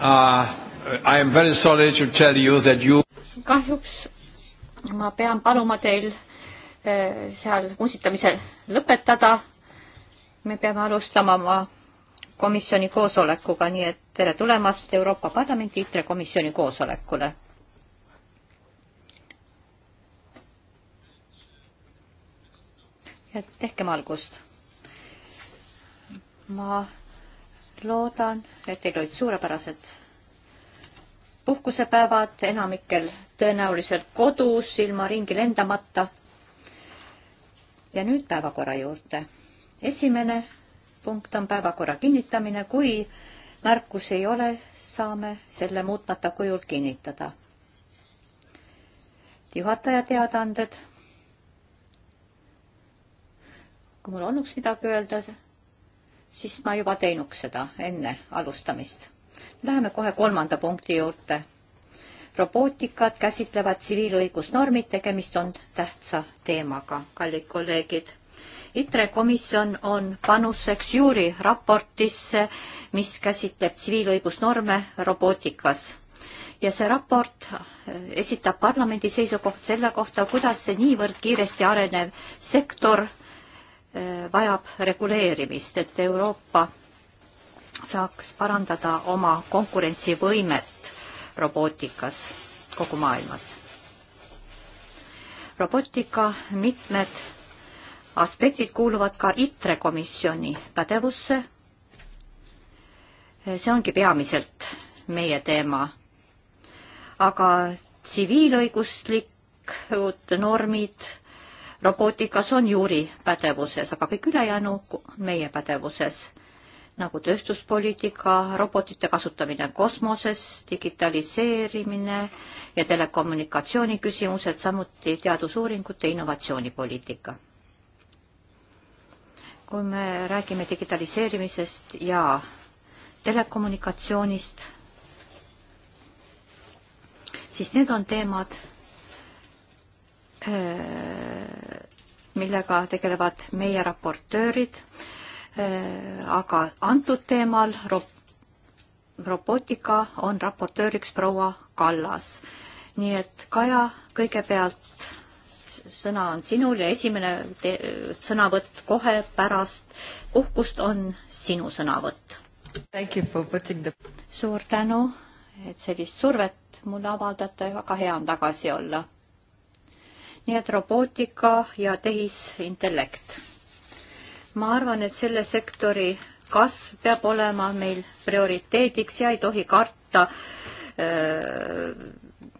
uh,. I am very sorry to tell you that you. kahjuks ma pean paluma teil eh, seal musitamisel lõpetada. me peame alustama oma komisjoni koosolekuga, nii et tere tulemast Euroopa Parlamendi ITRE komisjoni koosolekule. ja tehkem algust. ma loodan, et teil olid suurepärased puhkusepäevad, enamikel tõenäoliselt kodus ilma ringi lendamata. ja nüüd päevakorra juurde. esimene punkt on päevakorra kinnitamine, kui märkusi ei ole, saame selle muutmata kujul kinnitada. juhataja teadaanded. kui mul olnuks midagi öelda siis ma juba teinuks seda enne alustamist. Läheme kohe kolmanda punkti juurde. robootikat käsitlevad tsiviilõigusnormid, tegemist on tähtsa teemaga, kallid kolleegid. ITRE komisjon on panuseks juuri raportisse, mis käsitleb tsiviilõigusnorme robootikas ja see raport esitab parlamendi seisukoht selle kohta, kuidas see niivõrd kiiresti arenev sektor vajab reguleerimist, et Euroopa saaks parandada oma konkurentsivõimet robootikas kogu maailmas. robotika mitmed aspektid kuuluvad ka ITRE komisjoni pädevusse. see ongi peamiselt meie teema. aga tsiviilõiguslikud normid robootikas on juuri pädevuses, aga kõik ülejäänu meie pädevuses, nagu tööstuspoliitika, robotite kasutamine kosmoses, digitaliseerimine ja telekommunikatsiooni küsimused, samuti teadusuuringute innovatsioonipoliitika. kui me räägime digitaliseerimisest ja telekommunikatsioonist, siis need on teemad, Äh, millega tegelevad meie raportöörid, äh, aga antud teemal robotika on raportööriks proua Kallas. nii et Kaja, kõigepealt sõna on sinul ja esimene sõnavõtt kohe pärast puhkust on sinu sõnavõtt. The... suur tänu, et sellist survet mulle avaldate, väga hea on tagasi olla nii et robootika ja tehisintellekt. ma arvan, et selle sektori kasv peab olema meil prioriteediks ja ei tohi karta öö, äh,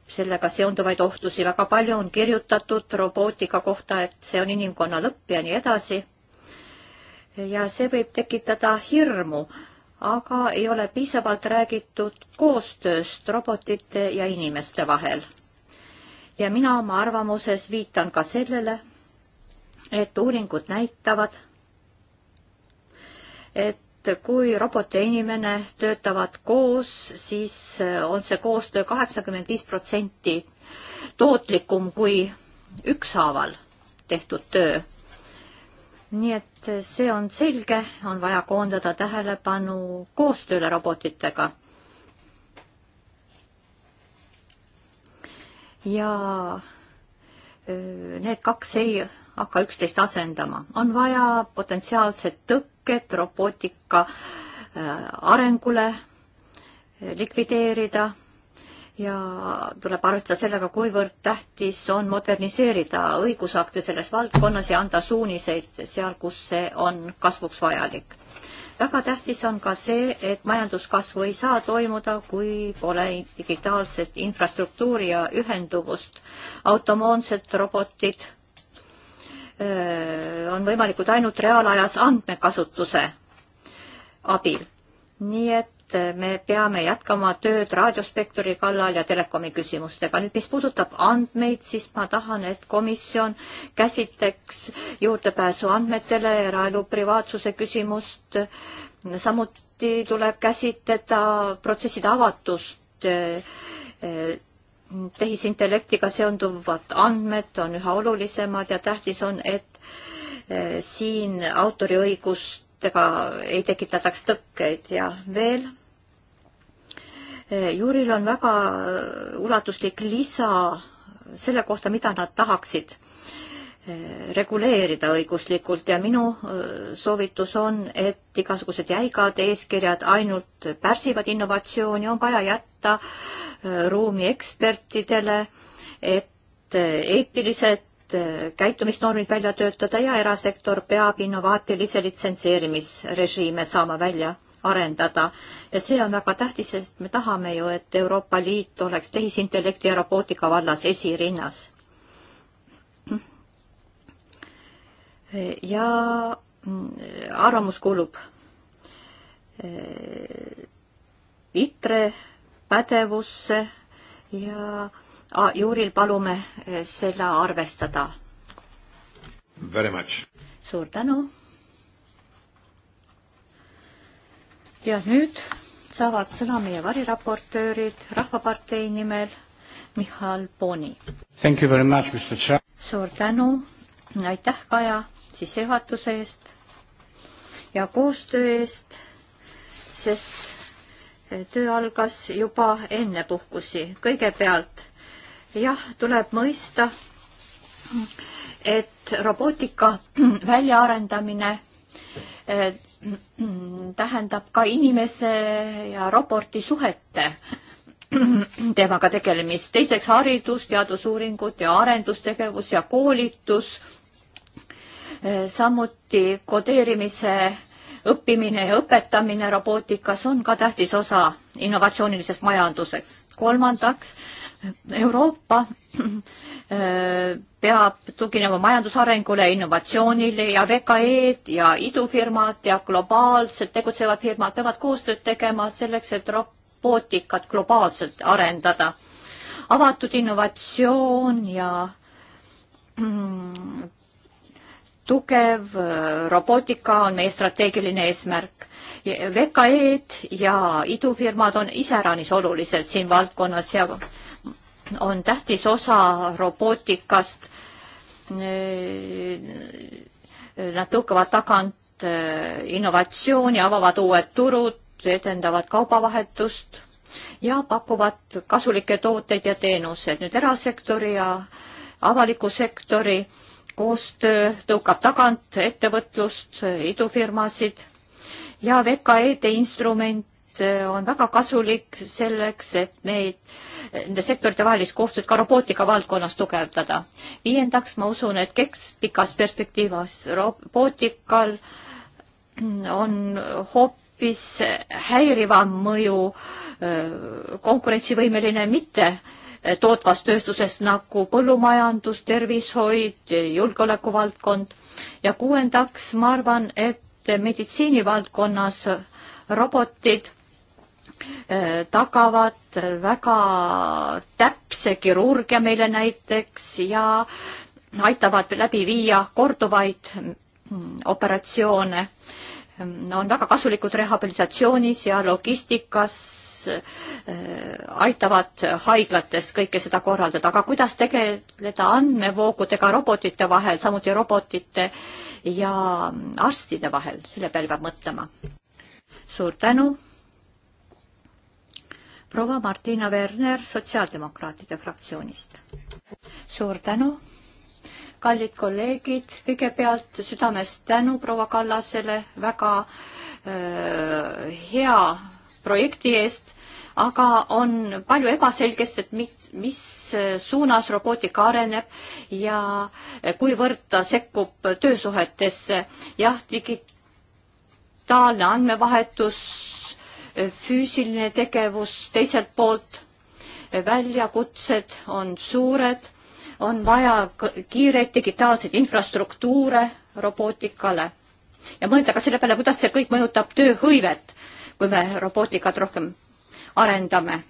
sellega seonduvaid ohtusi. väga palju on kirjutatud robootika kohta, et see on inimkonna lõpp ja nii edasi. ja see võib tekitada hirmu, aga ei ole piisavalt räägitud koostööst robotite ja inimeste vahel ja mina oma arvamuses viitan ka sellele, et uuringud näitavad, et kui robot ja inimene töötavad koos, siis on see koostöö kaheksakümmend viis protsenti tootlikum kui ükshaaval tehtud töö. nii et see on selge, on vaja koondada tähelepanu koostööle robotitega ja need kaks ei hakka üksteist asendama. on vaja potentsiaalset tõket robootika arengule likvideerida ja tuleb arvestada sellega, kuivõrd tähtis on moderniseerida õigusakte selles valdkonnas ja anda suuniseid seal, kus see on kasvuks vajalik väga tähtis on ka see, et majanduskasvu ei saa toimuda, kui pole digitaalset infrastruktuuri ja ühenduvust. automoonsed robotid öö, on võimalikud ainult reaalajas andmekasutuse abil. nii et me peame jätkama tööd raadiospektri kallal ja telekomi küsimustega. nüüd, mis puudutab andmeid, siis ma tahan, et komisjon käsitleks juurdepääsu andmetele, eraelu privaatsuse küsimust. samuti tuleb käsitleda protsesside avatust tehisintellektiga seonduvad andmed on üha olulisemad ja tähtis on, et eh, siin autoriõigustega ei tekitataks tõkkeid ja veel juuril on väga äh, ulatuslik lisa selle kohta, mida nad tahaksid äh, reguleerida õiguslikult ja minu äh, soovitus on, et igasugused jäigad eeskirjad ainult pärsivad innovatsiooni, on vaja jätta ruumi ekspertidele, et eetilised käitumisnormid välja töötada ja erasektor peab innovaatilise litsenseerimisrežiime saama välja arendada ja see on väga tähtis, sest me tahame ju, et Euroopa Liit oleks tehisintellekti ja robootika vallas esirinnas. ja mm, arvamus kuulub eh, ITRE pädevusse ja juuril palume eh, seda arvestada. suur tänu ja nüüd saavad sõna meie variraportöörid Rahvapartei nimel Michal Boni. suur tänu, aitäh Kaja sissejuhatuse eest ja koostöö eest, sest eh, töö algas juba enne puhkusi. kõigepealt jah, tuleb mõista, et robootika väljaarendamine Äh, tähendab ka inimese ja raporti suhete teemaga tegelemist. teiseks haridus, teadusuuringud ja arendustegevus ja koolitus. Äh, samuti kodeerimise õppimine ja õpetamine robootikas on ka tähtis osa innovatsioonilisest majandusest. kolmandaks Euroopa eh, peab tuginema majandusarengule, innovatsioonile ja VKE-d ja idufirmad ja globaalselt tegutsevad firmad peavad koostööd tegema selleks, et robootikat globaalselt arendada. avatud innovatsioon ja mm, tugev eh, robootika on meie strateegiline eesmärk. VKE-d ja idufirmad on iseäranis olulised siin valdkonnas ja on tähtis osa robootikast. Nad tõukavad tagant äh, innovatsiooni, avavad uued turud, edendavad kaubavahetust ja pakuvad kasulikke tooteid ja teenuseid. nüüd erasektori ja avaliku sektori koostöö tõukab tagant ettevõtlust, idufirmasid ja VKE-de instrument Äh, on väga kasulik selleks, et neid, nende sektorite vahelist koostööd ka robootika valdkonnas tugevdada. viiendaks, ma usun, et KEKS pikas perspektiivas robootikal on hoopis häirivam mõju äh, konkurentsivõimeline mitte äh, tootvas tööstuses nagu põllumajandus, tervishoid, julgeolekuvaldkond ja kuuendaks, ma arvan, et meditsiinivaldkonnas robotid Eh, tagavad väga täpse kirurgia meile näiteks ja aitavad läbi viia korduvaid mm, operatsioone. Mm, on väga kasulikud rehabilitatsioonis ja logistikas, eh, aitavad haiglates kõike seda korraldada, aga kuidas tegeleda andmevoogudega robotite vahel, samuti robotite ja arstide vahel, selle peale peab mõtlema. suur tänu proua Martina Werner Sotsiaaldemokraatide fraktsioonist. suur tänu, kallid kolleegid, kõigepealt südamest tänu proua Kallasele väga öö, hea projekti eest, aga on palju ebaselgest, et mis, mis suunas robootika areneb ja kuivõrd ta sekkub töösuhetesse. jah, digitaalne andmevahetus füüsiline tegevus, teiselt poolt väljakutsed on suured, on vaja kiireid digitaalseid infrastruktuure robootikale ja mõelda ka selle peale, kuidas see kõik mõjutab tööhõivet, kui me robootikat rohkem arendame.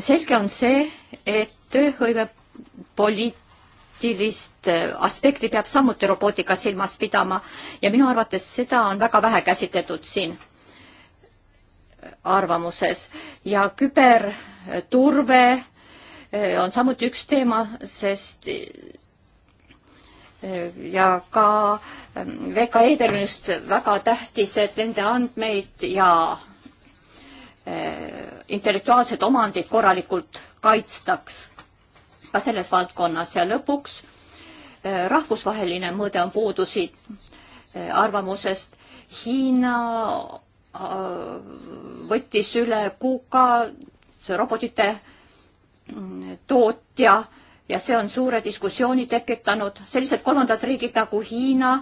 selge on see, et tööhõive poliitilist aspekti peab samuti robootika silmas pidama ja minu arvates seda on väga vähe käsitletud siin arvamuses ja küberturve eh, on samuti üks teema, sest eh, ja ka mm, VKE-del on just väga tähtis, et nende andmeid ja eh, intellektuaalset omandit korralikult kaitstaks ka selles valdkonnas ja lõpuks rahvusvaheline mõõde on puudu siit arvamusest. Hiina Äh, võttis üle Kuka, see robotite mm, tootja ja see on suure diskussiooni tekitanud. sellised kolmandad riigid nagu Hiina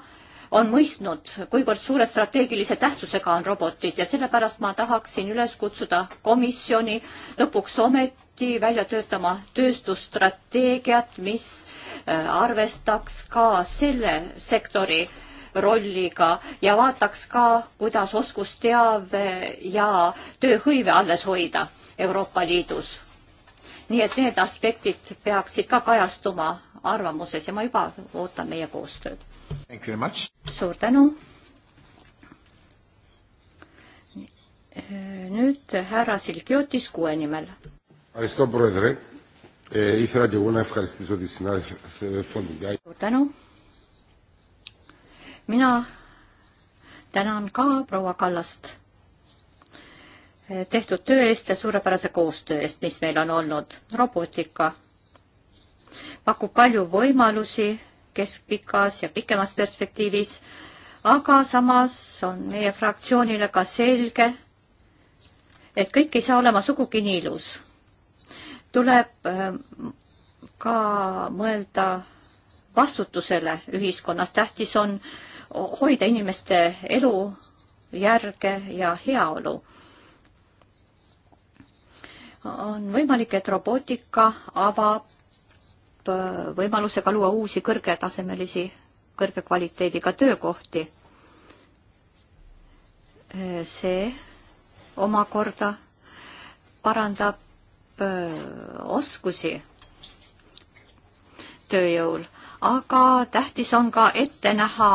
on mõistnud, kuivõrd suure strateegilise tähtsusega on robotid ja sellepärast ma tahaksin üles kutsuda komisjoni lõpuks ometi välja töötama tööstusstrateegiat, mis äh, arvestaks ka selle sektori äh, rolliga ja vaataks ka, kuidas oskusteave ja tööhõive alles hoida Euroopa Liidus. nii et need aspektid peaksid ka kajastuma arvamuses ja ma juba ootan meie koostööd. suur tänu. nüüd härra Silkiotis kuue nimel. Eh, eh, suur tänu mina tänan ka proua Kallast eh, tehtud töö eest ja suurepärase koostöö eest, mis meil on olnud. robotika pakub palju võimalusi keskpikas ja pikemas perspektiivis, aga samas on meie fraktsioonile ka selge, et kõik ei saa olema sugugi nii ilus. tuleb eh, ka mõelda vastutusele ühiskonnas, tähtis on äh, hoida inimeste elu, järge ja heaolu. on võimalik, et robootika avab äh, võimaluse ka luua uusi kõrgetasemelisi, kõrge kvaliteediga töökohti. Äh, see omakorda parandab äh, oskusi tööjõul, aga tähtis on ka ette näha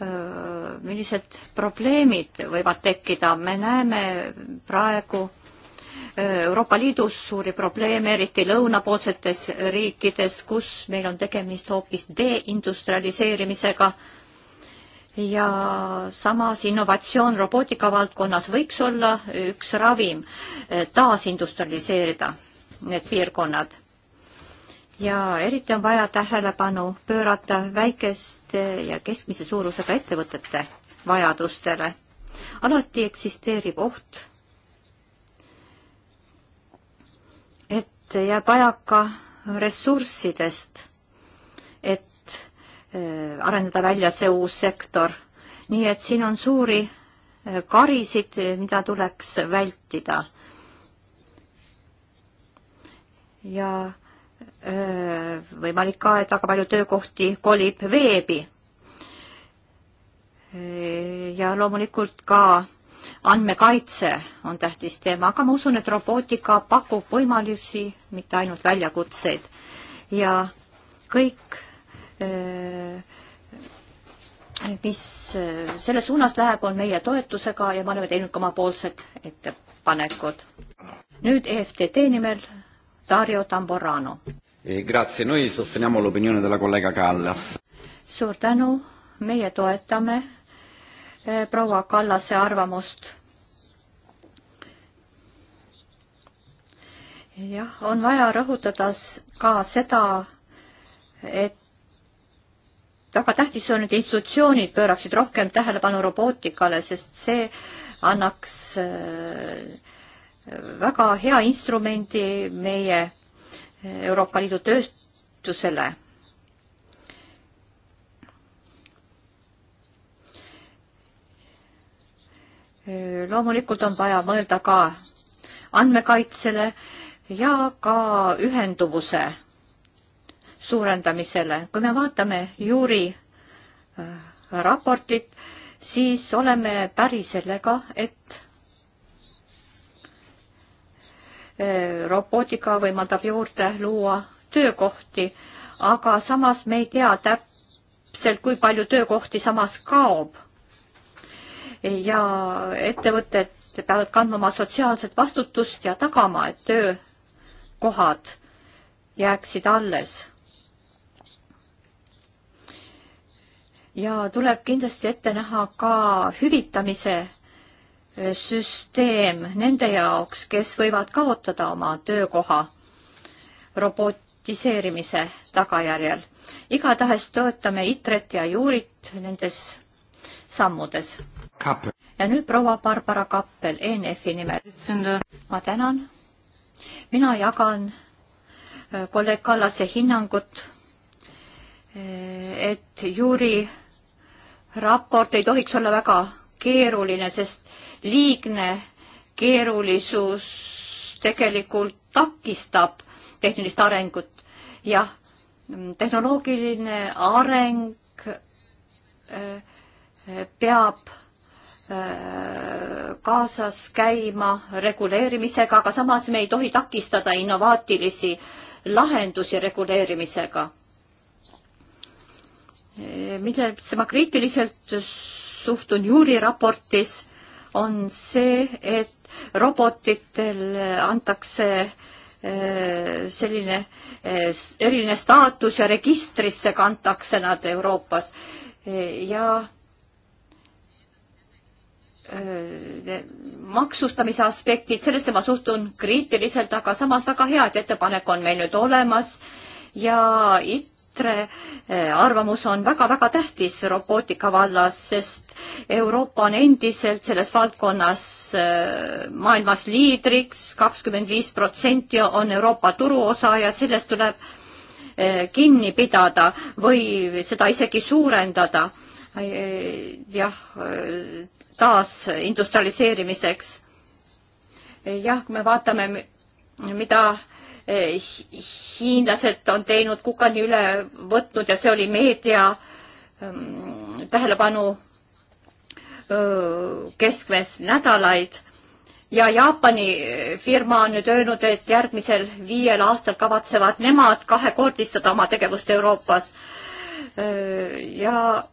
millised probleemid võivad tekkida, me näeme praegu Euroopa Liidus suuri probleeme, eriti lõunapoolsetes riikides, kus meil on tegemist hoopis deindustrialiseerimisega ja samas innovatsioon robootika valdkonnas võiks olla üks ravim äh, taasindustrialiseerida need piirkonnad ja eriti on vaja tähelepanu pöörata väikeste ja keskmise suurusega ettevõtete vajadustele. alati eksisteerib oht, et jääb vajaka ressurssidest, et äh, arendada välja see uus sektor. nii et siin on suuri äh, karisid, mida tuleks vältida. ja äh, võimalik ka, et väga palju töökohti kolib veebi. ja loomulikult ka andmekaitse on tähtis teema, aga ma usun, et robootika pakub võimalusi, mitte ainult väljakutseid. ja kõik, mis selle suunas läheb, on meie toetusega ja me oleme teinud ka omapoolsed ettepanekud. nüüd EFTT nimel Dario Tamborano E grazie, noi sosteniamo l'opinione della kollega Kallas. suur tänu, meie toetame eh, proua Kallase arvamust. jah, on vaja rõhutada ka seda, et väga tähtis on, et institutsioonid pööraksid rohkem tähelepanu robootikale, sest see annaks eh, väga hea instrumendi meie Euroopa Liidu tööstusele. loomulikult on vaja mõelda ka andmekaitsele ja ka ühenduvuse suurendamisele. kui me vaatame juuri äh, raportit, siis oleme päri sellega, et Eh, robotika võimaldab juurde luua töökohti, aga samas me ei tea täpselt, kui palju töökohti samas kaob. ja ettevõtted peavad kandma oma sotsiaalset vastutust ja tagama, et töökohad jääksid alles. ja tuleb kindlasti ette näha ka hüvitamise Eh, süsteem nende jaoks, kes võivad kaotada oma töökoha robotiseerimise tagajärjel. igatahes toetame ITRET ja Juurit nendes sammudes. ja nüüd proua Barbara Kappel ENF-i nimel. ma tänan. mina jagan eh, kolleeg Kallase hinnangut, eh, et Juuri raport ei tohiks olla väga keeruline, sest liigne keerulisus tegelikult takistab tehnilist arengut. jah, tehnoloogiline areng äh, äh, peab äh, kaasas käima reguleerimisega, aga samas me ei tohi takistada innovaatilisi lahendusi reguleerimisega. millesse ma kriitiliselt suhtun juuriraportis on see, et robotitel antakse eh, selline eh, eriline staatus ja registrisse kantakse nad Euroopas eh, ja maksustamise aspektid, sellesse ma suhtun kriitiliselt, aga samas väga hea, et ettepanek on meil nüüd olemas ja IT ITRE eh, arvamus on väga-väga tähtis robootika vallas, sest Euroopa on endiselt selles valdkonnas eh, maailmas liidriks, kakskümmend viis protsenti on Euroopa turuosa ja sellest tuleb eh, kinni pidada või seda isegi suurendada jah, taasindustrialiseerimiseks. jah, kui me vaatame, mida Eh, hiinlased on teinud kukani üle võtnud ja see oli meedia ehm, tähelepanu keskmes nädalaid ja Jaapani eh, firma on nüüd öelnud, et järgmisel viiel aastal kavatsevad nemad kahekordistada oma tegevust Euroopas. Eh, ja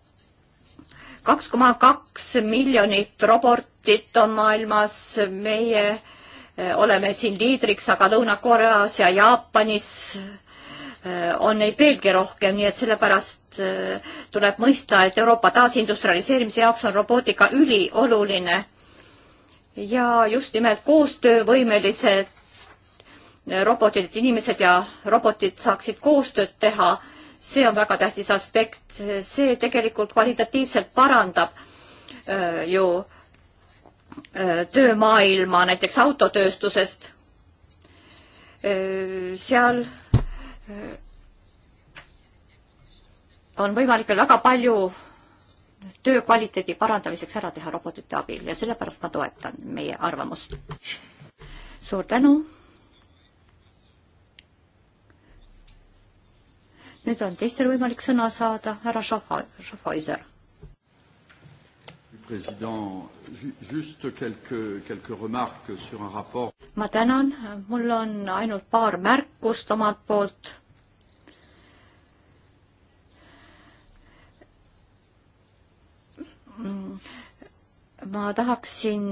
kaks koma kaks miljonit robotit on maailmas, meie Äh, oleme siin liidriks, aga Lõuna-Koreas ja Jaapanis äh, on neid veelgi rohkem, nii et sellepärast äh, tuleb mõista, et Euroopa taasindustrialiseerimise jaoks on robootika ülioluline. ja just nimelt koostöövõimelised robotid, et inimesed ja robotid saaksid koostööd teha, see on väga tähtis aspekt, see tegelikult kvalitatiivselt parandab ju äh, Äh, töömaailma, näiteks autotööstusest. Äh, seal äh, on võimalik veel väga palju töö kvaliteedi parandamiseks ära teha robotite abil ja sellepärast ma toetan meie arvamust. suur tänu. nüüd on teistel võimalik sõna saada, härra Schaffhauser Président, juste quelques, quelques remarques sur un rapport. ma tänan, mul on ainult paar märkust omalt poolt. ma tahaksin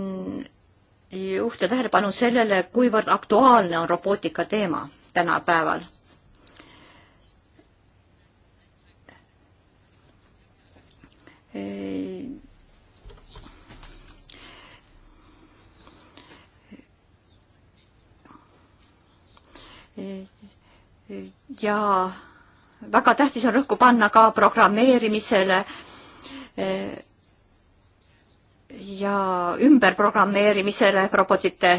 juhtida tähelepanu sellele, kuivõrd aktuaalne on robootika teema tänapäeval. ei ja väga tähtis on rõhku panna ka programmeerimisele ja ümberprogrammeerimisele, robotite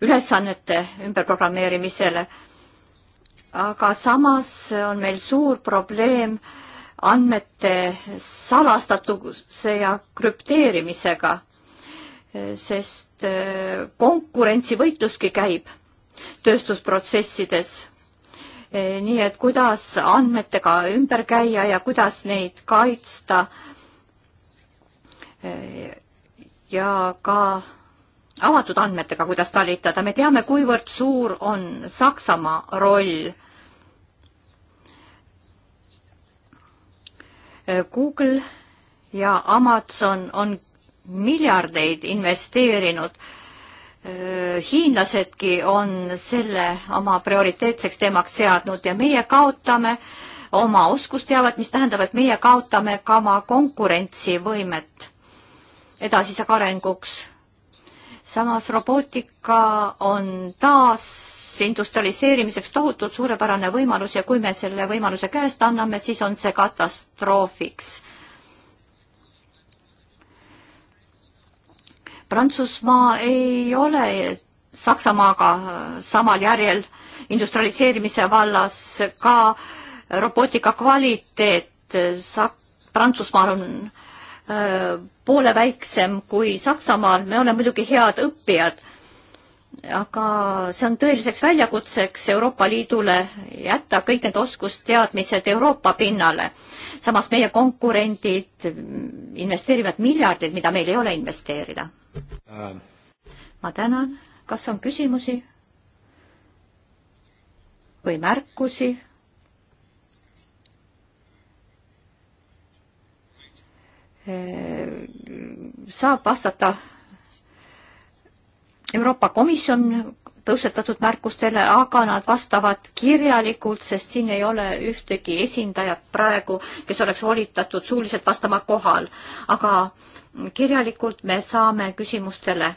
ülesannete ümberprogrammeerimisele. aga samas on meil suur probleem andmete salastatuse ja krüpteerimisega, sest konkurentsivõitluski käib tööstusprotsessides. Eh, nii et kuidas andmetega ümber käia ja kuidas neid kaitsta. Eh, ja ka avatud andmetega, kuidas talitada, me teame, kuivõrd suur on Saksamaa roll. Eh, Google ja Amazon on miljardeid investeerinud äh, hiinlasedki on selle oma prioriteetseks teemaks seadnud ja meie kaotame oma oskusteavet, mis tähendab, et meie kaotame ka oma konkurentsivõimet edasisega arenguks. samas robootika on taas industrialiseerimiseks tohutult suurepärane võimalus ja kui me selle võimaluse käest anname, siis on see katastroofiks Prantsusmaa ei ole Saksamaaga samal järjel industrialiseerimise vallas ka robootika kvaliteet Sak-, Prantsusmaal on öö, äh, poole väiksem kui Saksamaal, me oleme muidugi head õppijad, aga see on tõeliseks väljakutseks Euroopa Liidule jätta kõik need oskusteadmised Euroopa pinnale. samas meie konkurendid investeerivad miljardeid, mida meil ei ole investeerida Ähm. ma tänan, kas on küsimusi või märkusi? saab vastata Euroopa Komisjon tõusetatud märkustele, aga nad vastavad kirjalikult, sest siin ei ole ühtegi esindajat praegu, kes oleks volitatud suuliselt vastama kohal. aga kirjalikult me saame küsimustele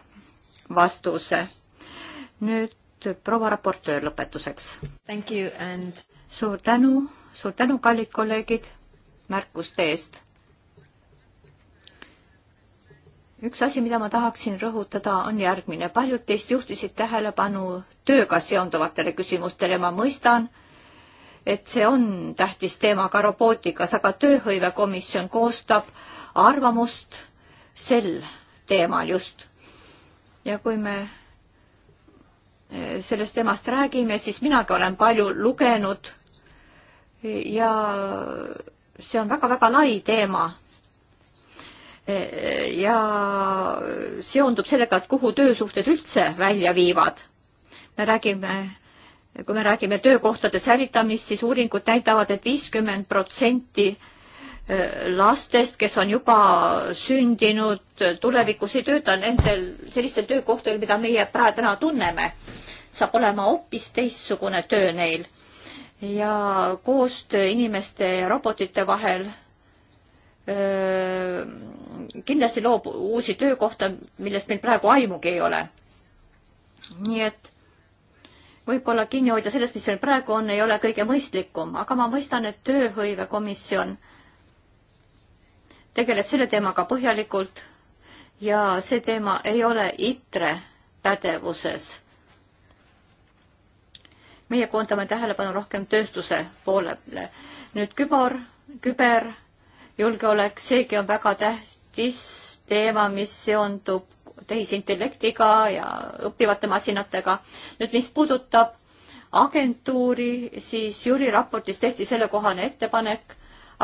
vastuse. nüüd proua raportöör lõpetuseks. And... suur tänu, suur tänu, kallid kolleegid, märkuste eest üks asi, mida ma tahaksin rõhutada, on järgmine. paljud teist juhtisid tähelepanu tööga seonduvatele küsimustele, ma mõistan, et see on tähtis teema ka robootikas, aga Tööhõivekomisjon koostab arvamust sel teemal just. ja kui me e, sellest teemast räägime, siis minagi olen palju lugenud ja see on väga-väga lai teema ja seondub sellega, et kuhu töösuhted üldse välja viivad. me räägime, kui me räägime töökohtade säilitamist, siis uuringud näitavad et, et viiskümmend protsenti äh, lastest, kes on juba sündinud, tulevikus ei tööta nendel sellistel töökohtadel, mida meie praegu täna tunneme. saab olema hoopis teistsugune töö neil ja koostöö inimeste ja robotite vahel kindlasti loob uusi töökohta, millest meil praegu aimugi ei ole. nii et võib-olla kinni hoida sellest, mis meil praegu on, ei ole kõige mõistlikum, aga ma mõistan, et tööhõivekomisjon tegeleb selle teemaga põhjalikult ja see teema ei ole ITRE pädevuses. meie koondame tähelepanu rohkem tööstuse poolele. nüüd kübar, küber julgeolek, seegi on väga tähtis teema, mis seondub tehisintellektiga ja õppivate masinatega. nüüd, mis puudutab agentuuri, siis Jüri raportis tehti sellekohane ettepanek,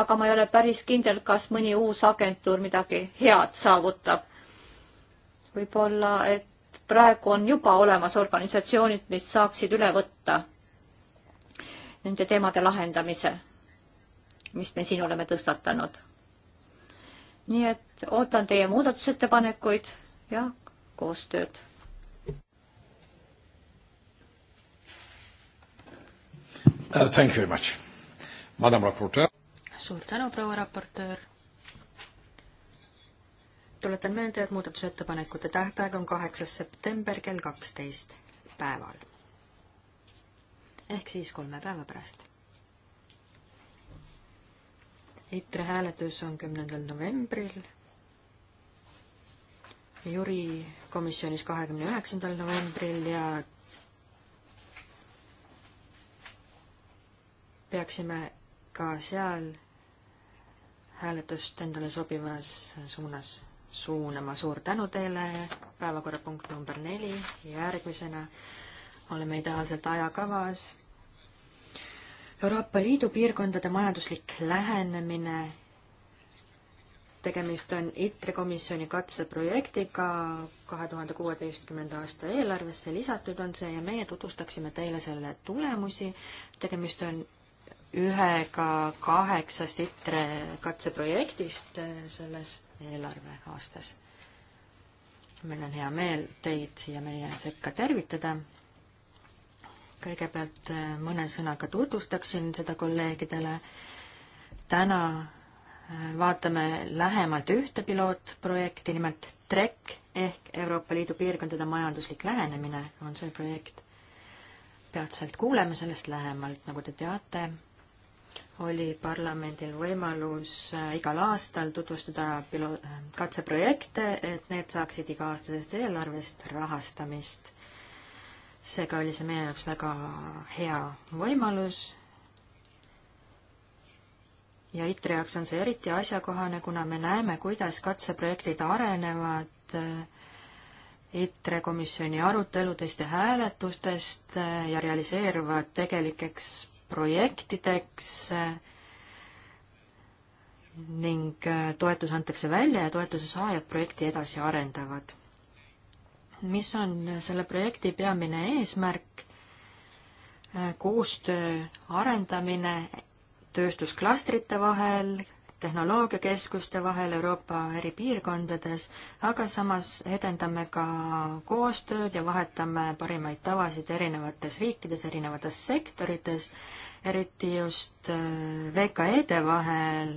aga ma ei ole päris kindel, kas mõni uus agentuur midagi head saavutab. võib-olla, et praegu on juba olemas organisatsioonid, mis saaksid üle võtta nende teemade lahendamise mis me siin oleme tõstatanud. nii et ootan teie muudatusettepanekuid ja koostööd. Uh, thank you very much. Madam raportöör. suur tänu, proua raportöör. tuletan meelde, et muudatusettepanekute tähtaeg on kaheksas september kell kaksteist päeval. ehk siis kolme päeva pärast ITRE hääletus on kümnendal novembril, juri komisjonis kahekümne üheksandal novembril ja peaksime ka seal hääletust endale sobivas suunas suunama. suur tänu teile, päevakorrapunkt number neli, järgmisena oleme ideaalselt ajakavas Euroopa Liidu piirkondade majanduslik lähenemine, tegemist on ITRE komisjoni katseprojektiga kahe tuhande kuueteistkümnenda aasta eelarvesse lisatud on see ja meie tutvustaksime teile selle tulemusi. tegemist on ühega kaheksast ITRE katseprojektist selles eelarveaastas. meil on hea meel teid siia meie sekka tervitada kõigepealt äh, mõne sõnaga tutvustaksin seda kolleegidele. täna äh, vaatame lähemalt ühte pilootprojekti, nimelt TREK ehk Euroopa Liidu piirkondade majanduslik lähenemine on see projekt. peatselt kuuleme sellest lähemalt, nagu te teate, oli parlamendil võimalus äh, igal aastal tutvustada pilo-, katseprojekte, et need saaksid iga-aastasest eelarvest rahastamist seega oli see meie jaoks väga hea võimalus. ja ITRE jaoks on see eriti asjakohane, kuna me näeme, kuidas katseprojektid arenevad ITRE komisjoni aruteludest ja hääletustest ja realiseeruvad tegelikeks projektideks ning toetus antakse välja ja toetuse saajad projekti edasi arendavad mis on selle projekti peamine eesmärk, koostöö arendamine tööstusklastrite vahel, tehnoloogiakeskuste vahel Euroopa eri piirkondades, aga samas edendame ka koostööd ja vahetame parimaid tavasid erinevates riikides, erinevates sektorites, eriti just äh, VKE-de vahel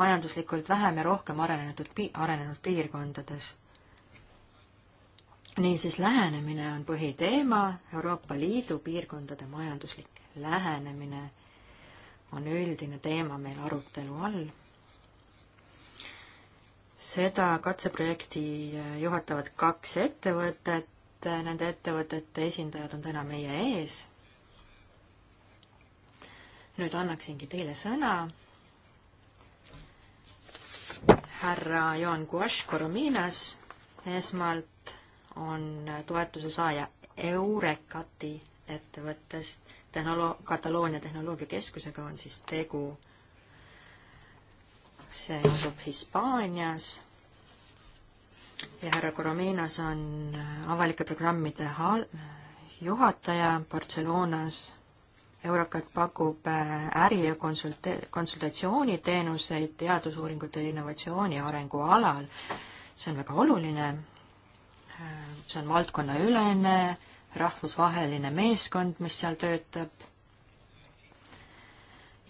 majanduslikult vähem ja rohkem arenenud, arenenud piirkondades niisiis, lähenemine on põhiteema, Euroopa Liidu piirkondade majanduslik lähenemine on üldine teema meil arutelu all. seda katseprojekti juhatavad kaks ettevõtet, nende ettevõtete esindajad on täna meie ees. nüüd annaksingi teile sõna. härra Joan Guaš Korominas esmalt on toetuse saaja Eurekati ettevõttest. Tehnolo-, Kataloonia Tehnoloogiakeskusega on siis tegu, see asub Hispaanias ja härra Corominas on avalike programmide hal-, juhataja Barcelonas. Eurocat pakub äh, äri- ja konsulte-, konsultatsiooniteenuseid teadusuuringute ja innovatsiooni arengu alal. see on väga oluline see on valdkonnaülene rahvusvaheline meeskond, mis seal töötab.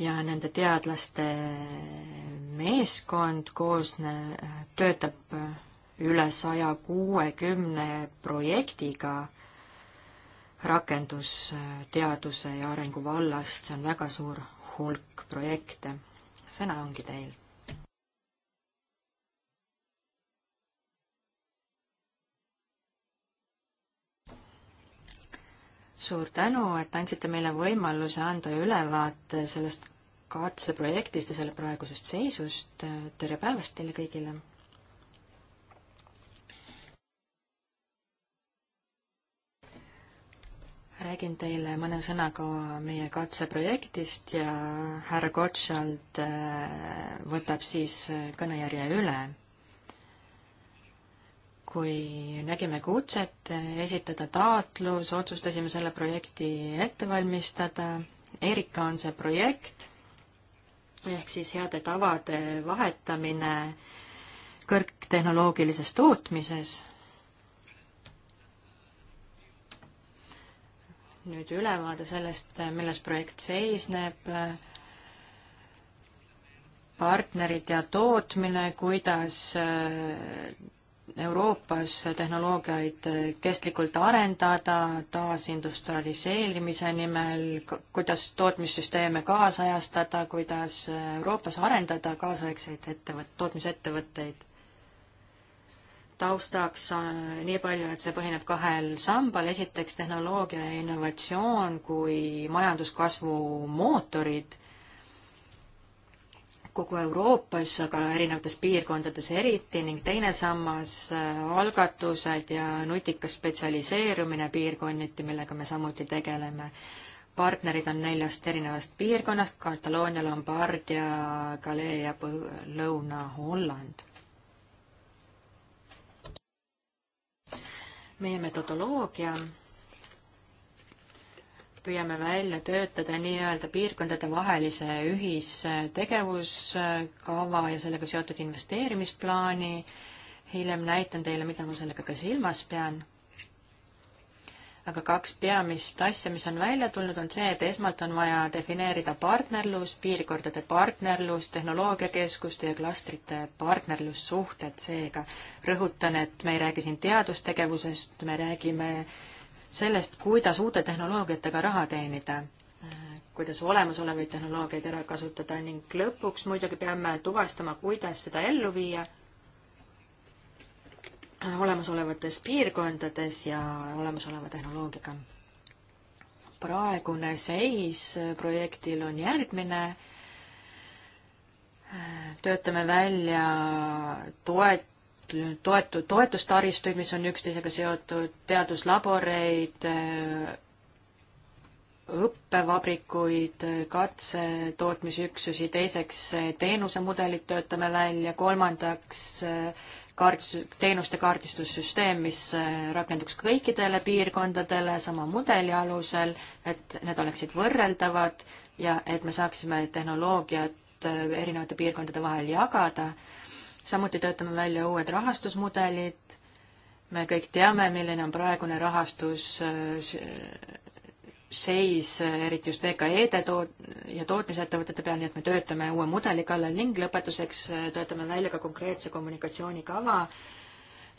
ja nende teadlaste meeskond koosne-, töötab üle saja kuuekümne projektiga rakendusteaduse ja arengu vallast, see on väga suur hulk projekte. sõna ongi teil suur tänu, et andsite meile võimaluse anda ülevaate sellest katseprojektist ja selle praegusest seisust. tere päevast teile kõigile! räägin teile mõne sõnaga meie katseprojektist ja härra Gottschalk äh, võtab siis kõnejärje üle kui nägime kutset esitada taotlus, otsustasime selle projekti ette valmistada. Erika on see projekt ehk siis heade tavade vahetamine kõrgtehnoloogilises tootmises. nüüd ülevaade sellest, milles projekt seisneb partnerid ja tootmine, kuidas Euroopas tehnoloogiaid kestlikult arendada taasindustrialiseerimise nimel, kuidas tootmissüsteeme kaasajastada, kuidas Euroopas arendada kaasaegseid ettevõt-, tootmisettevõtteid. taustaks äh, nii palju, et see põhineb kahel sambal, esiteks tehnoloogia ja innovatsioon kui majanduskasvu mootorid kogu Euroopas, aga erinevates piirkondades eriti ning teine sammas, äh, algatused ja nutikas spetsialiseerumine piirkonniti, millega me samuti tegeleme. partnerid on neljast erinevast piirkonnast, Kataloonia, Lombardia, Galee ja Lõuna-Holland. meie metodoloogia püüame välja töötada nii-öelda piirkondadevahelise ühistegevuskava ja sellega seotud investeerimisplaani. hiljem näitan teile, mida ma sellega ka silmas pean. aga kaks peamist asja, mis on välja tulnud, on see, et esmalt on vaja defineerida partnerlus, piirkondade partnerlus, tehnoloogiakeskuste ja klastrite partnerlussuhted, seega rõhutan, et me ei räägi siin teadustegevusest, me räägime äh, sellest, kuidas uute tehnoloogiatega raha teenida, kuidas olemasolevaid tehnoloogiaid ära kasutada ning lõpuks muidugi peame tuvastama, kuidas seda ellu viia olemasolevates piirkondades ja olemasoleva tehnoloogiaga. praegune seis projektil on järgmine. töötame välja toet-, toetu-, toetustaristuid, mis on üksteisega seotud, teaduslaboreid, äh, õppevabrikuid, katsetootmisüksusi, teiseks äh, teenusemudelid töötame välja, kolmandaks äh, kaardistus, teenuste kaardistussüsteem, mis rakenduks kõikidele piirkondadele sama mudeli alusel, et need oleksid võrreldavad ja et me saaksime tehnoloogiat erinevate piirkondade vahel jagada samuti töötame välja uued rahastusmudelid, me kõik teame, milline on praegune rahastus äh, seis, äh, eriti just VKE-de toot- ja tootmisettevõtete peal, nii et me töötame uue mudeli kallal ning lõpetuseks äh, töötame välja ka konkreetse kommunikatsioonikava,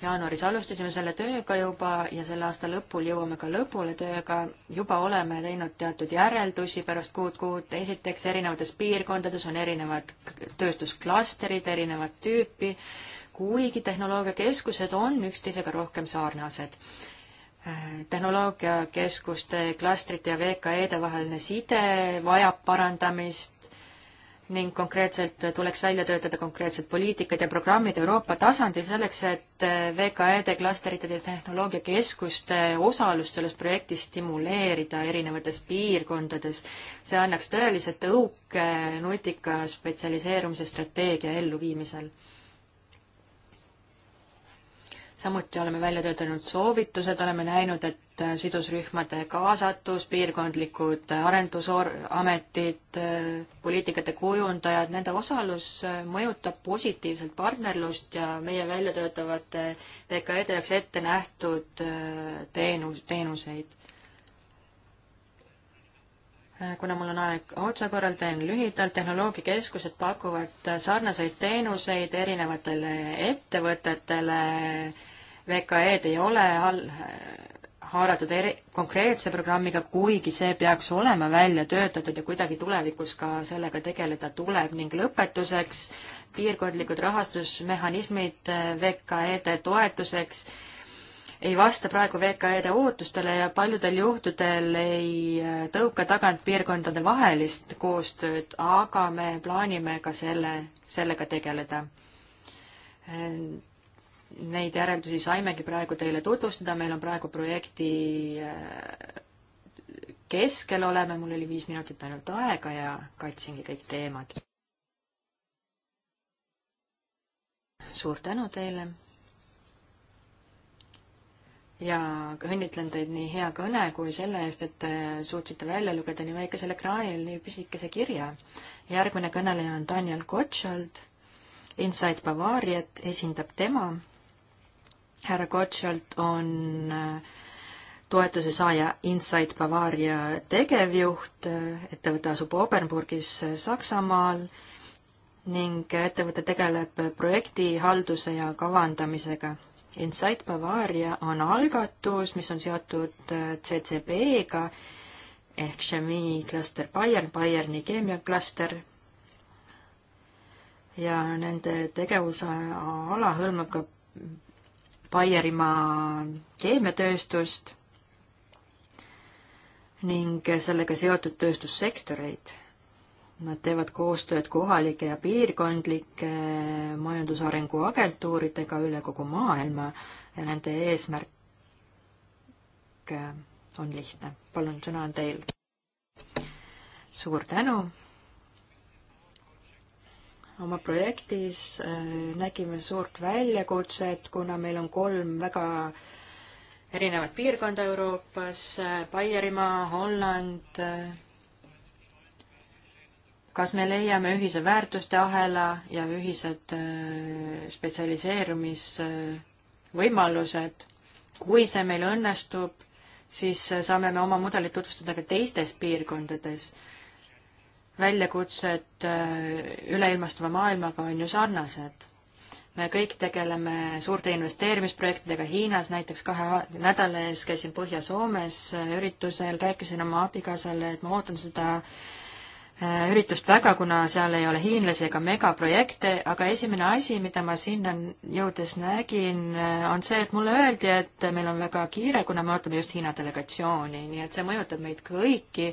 jaanuaris alustasime selle tööga juba ja selle aasta lõpul jõuame ka lõpule tööga. juba oleme teinud teatud järeldusi pärast kuud kuud. esiteks, erinevates piirkondades on erinevad tööstusklastrid, erinevat tüüpi, kuigi tehnoloogiakeskused on üksteisega rohkem sarnased tehnoloogiakeskuste, klastrite ja VKE-de vaheline side vajab parandamist, ning konkreetselt tuleks välja töötada konkreetsed poliitikad ja programmid Euroopa tasandil selleks, et VKE-de klasterite ja tehnoloogiakeskuste osalust selles projektis stimuleerida erinevates piirkondades. see annaks tõelise tõuke nutika spetsialiseerumise strateegia elluviimisel samuti oleme välja töötanud soovitused, oleme näinud, et äh, sidusrühmade kaasatus, piirkondlikud äh, arendusametid, äh, poliitikate kujundajad, nende osalus mõjutab positiivselt partnerlust ja meie välja töötavate VKE-de jaoks ette nähtud teenus, teenuseid. Äh, kuna mul on aeg otsakorral, teen lühidalt, tehnoloogiakeskused pakuvad äh, sarnaseid teenuseid erinevatele ettevõtetele, VKE-d ei ole hal-, äh, haaratud eri, konkreetse programmiga, kuigi see peaks olema välja töötatud ja kuidagi tulevikus ka sellega tegeleda tuleb ning lõpetuseks piirkondlikud rahastusmehhanismid VKE-de toetuseks äh, ei vasta praegu VKE-de ootustele ja paljudel juhtudel ei äh, tõuka tagant piirkondade vahelist koostööd, aga me plaanime ka selle, sellega tegeleda. Äh, neid järeldusi saimegi praegu teile tutvustada, meil on praegu projekti äh, keskel oleme, mul oli viis minutit ainult aega ja katsingi kõik teemad. suur tänu teile ja õnnitlen teid nii hea kõne kui selle eest, et te suutsite välja lugeda nii väikesel ekraanil nii pisikese kirja. järgmine kõneleja on Daniel Gottschalt, Inside Bavariat esindab tema. härra Gottschalt on äh, toetuse saaja Inside Bavaria tegevjuht, äh, ettevõte asub Obernburgis äh, Saksamaal ning ettevõte tegeleb projektihalduse ja kavandamisega Insight Bavaria on algatus, mis on seotud äh, CCB-ga ehk Chemie klaster Bayern, Bayerni keemiaklaster ja nende tegevuse ala hõlmab ka Baierimaa keemiatööstust ning sellega seotud tööstussektoreid Nad teevad koostööd kohalike ja piirkondlike majandusarengu agentuuridega üle kogu maailma ja nende eesmärk äh, on lihtne. palun, sõna on teil. suur tänu. oma projektis äh, nägime suurt väljakutset, kuna meil on kolm väga erinevat piirkonda Euroopas, äh, Baierimaa, Holland kas me leiame ühise väärtuste ahela ja ühised äh, spetsialiseerumisvõimalused. kui see meil õnnestub, siis saame me oma mudelit tutvustada ka teistes piirkondades. väljakutsed äh, üleilmastuva maailmaga on ju sarnased. me kõik tegeleme suurte investeerimisprojektidega Hiinas, näiteks kahe nädala ees käisin Põhja-Soomes äh, üritusel, rääkisin oma abikaasale, et ma ootan seda Äh, üritust väga, kuna seal ei ole hiinlasi ega megaprojekte, aga esimene asi, mida ma sinna jõudes nägin, äh, on see, et mulle öeldi, et meil on väga kiire, kuna me ootame just Hiina delegatsiooni, nii et see mõjutab meid kõiki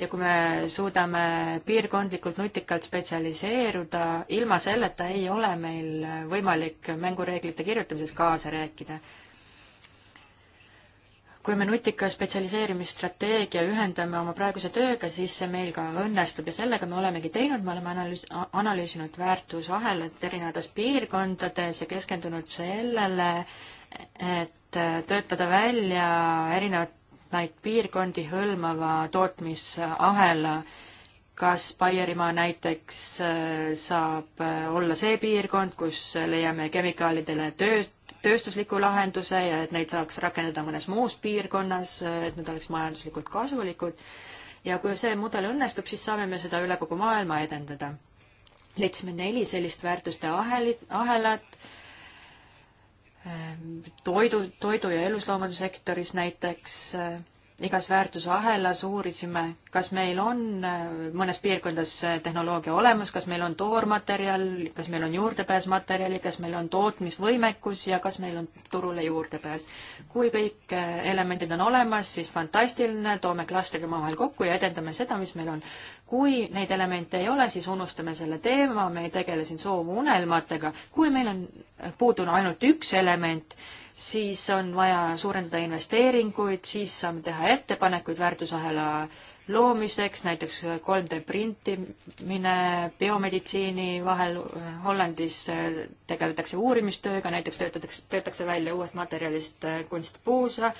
ja kui me suudame piirkondlikult nutikalt spetsialiseeruda, ilma selleta ei ole meil võimalik mängureeglite kirjutamises kaasa rääkida kui me nutika spetsialiseerimisstrateegia ühendame oma praeguse tööga, siis see meil ka õnnestub ja sellega me olemegi teinud, me oleme analüüs-, analüüsinud väärtusahelat erinevates piirkondades ja keskendunud sellele, et töötada välja erinevaid piirkondi hõlmava tootmisahela. kas Baierimaa näiteks äh, saab äh, olla see piirkond, kus leiame kemikaalidele tööd, tööstusliku lahenduse ja et neid saaks rakendada mõnes muus piirkonnas, et need oleks majanduslikult kasulikud. ja kui see mudel õnnestub, siis saame me seda üle kogu maailma edendada. leidsime neli sellist väärtuste ahelit, ahelat, ehm, toidu, toidu ja elusloomade sektoris näiteks igas väärtusahelas uurisime, kas meil on äh, mõnes piirkondades äh, tehnoloogia olemas, kas meil on toormaterjal, kas meil on juurdepääs materjali, kas meil on tootmisvõimekus ja kas meil on turule juurdepääs. kui kõik äh, elemendid on olemas, siis fantastiline, toome klastrid omavahel kokku ja edendame seda, mis meil on. kui neid elemente ei ole, siis unustame selle teema, me ei tegele siin soovunelmatega. kui meil on puudunud ainult üks element, siis on vaja suurendada investeeringuid, siis saame teha ettepanekuid väärtusahela loomiseks, näiteks 3D printimine biomeditsiini vahel, Hollandis äh, tegeletakse uurimistööga, näiteks töötatakse, töötakse välja uuest materjalist äh, kunstpuusa,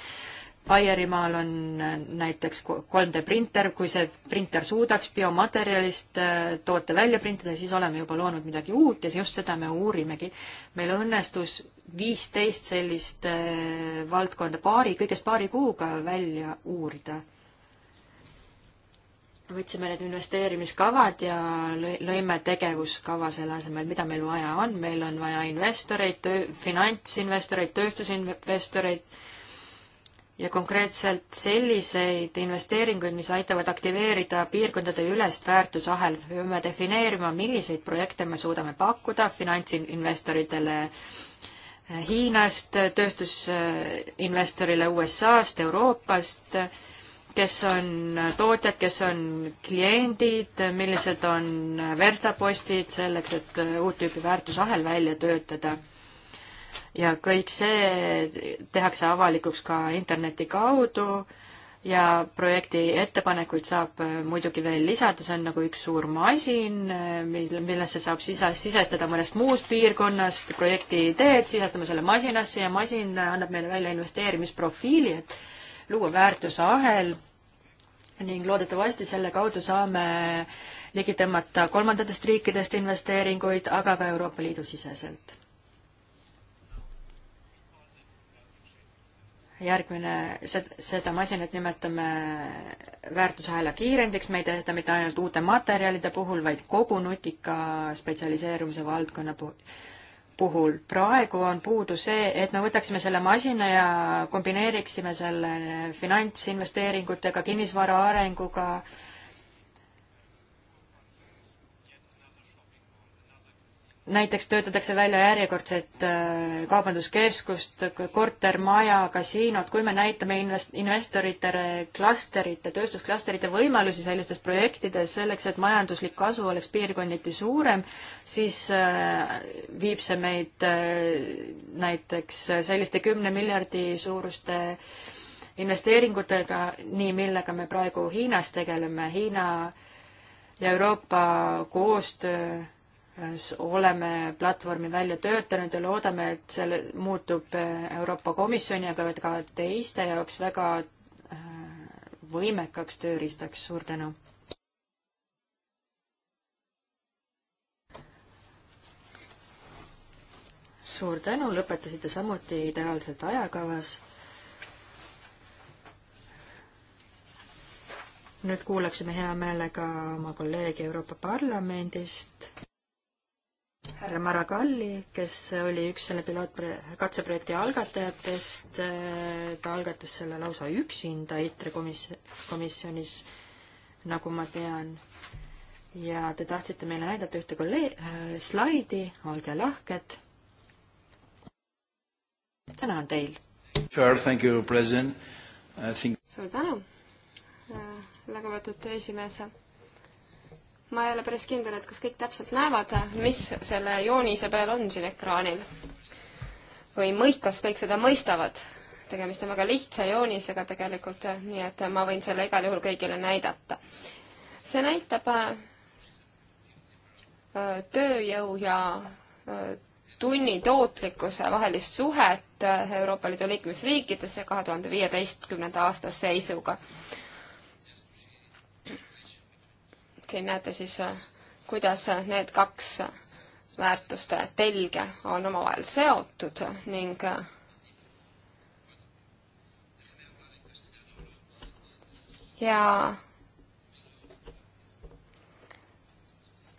Baierimaal on äh, näiteks 3D printer, kui see printer suudaks biomaterjalist toote välja printida, siis oleme juba loonud midagi uut ja just seda me uurimegi. meil õnnestus viisteist sellist eh, valdkonda paari, kõigest paari kuuga välja uurida. võtsime need investeerimiskavad ja lõime tegevuskava selle asemel, mida meil vaja on, meil on vaja investoreid, finantsinvestoreid, tööstusinvestoreid ja konkreetselt selliseid investeeringuid, mis aitavad aktiveerida piirkondade ülest väärtusahel. me peame defineerima, milliseid projekte me suudame pakkuda finantsinvestoritele Hiinast, tööstusinvestorile äh, USA-st, Euroopast, kes on tootjad, kes on kliendid, millised on verstapostid selleks, et äh, uut tüüpi väärtusahel välja töötada. ja kõik see tehakse avalikuks ka interneti kaudu ja projekti ettepanekuid saab äh, muidugi veel lisada, see on nagu üks suur masin, äh, mille, millesse saab sisa, sisestada mõnest muust piirkonnast projekti ideed, sisestame selle masinasse ja masin annab meile välja investeerimisprofiili, et luua väärtusahel ning loodetavasti selle kaudu saame ligi tõmmata kolmandatest riikidest investeeringuid, aga ka Euroopa Liidu siseselt järgmine, seda masinat nimetame väärtusahela kiirendiks, me ei tee seda mitte ainult uute materjalide puhul, vaid kogu nutika spetsialiseerumise valdkonna puhul. praegu on puudu see, et me võtaksime selle masina ja kombineeriksime selle finantsinvesteeringutega, kinnisvara arenguga äh,, näiteks töötatakse välja järjekordset äh, kaubanduskeskust, kortermaja, kasiinot, kui me näitame invest-, investoritele klasterite, tööstusklasterite võimalusi sellistes projektides selleks, et majanduslik kasu oleks piirkonniti suurem, siis äh, viib see meid äh, näiteks selliste kümne miljardi suuruste investeeringutega, nii millega me praegu Hiinas tegeleme, Hiina ja Euroopa koostöö Äh, oleme platvormi välja töötanud ja loodame, et selle muutub äh, Euroopa Komisjoni, aga ka teiste jaoks väga äh, võimekaks tööriistaks. suur tänu! suur tänu, lõpetasite samuti ideaalselt ajakavas. nüüd kuulaksime hea meelega oma kolleegi Euroopa Parlamendist härra Maragalli, kes oli üks selle pilootpro-, katseprojekti algatajatest, ta algatas selle lausa üksinda EITRE komis-, komisjonis, nagu ma tean. ja te tahtsite meile näidata ühte kolleeg-, äh, slaidi, olge lahked. sõna on teil. Sure, thank you, president. Think... suur tänu, äh, lugupeetud esimees ma ei ole päris kindel, et kas kõik täpselt näevad, mis selle joonise peal on siin ekraanil. või mõi-, kas kõik seda mõistavad. tegemist on väga lihtsa joonisega tegelikult, nii et ma võin selle igal juhul kõigile näidata. see näitab äh, tööjõu ja äh, tunni tootlikkuse vahelist suhet äh, Euroopa Liidu liikmesriikides kahe tuhande viieteistkümnenda aasta seisuga. siin näete siis, kuidas need kaks väärtuste telge on omavahel seotud ning ja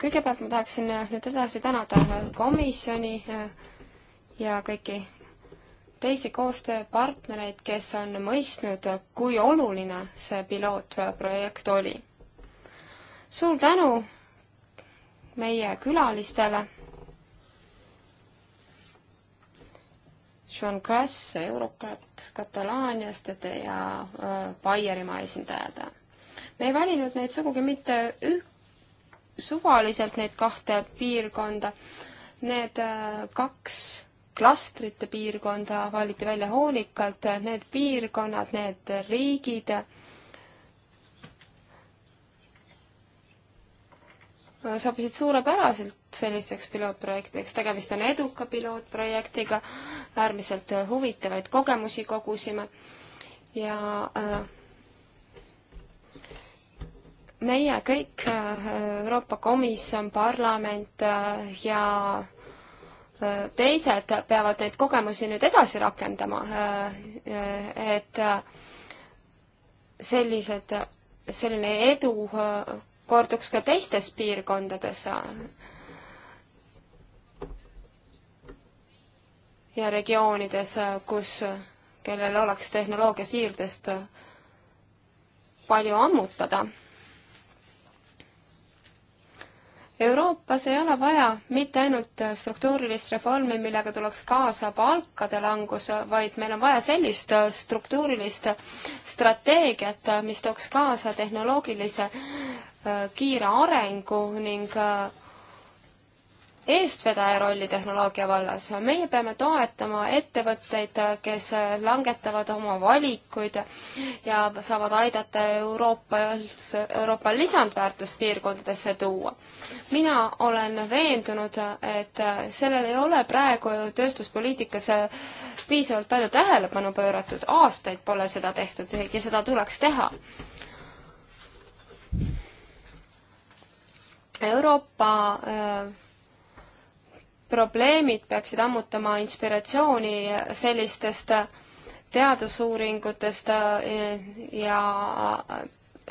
kõigepealt ma tahaksin nüüd edasi tänada komisjoni ja kõiki teisi koostööpartnereid, kes on mõistnud, kui oluline see pilootprojekt oli suur tänu meie külalistele. Sean Grass, eurokraat Katalaaniast ja äh, Baierimaa esindajad. me ei valinud neid sugugi mitte üh-, suvaliselt, neid kahte piirkonda. Need äh, kaks klastrite piirkonda valiti välja hoolikalt, need piirkonnad, need riigid sobisid suurepäraselt sellisteks pilootprojektideks, tegemist on eduka pilootprojektiga, äärmiselt huvitavaid kogemusi kogusime ja äh, meie kõik, äh, Euroopa Komisjon, parlament äh, ja teised peavad neid kogemusi nüüd edasi rakendama, et sellised, selline edu korduks ka teistes piirkondades. ja regioonides, kus, kellel oleks tehnoloogia siirdest palju ammutada Euroopas ei ole vaja mitte ainult struktuurilist reformi, millega tuleks kaasa palkade langus, vaid meil on vaja sellist struktuurilist strateegiat, mis tooks kaasa tehnoloogilise Äh, kiire arengu ning äh, eestvedaja rolli tehnoloogia vallas. meie peame toetama ettevõtteid, kes langetavad oma valikuid ja saavad aidata Euroopas, Euroopa lisandväärtust piirkondadesse tuua. mina olen veendunud, et sellel ei ole praegu tööstuspoliitikas piisavalt palju tähelepanu pööratud, aastaid pole seda tehtud ja seda tuleks teha Euroopa äh, probleemid peaksid ammutama inspiratsiooni sellistest teadusuuringutest äh, ja äh,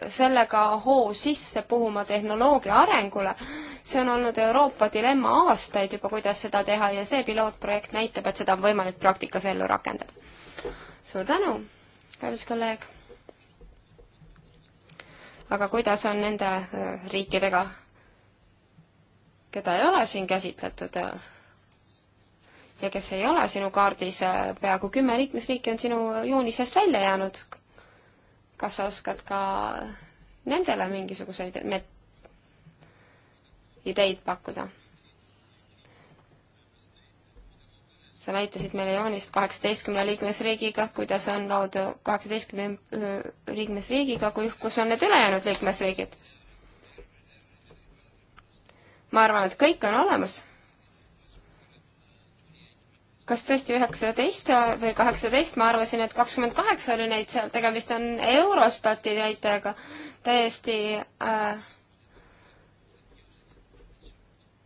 sellega hoo sisse puhuma tehnoloogia arengule. see on olnud Euroopa dilemma aastaid juba, kuidas seda teha ja see pilootprojekt näitab, et seda on võimalik praktikas ellu rakendada. suur tänu, kallis kolleeg. aga kuidas on nende riikidega keda ei ole siin käsitletud ja kes ei ole sinu kaardis, peaaegu kümme liikmesriiki on sinu joonisest välja jäänud. kas sa oskad ka nendele mingisuguseid ideid pakkuda? sa näitasid meile joonist kaheksateistkümne liikmesriigiga, kuidas on lood kaheksateistkümne äh, liikmesriigiga, kui, kus on need ülejäänud liikmesriigid ma arvan, et kõik on olemas. kas tõesti üheksateist või kaheksateist, ma arvasin, et kakskümmend kaheksa oli neid seal, tegemist on Eurostati näitajaga, täiesti äh,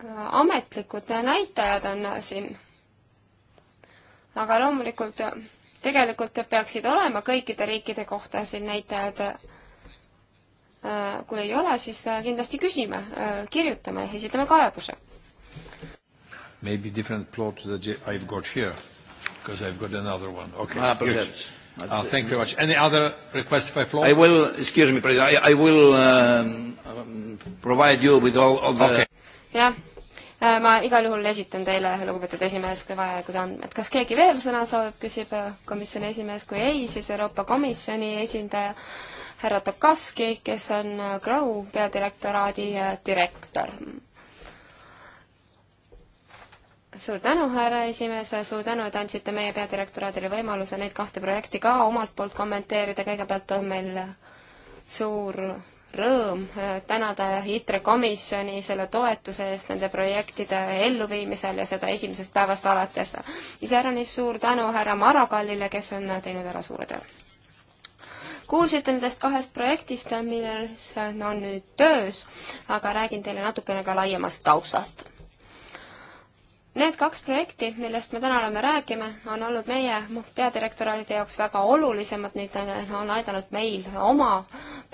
äh ametlikud näitajad on siin. aga loomulikult tegelikult peaksid olema kõikide riikide kohta siin näitajad Äh, kui ei ole, siis äh, kindlasti küsime, äh, kirjutame, esitame kaebuse. Maybe different plot that I have got here because I have got another one. Okay. Ah, perhaps. Yes. Ah, thank you very much. Any other request for floor? I will, excuse me, President, I, I will um, um, provide you with all, all the okay. jah, ma igal juhul esitan teile, lugupeetud esimees, kui vajalikud andmed. kas keegi veel sõna soovib, küsib komisjoni esimees, kui ei, siis Euroopa Komisjoni esindaja härra Tokaski, kes on äh, Grow peadirektoraadi äh, direktor. suur tänu, härra esimees, suur tänu, et andsite meie peadirektoraadile võimaluse neid kahte projekti ka omalt poolt kommenteerida, kõigepealt on meil suur rõõm äh, tänada ITRE komisjoni selle toetuse eest nende projektide elluviimisel ja seda esimesest päevast alates. iseäranis suur tänu härra Marakallile, kes on teinud ära suure töö kuulsite nendest kahest projektist, milles on nüüd töös, aga räägin teile natukene ka laiemast taustast. Need kaks projekti, millest me täna oleme räägime, on olnud meie peadirektoraadide jaoks väga olulisemad, neid on aidanud meil oma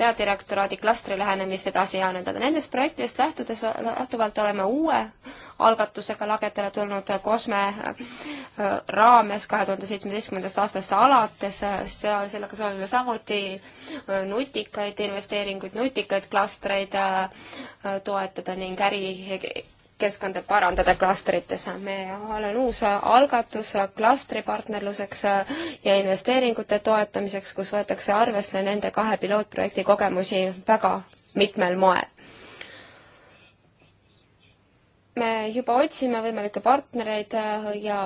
peadirektoraadi klastri lähenemist edasi arendada. Nendest projektidest lähtudes, lähtuvalt oleme uue algatusega lagedale tulnud COSME äh, raames kahe tuhande seitsmeteistkümnendast aastast alates, sellega soovime samuti äh, nutikaid investeeringuid, nutikaid klastreid äh, toetada ning äri keskkonda parandada klastrites. me olen uus algatus klastripartnerluseks ja investeeringute toetamiseks, kus võetakse arvesse nende kahe pilootprojekti kogemusi väga mitmel moel me juba otsime võimalikke partnereid äh, ja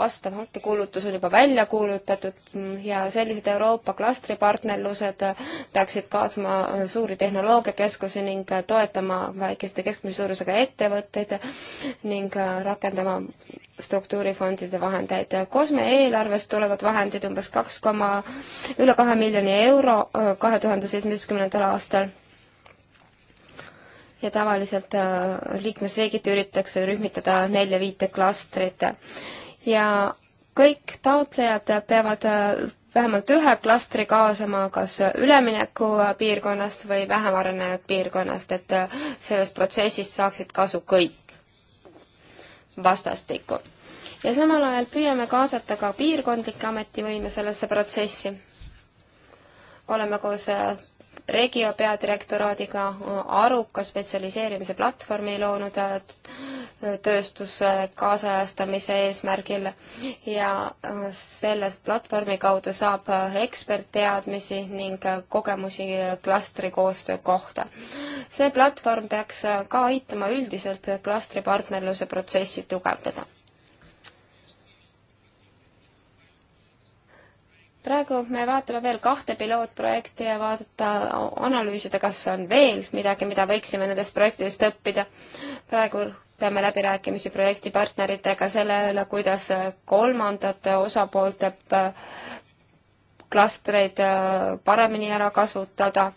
vastav hankekuulutus on juba välja kuulutatud mm, ja sellised Euroopa klastripartnerlused äh, peaksid kaasma äh, suuri tehnoloogiakeskusi ning toetama väikeste keskmise suurusega ettevõtteid ning rakendama struktuurifondide vahendeid. Kosme eelarvest tulevad vahendid umbes kaks koma, üle kahe miljoni euro kahe tuhande seitsmeteistkümnendal aastal ja tavaliselt äh, liikmesriigiti üritatakse rühmitada nelja-viite klastrit. ja kõik taotlejad peavad äh, vähemalt ühe klastri kaasama kas üleminekupiirkonnast äh, või vähem arenenud piirkonnast, et sellest protsessist saaksid kasu kõik vastastikku. ja samal ajal püüame kaasata ka piirkondlikke ametivõime sellesse protsessi. oleme koos Regio peadirektoraadiga aruka spetsialiseerimise platvormi loonud äh, tööstuse kaasajastamise eesmärgil ja äh, selle platvormi kaudu saab äh, ekspertteadmisi ning kogemusi klastri koostöö kohta. see platvorm peaks ka aitama üldiselt klastripartnerluse protsessi tugevdada praegu me vaatame veel kahte pilootprojekti ja vaadata, analüüsida, kas on veel midagi, mida võiksime nendest projektidest õppida. praegu peame läbirääkimisi projektipartneritega selle üle, kuidas kolmandate osapoolte äh, klastreid äh, paremini ära kasutada.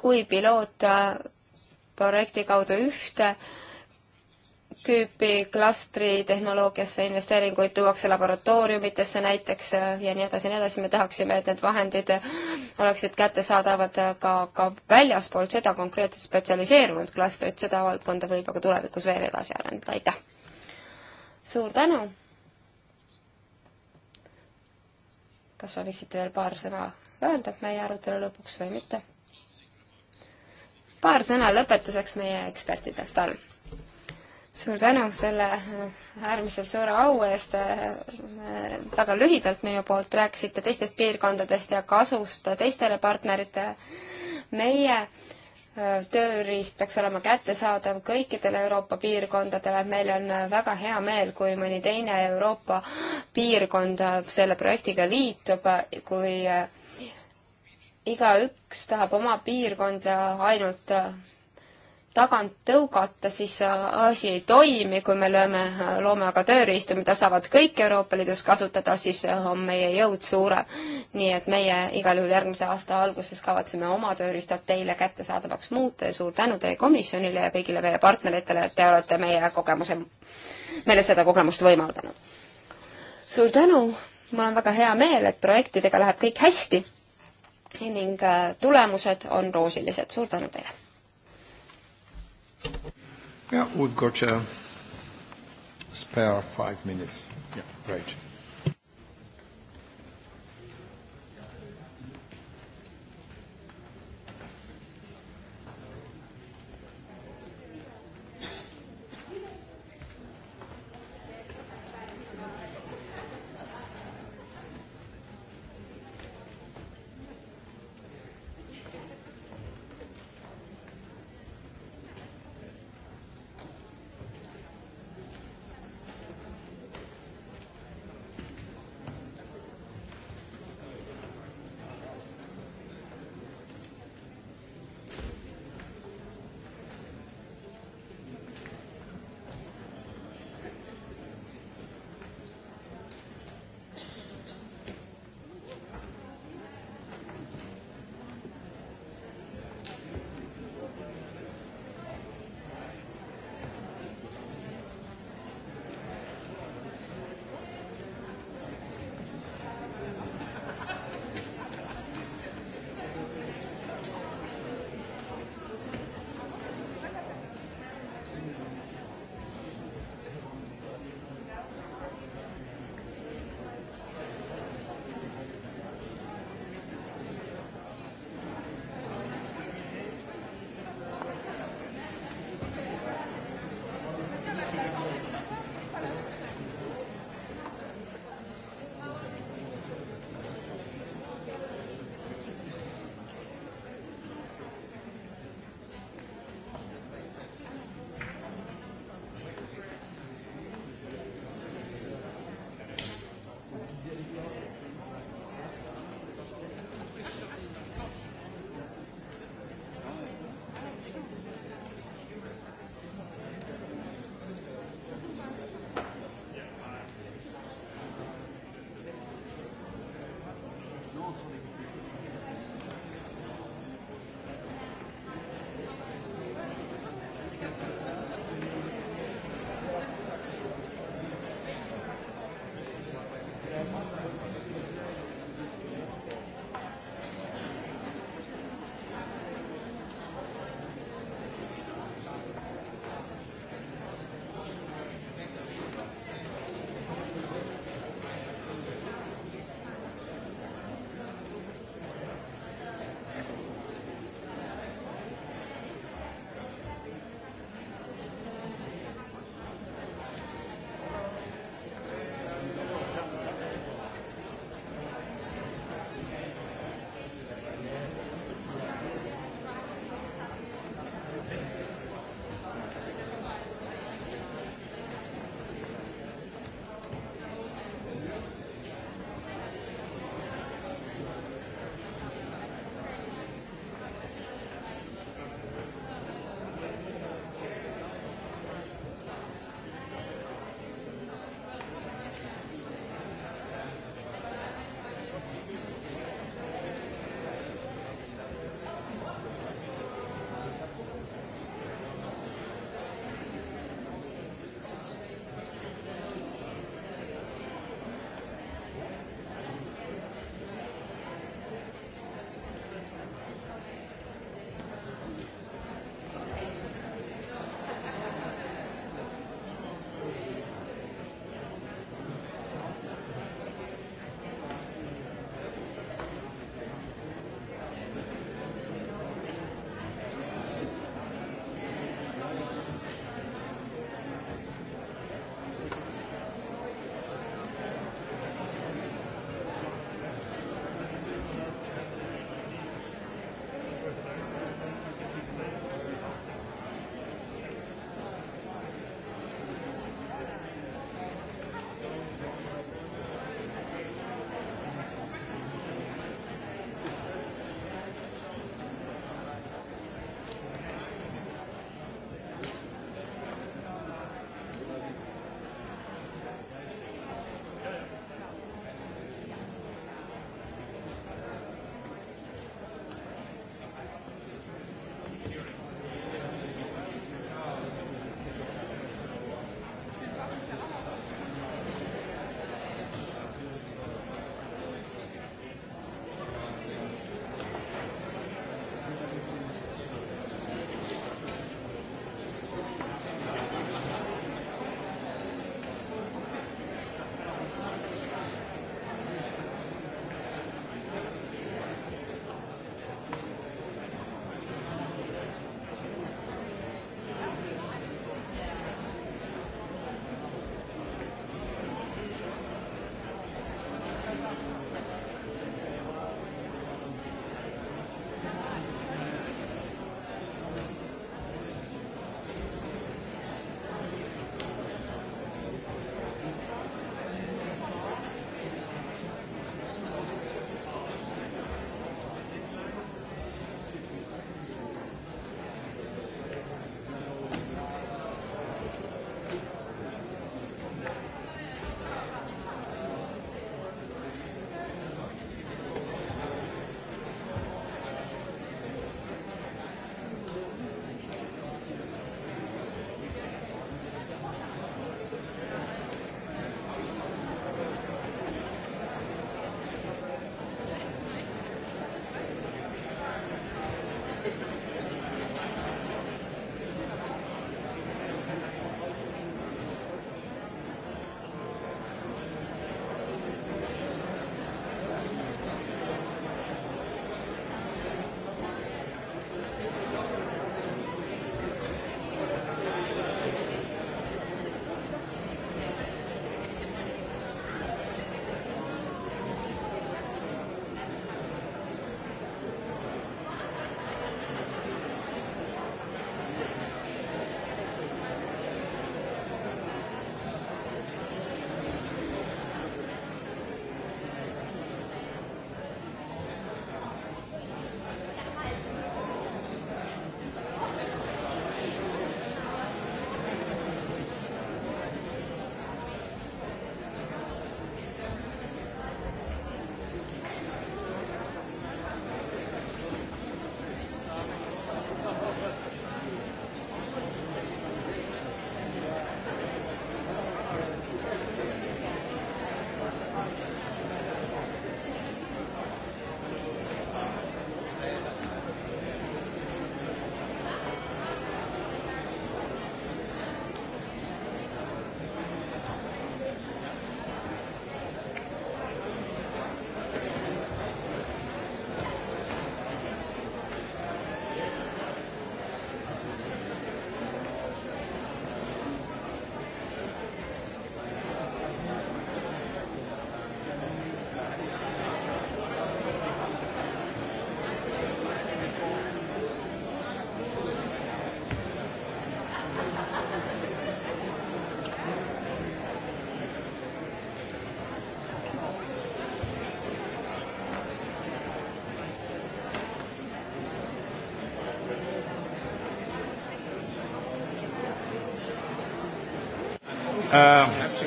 kui pilootprojekti äh, kaudu ühte äh, tüüpi klastri tehnoloogiasse investeeringuid tuuakse laboratooriumitesse näiteks äh, ja nii edasi ja nii edasi, me tahaksime, et need vahendid äh, oleksid kättesaadavad ka, ka väljaspool seda konkreetselt spetsialiseerunud klastrit, seda valdkonda võib aga tulevikus veel edasi arendada, aitäh! suur tänu! kas sooviksite veel paar sõna öelda meie arutelu lõpuks või mitte? paar sõna lõpetuseks meie ekspertidest, palun suur tänu selle äh, äärmiselt suure au eest. Äh, äh, väga lühidalt minu poolt rääkisite teistest piirkondadest ja kasust teistele partneritele. meie tööriist peaks olema kättesaadav kõikidele Euroopa piirkondadele. meil on väga hea meel, kui mõni teine Euroopa piirkond selle projektiga liitub, kui igaüks tahab oma piirkonda ainult tagant tõugata, siis asi ei toimi, kui me lööme, loome aga tööriistu, mida saavad kõik Euroopa Liidus kasutada, siis on meie jõud suurem. nii et meie igal juhul järgmise aasta alguses kavatseme oma tööriistad teile kättesaadavaks muuta ja suur tänu teie komisjonile ja kõigile meie partneritele, et te olete meie kogemuse, meile seda kogemust võimaldanud. suur tänu, mul on väga hea meel, et projektidega läheb kõik hästi ning äh, tulemused on roosilised, suur tänu teile! Yeah, we've got a spare five minutes. Yeah, right.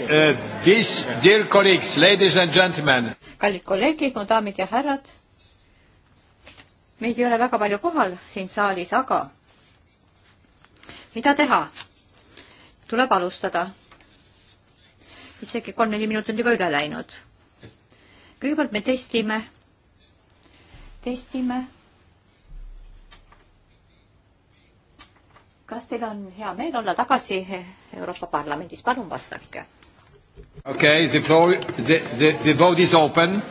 uh, this, dear colleagues, ladies and gentlemen. kallid kolleegid, mu daamid ja härrad. meid ei ole väga palju kohal siin saalis, aga mida teha? tuleb alustada. isegi kolm-neli minutit on juba üle läinud. kõigepealt me testime, testime. kas teil on hea meel olla tagasi Euroopa Parlamendis, palun vastake okei okay,, the floor, the, the, the vote is open.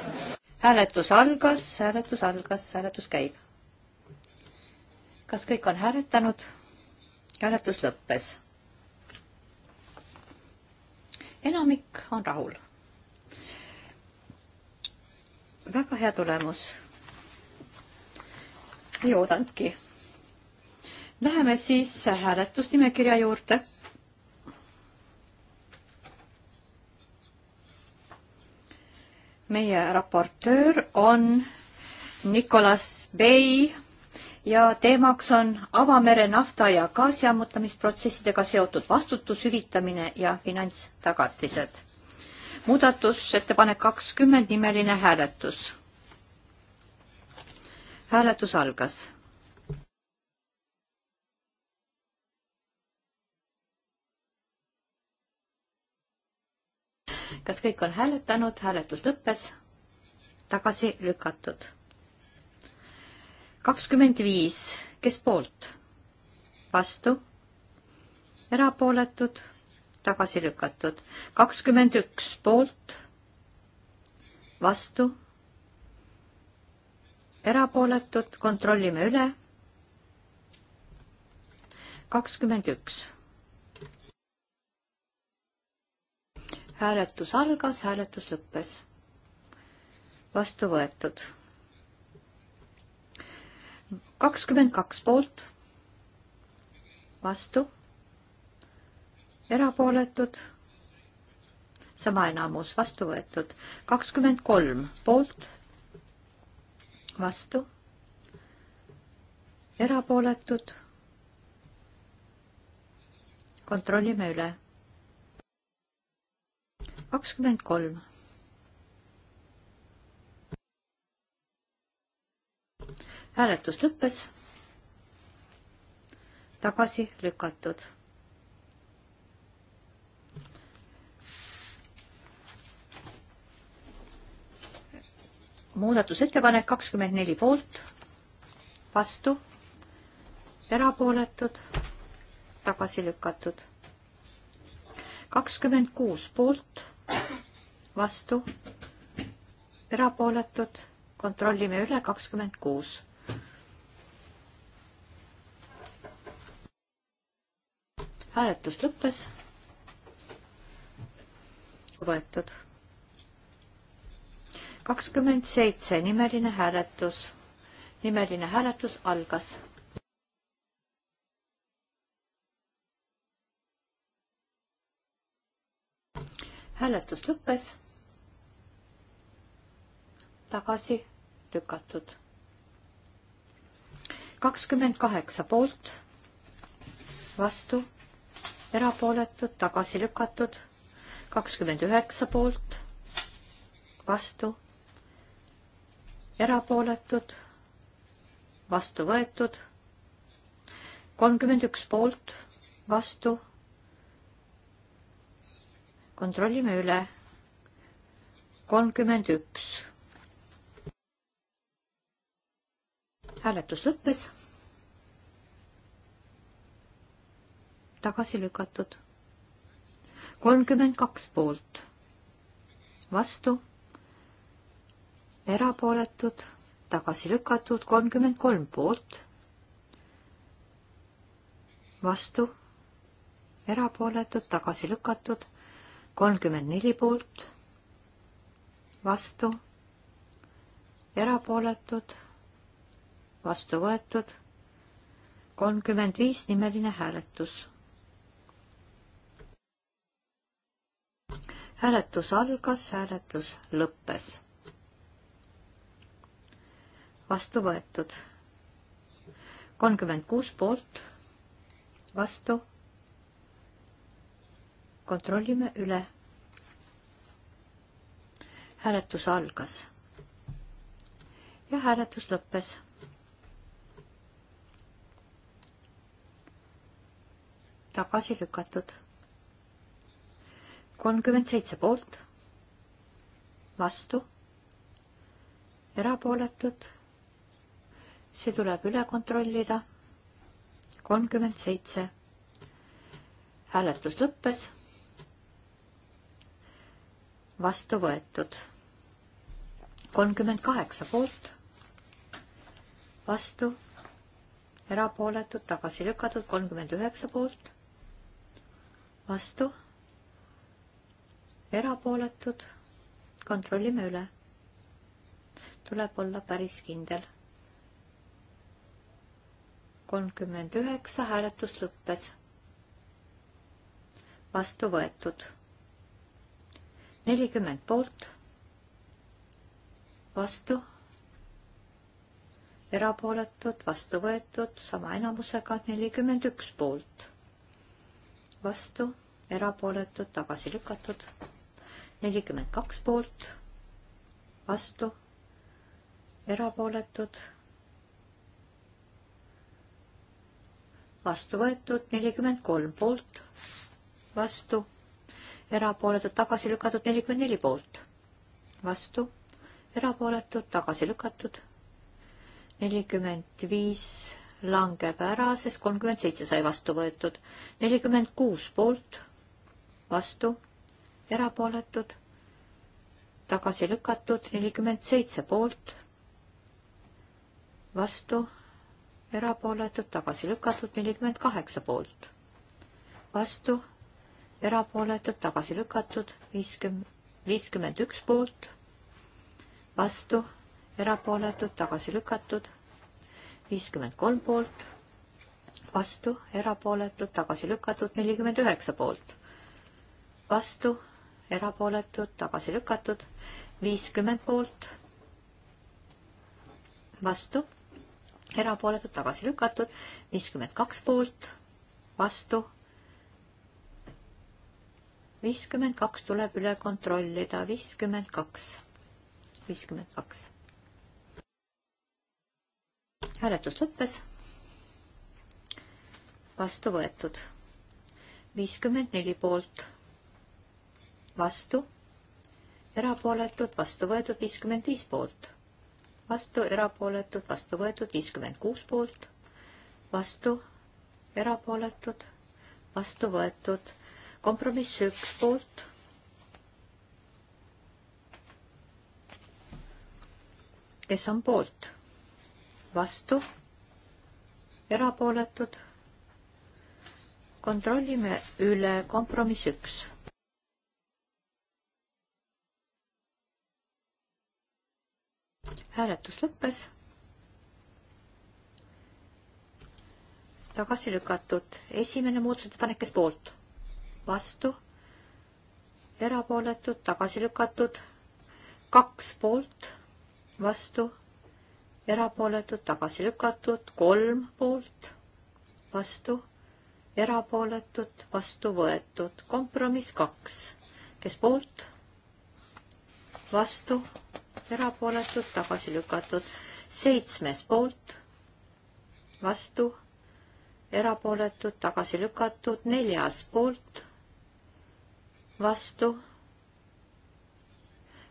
hääletus algas, hääletus algas, hääletus käib. kas kõik on hääletanud? hääletus lõppes. enamik on rahul. väga hea tulemus. ei oodanudki. Läheme siis hääletusnimekirja juurde meie raportöör on Nicolas Bay ja teemaks on avamere nafta ja gaasi ammutamisprotsessidega seotud vastutus, hüvitamine ja finantstagatised. muudatusettepanek kakskümmend, nimeline hääletus. hääletus algas kas kõik on hääletanud, hääletus lõppes, tagasi lükatud. kakskümmend viis, kes poolt? vastu? erapooletud? tagasi lükatud. kakskümmend üks poolt? vastu? erapooletud, kontrollime üle. kakskümmend üks hääletus algas, hääletus lõppes. vastu võetud. kakskümmend kaks poolt, vastu, erapooletud, sama enamus, vastu võetud. kakskümmend kolm poolt, vastu, erapooletud. kontrollime üle kakskümmend kolm. hääletus lõppes. tagasi lükatud. muudatusettepanek kakskümmend neli poolt, vastu, erapooletud, tagasi lükatud kakskümmend kuus poolt, vastu, erapooletud, kontrollime üle, kakskümmend kuus. hääletus lõppes. võetud. kakskümmend seitse, nimeline hääletus. nimeline hääletus algas hääletus lõppes tagasi lükatud. kakskümmend kaheksa poolt, vastu, erapooletud, tagasi lükatud, kakskümmend üheksa poolt, vastu, erapooletud, vastu võetud, kolmkümmend üks poolt, vastu. kontrollime üle. kolmkümmend üks hääletus lõppes. tagasi lükatud. kolmkümmend kaks poolt, vastu, erapooletud, tagasi lükatud, kolmkümmend kolm poolt, vastu, erapooletud, tagasi lükatud, kolmkümmend neli poolt, vastu, erapooletud vastu võetud, kolmkümmend viis nimeline hääletus. hääletus algas, hääletus lõppes. vastu võetud, kolmkümmend kuus poolt, vastu. kontrollime üle. hääletus algas ja hääletus lõppes tagasi lükatud. kolmkümmend seitse poolt, vastu, erapooletud. see tuleb üle kontrollida. kolmkümmend seitse. hääletus lõppes. vastu võetud. kolmkümmend kaheksa poolt, vastu erapooletud, tagasi lükatud kolmkümmend üheksa poolt, vastu, erapooletud, kontrollime üle. tuleb olla päris kindel. kolmkümmend üheksa, hääletus lõppes. vastu võetud. nelikümmend poolt, vastu, erapooletud, vastu võetud, sama enamusega nelikümmend üks poolt vastu, erapooletud, tagasi lükatud. nelikümmend kaks poolt, vastu, erapooletud, vastu võetud, nelikümmend kolm poolt, vastu, erapooletud, tagasi lükatud, nelikümmend neli poolt, vastu, erapooletud, tagasi lükatud, nelikümmend viis langeb ära, sest kolmkümmend seitse sai vastu võetud. nelikümmend kuus poolt, vastu, erapooletud, tagasi lükatud, nelikümmend seitse poolt, vastu, erapooletud, tagasi lükatud, nelikümmend kaheksa poolt, vastu, erapooletud, tagasi lükatud, viiskümmend, viiskümmend üks poolt, vastu, erapooletud, tagasi lükatud viiskümmend kolm poolt, vastu, erapooletud, tagasi lükatud, nelikümmend üheksa poolt, vastu, erapooletud, tagasi lükatud, viiskümmend poolt, vastu, erapooletud, tagasi lükatud, viiskümmend kaks poolt, vastu, viiskümmend kaks tuleb üle kontrollida, viiskümmend kaks, viiskümmend kaks hääletus lõppes. vastu võetud. viiskümmend neli poolt, vastu, erapooletud, vastu võetud viiskümmend viis poolt, vastu, erapooletud, vastu võetud viiskümmend kuus poolt, vastu, erapooletud, vastu võetud, kompromiss üks poolt kes on poolt, vastu, erapooletud. kontrollime üle kompromiss üks. hääletus lõppes. tagasi lükatud esimene muudatusettepanek, kes poolt, vastu, erapooletud, tagasi lükatud, kaks poolt, vastu erapooletud, tagasi lükatud, kolm poolt, vastu, erapooletud, vastu võetud, kompromiss kaks, kes poolt, vastu, erapooletud, tagasi lükatud, seitsmes poolt, vastu, erapooletud, tagasi lükatud, neljas poolt, vastu.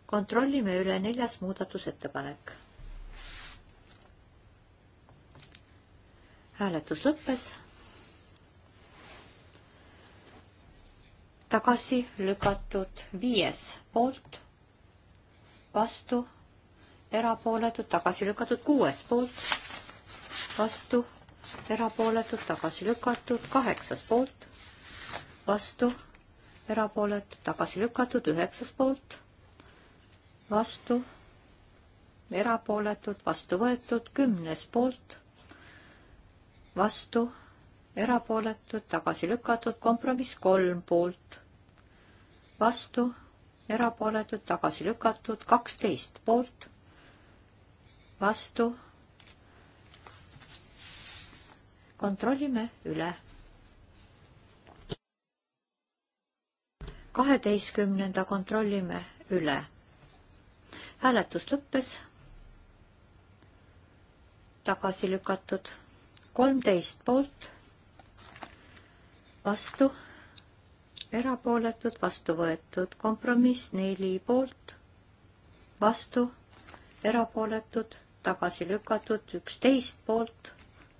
kontrollime üle neljas muudatusettepanek hääletus lõppes. tagasi lükatud viies poolt, vastu, erapooletud, tagasi lükatud kuues poolt, vastu, erapooletud, tagasi lükatud kaheksas poolt, vastu, erapooletud, tagasi lükatud üheksas poolt, vastu, erapooletud, vastu võetud kümnes poolt vastu, erapooletud, tagasi lükatud, kompromiss kolm poolt, vastu, erapooletud, tagasi lükatud, kaksteist poolt, vastu. kontrollime üle. kaheteistkümnenda kontrollime üle. hääletus lõppes. tagasi lükatud kolmteist poolt, vastu, erapooletud, vastu võetud, kompromiss neli poolt, vastu, erapooletud, tagasi lükatud, üksteist poolt,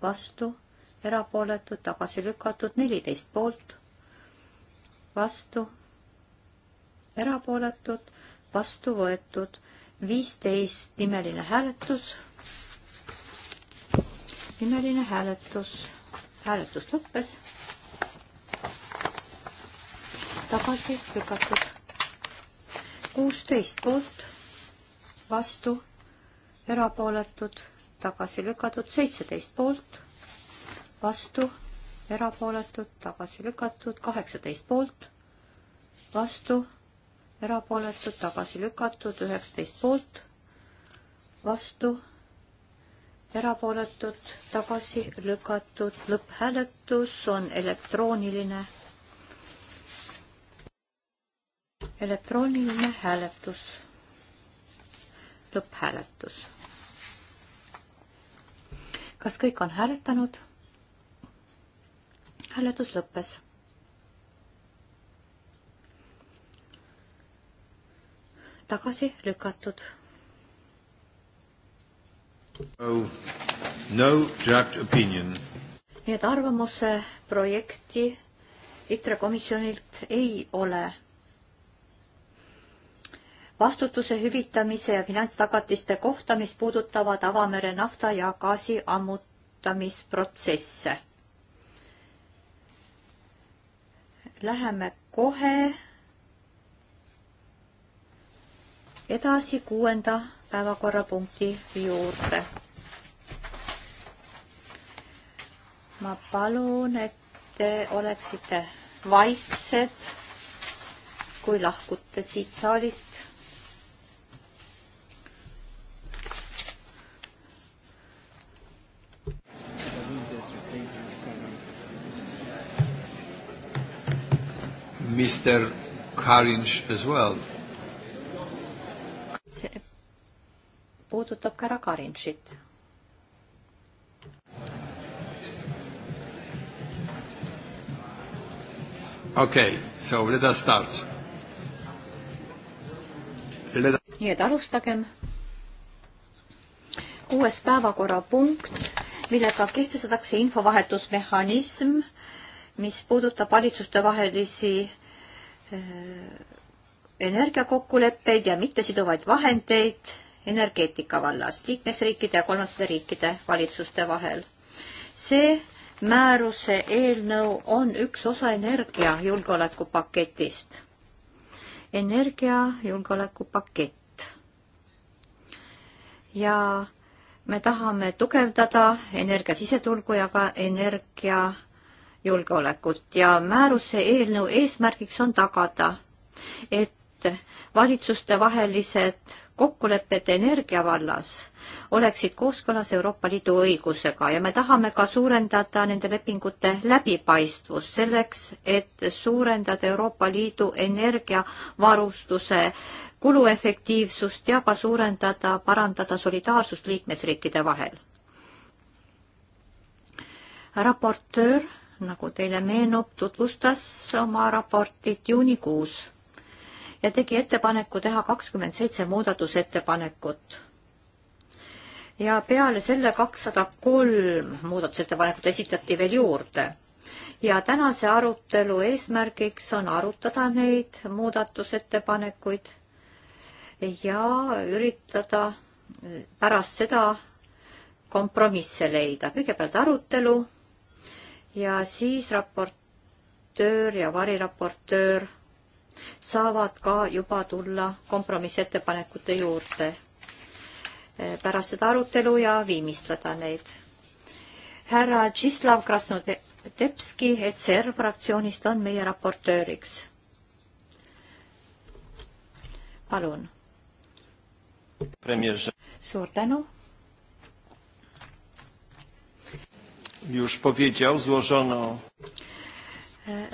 vastu, erapooletud, tagasi lükatud, neliteist poolt, vastu, erapooletud, vastu võetud, viisteist nimeline hääletus nimeline hääletus. hääletus lõppes. tagasi lükatud. kuusteist poolt, vastu, erapooletud, tagasi lükatud, seitseteist poolt, vastu, erapooletud, tagasi lükatud, kaheksateist poolt, vastu, erapooletud, tagasi lükatud, üheksateist poolt, vastu erapooletud, tagasi lükatud, lõpphääletus on elektrooniline. elektrooniline hääletus, lõpphääletus. kas kõik on hääletanud? hääletus lõppes tagasi lükatud Oh, no draft opinion. nii et arvamuse projekti ITRE komisjonilt ei ole. vastutuse hüvitamise ja finantstagatiste kohta, mis puudutavad avamere nafta ja gaasi ammutamisprotsesse. Läheme kohe edasi kuuenda päevakorrapunkti juurde. ma palun, et te oleksite vaiksed, kui lahkute siit saalist. Mr. Karinš as well. puudutab ka härra Karinšit. okei okay,, so let us start. Let... nii et alustagem. kuues päevakorrapunkt, millega kehtestatakse infovahetusmehhanism, mis puudutab valitsustevahelisi eh, energiakokkuleppeid ja mittesiduvaid vahendeid energeetika vallas liikmesriikide ja kolmandate riikide valitsuste vahel. see määruse eelnõu on üks osa energiajulgeoleku paketist. energiajulgeoleku pakett. ja me tahame tugevdada energia siseturgu ja ka energia julgeolekut ja määruse eelnõu eesmärgiks on tagada, et et valitsustevahelised kokkulepped energia vallas oleksid kooskõlas Euroopa Liidu õigusega ja me tahame ka suurendada nende lepingute läbipaistvust selleks, et suurendada Euroopa Liidu energiavarustuse kuluefektiivsust ja ka suurendada, parandada solidaarsust liikmesriikide vahel. raportöör, nagu teile meenub, tutvustas oma raportit juunikuus ja tegi ettepaneku teha kakskümmend seitse muudatusettepanekut. ja peale selle kakssada kolm muudatusettepanekut esitati veel juurde ja tänase arutelu eesmärgiks on arutada neid muudatusettepanekuid ja üritada pärast seda kompromisse leida. kõigepealt arutelu ja siis raportöör ja variraportöör saavad ka juba tulla kompromissettepanekute juurde pärast seda arutelu ja viimistleda neid. härra Tšislav Krasnodebski ECR fraktsioonist on meie raportööriks. palun. suur tänu już powiedział, złożono.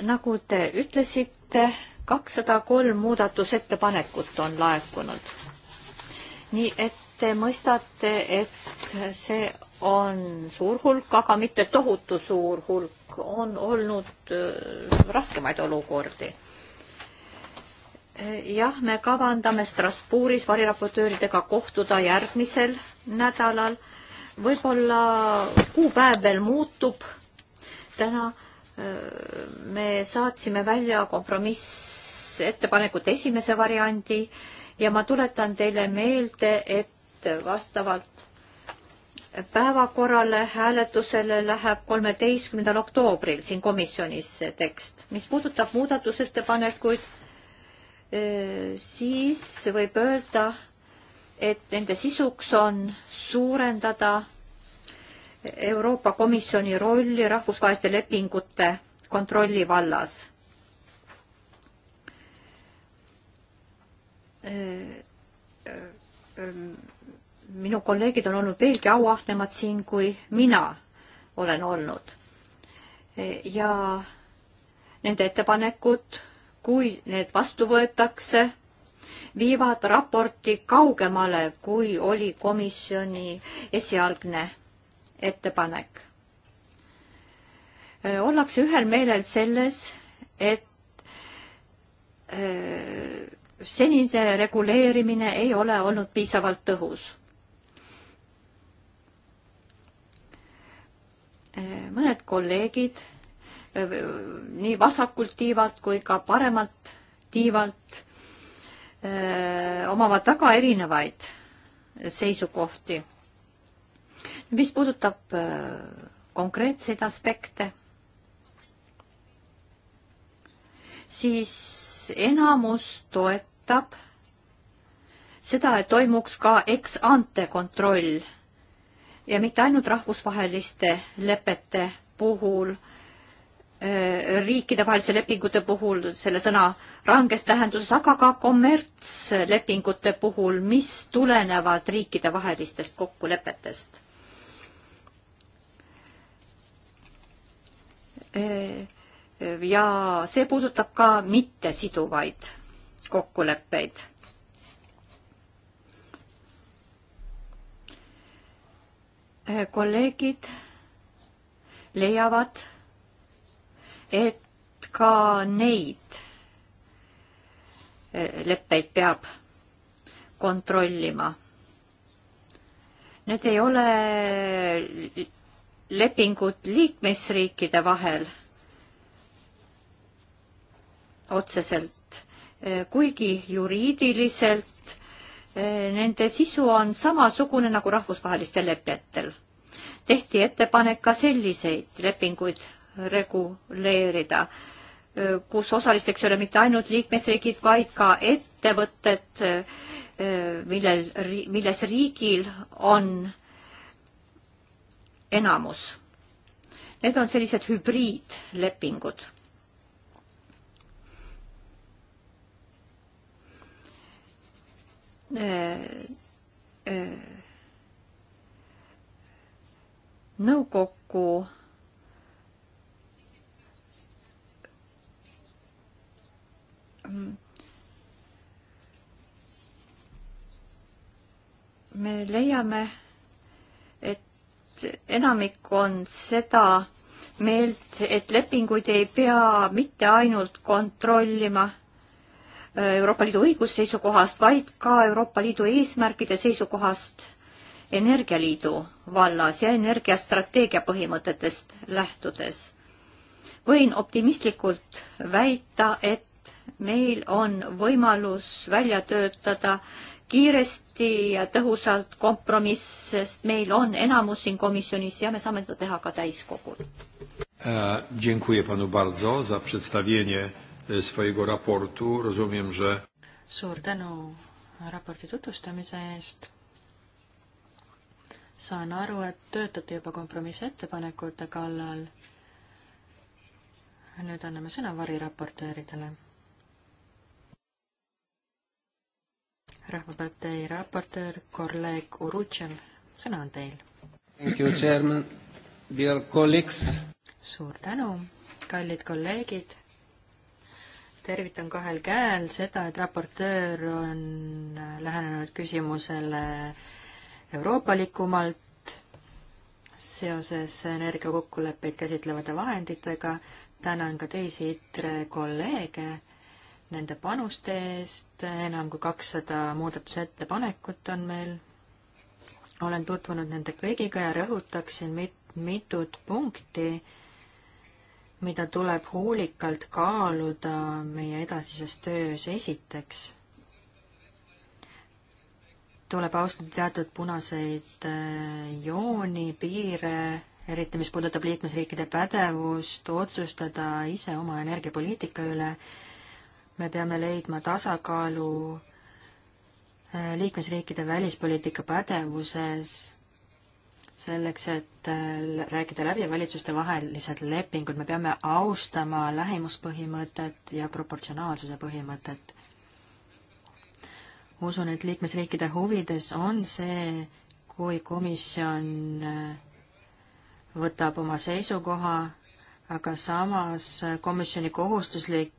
Nagu te ütlesite, kakssada kolm muudatusettepanekut on laekunud. nii et te mõistate, et see on suur hulk, aga mitte tohutu suur hulk, on olnud äh, raskemaid olukordi. jah, me kavandame Strasbourgis variraportööridega kohtuda järgmisel nädalal. võib-olla kuupäev veel muutub. täna äh, me saatsime välja kompromiss ettepanekut esimese variandi ja ma tuletan teile meelde, et vastavalt päevakorrale hääletusele läheb kolmeteistkümnendal oktoobril siin komisjonis see tekst. mis puudutab muudatusettepanekuid, eh, siis võib öelda, et nende sisuks on suurendada Euroopa Komisjoni rolli rahvusvaheliste lepingute kontrolli vallas Äh, äh, minu kolleegid on olnud veelgi auahnemad siin, kui mina olen olnud. Äh, ja nende ettepanekud, kui need vastu võetakse, viivad raporti kaugemale, kui oli komisjoni esialgne ettepanek. ollakse ühel meelel selles, et öö, senine reguleerimine ei ole olnud piisavalt tõhus. mõned kolleegid eh, nii vasakult tiivalt kui ka paremalt tiivalt öö, eh, omavad väga erinevaid seisukohti. mis puudutab öö, eh, konkreetseid aspekte, siis enamus toetab toetab seda, et toimuks ka ex-ante kontroll ja mitte ainult rahvusvaheliste lepete puhul, äh, riikidevahelise lepingute puhul selle sõna ranges tähenduses, aga ka kommertslepingute puhul, mis tulenevad riikidevahelistest kokkulepetest. Äh, ja see puudutab ka mittesiduvaid kokkuleppeid. kolleegid leiavad, et ka neid leppeid peab kontrollima. Need ei ole lepingud liikmesriikide vahel otseselt, kuigi juriidiliselt eh, nende sisu on samasugune nagu rahvusvahelistel lepetel. tehti ettepanek ka selliseid lepinguid reguleerida, eh, kus osalisteks ei ole mitte ainult liikmesriigid, vaid ka ettevõtted, eh, millel, milles riigil on enamus. Need on sellised hübriidlepingud Äh, äh, nõukokku me leiame, et enamik on seda meelt, et lepinguid ei pea mitte ainult kontrollima Euroopa Liidu õiguse seisukohast, vaid ka Euroopa Liidu eesmärkide seisukohast energialiidu vallas ja energiastrateegia põhimõtetest lähtudes. võin optimistlikult väita, et meil on võimalus välja töötada kiiresti ja tõhusalt kompromiss, sest meil on enamus siin komisjonis ja me saame seda teha ka täiskogul. Äh, E, swojego raportu. Rozumiem, że... Suur tänu raporti tutvustamise eest. Saan aru, et töötate juba kompromissettepanekute kallal. Nüüd anname sõna variraportööridele. Rahvapartei raportöör kolleeg Urutšev, sõna on teil. Thank you, Chairman. Dear colleagues. Suur tänu, kallid kolleegid tervitan kahel käel seda, et raportöör on lähenenud küsimusele euroopalikumalt seoses energiakokkuleppeid käsitlevate vahenditega. tänan ka teisi ITRE kolleege nende panuste eest, enam kui kakssada muudatusettepanekut on meil. olen tutvunud nende kõigiga ja rõhutaksin mit-, mitut punkti mida tuleb hoolikalt kaaluda meie edasises töös. esiteks tuleb austada teatud punaseid äh, jooni, piire, eriti mis puudutab liikmesriikide pädevust otsustada ise oma energiapoliitika üle. me peame leidma tasakaalu äh, liikmesriikide välispoliitika pädevuses selleks, et äh, rääkida läbi valitsuste vahelised lepingud, me peame austama lähimuspõhimõtet ja proportsionaalsuse põhimõtet. usun, et liikmesriikide huvides on see, kui komisjon äh, võtab oma seisukoha, aga samas äh, komisjoni kohustuslik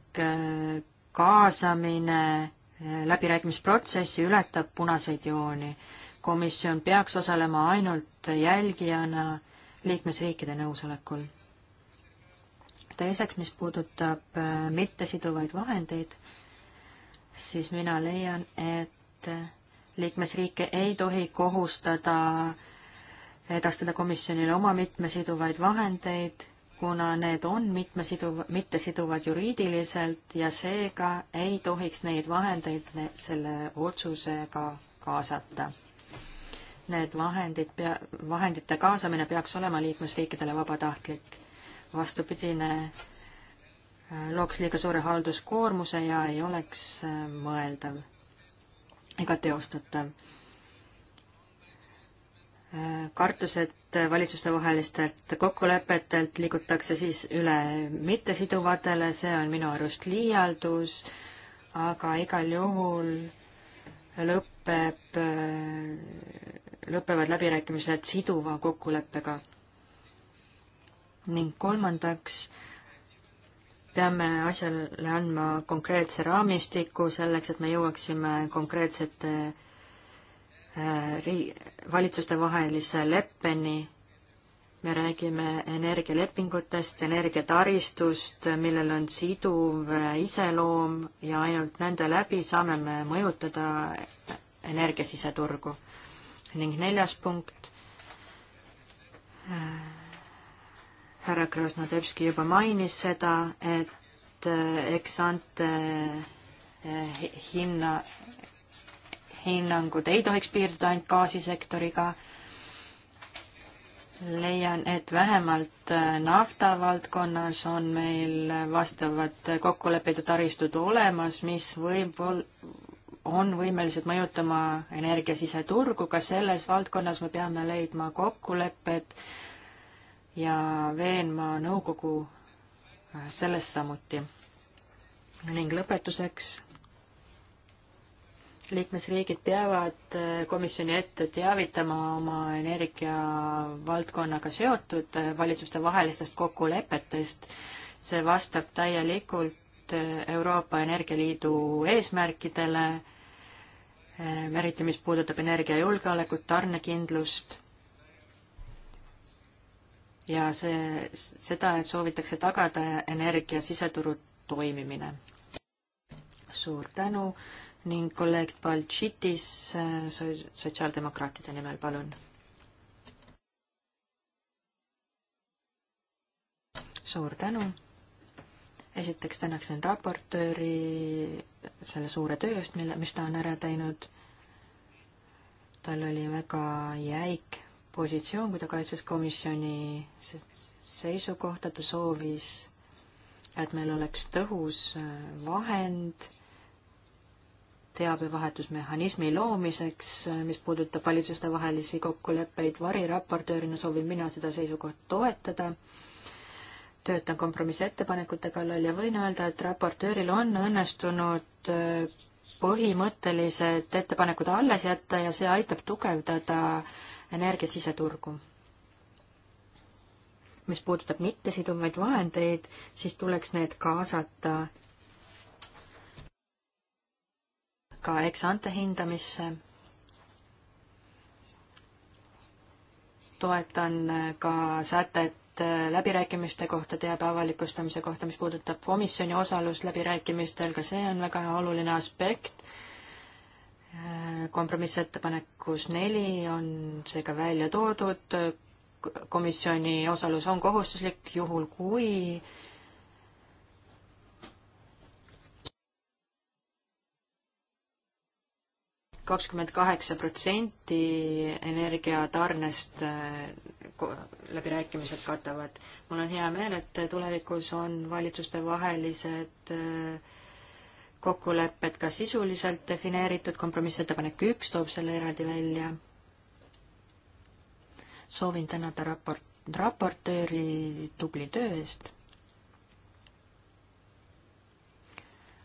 kaasamine läbirääkimisprotsessi ületab punaseid jooni komisjon peaks osalema ainult jälgijana liikmesriikide nõusolekul. teiseks, mis puudutab äh, mittesiduvaid vahendeid, siis mina leian, et liikmesriike ei tohi kohustada edastada komisjonile oma mitmesiduvaid vahendeid, kuna need on mitmesiduv, mittesiduvad juriidiliselt ja seega ei tohiks neid vahendeid selle otsusega kaasata need vahendid pea, vahendite kaasamine peaks olema liikmesriikidele vabatahtlik. vastupidine äh, looks liiga suure halduskoormuse ja ei oleks äh, mõeldav ega teostatav. Äh, kartus, et valitsustevahelistelt kokkulepetelt liigutakse siis üle mittesiduvatele, see on minu arust liialdus, aga igal juhul lõpeb lõpevad läbirääkimised siduva kokkuleppega. ning kolmandaks peame asjale andma konkreetse raamistiku selleks, et me jõuaksime konkreetsete äh, ri-, valitsustevahelise leppeni me räägime energialepingutest, energiataristust, millel on siduv äh, iseloom ja ainult nende läbi saame me mõjutada energiasiseturgu ning neljas punkt härra Krasnodebski juba mainis seda, et eh, eks ante eh, hinna, hinnangud ei tohiks piirduda ainult gaasisektoriga. leian, et vähemalt eh, nafta valdkonnas on meil vastavad kokkulepitud taristud olemas, mis võib-olla on võimelised mõjutama energia siseturgu, ka selles valdkonnas me peame leidma kokkulepped ja veenma nõukogu äh, selles samuti. ning lõpetuseks, liikmesriigid peavad äh, komisjoni ette teavitama oma energiavaldkonnaga seotud äh, valitsustevahelistest kokkulepetest. see vastab täielikult Euroopa Energialiidu eesmärkidele Ehm, eriti mis puudutab energiajulgeolekut, tarnekindlust ja see, seda, et soovitakse tagada energia siseturu toimimine. suur tänu ning kolleeg Baltšitis äh, sotsiaaldemokraatide nimel, palun. suur tänu esiteks tänaksin raportööri selle suure töö eest, mille, mis ta on ära teinud. tal oli väga jäik positsioon, kui ta kaitses komisjoni seisukohta, ta soovis, et meil oleks tõhus äh, vahend teabevahetusmehhanismi loomiseks, äh, mis puudutab valitsustevahelisi kokkuleppeid variraportöörina, soovin mina seda seisukohta toetada töötan kompromissettepanekute kallal ja võin öelda, et raportööril on õnnestunud äh, põhimõttelised ettepanekud alles jätta ja see aitab tugevdada energia siseturgu. mis puudutab mittesiduvaid vahendeid, siis tuleks need kaasata ka eksante hindamisse. toetan äh, ka sätet Äh, läbirääkimiste kohta teabe avalikustamise kohta, mis puudutab komisjoni osalust läbirääkimistel, ka see on väga oluline aspekt. Äh, kompromissettepanekus neli on seega välja toodud, komisjoni osalus on kohustuslik juhul, kui kakskümmend kaheksa protsenti energiatarnest äh, läbirääkimised katavad. mul on hea meel, et tulevikus on valitsustevahelised äh, kokkulepped ka sisuliselt defineeritud, kompromissettepanek üks toob selle eraldi välja. soovin tänada raport, raportööri tubli töö eest.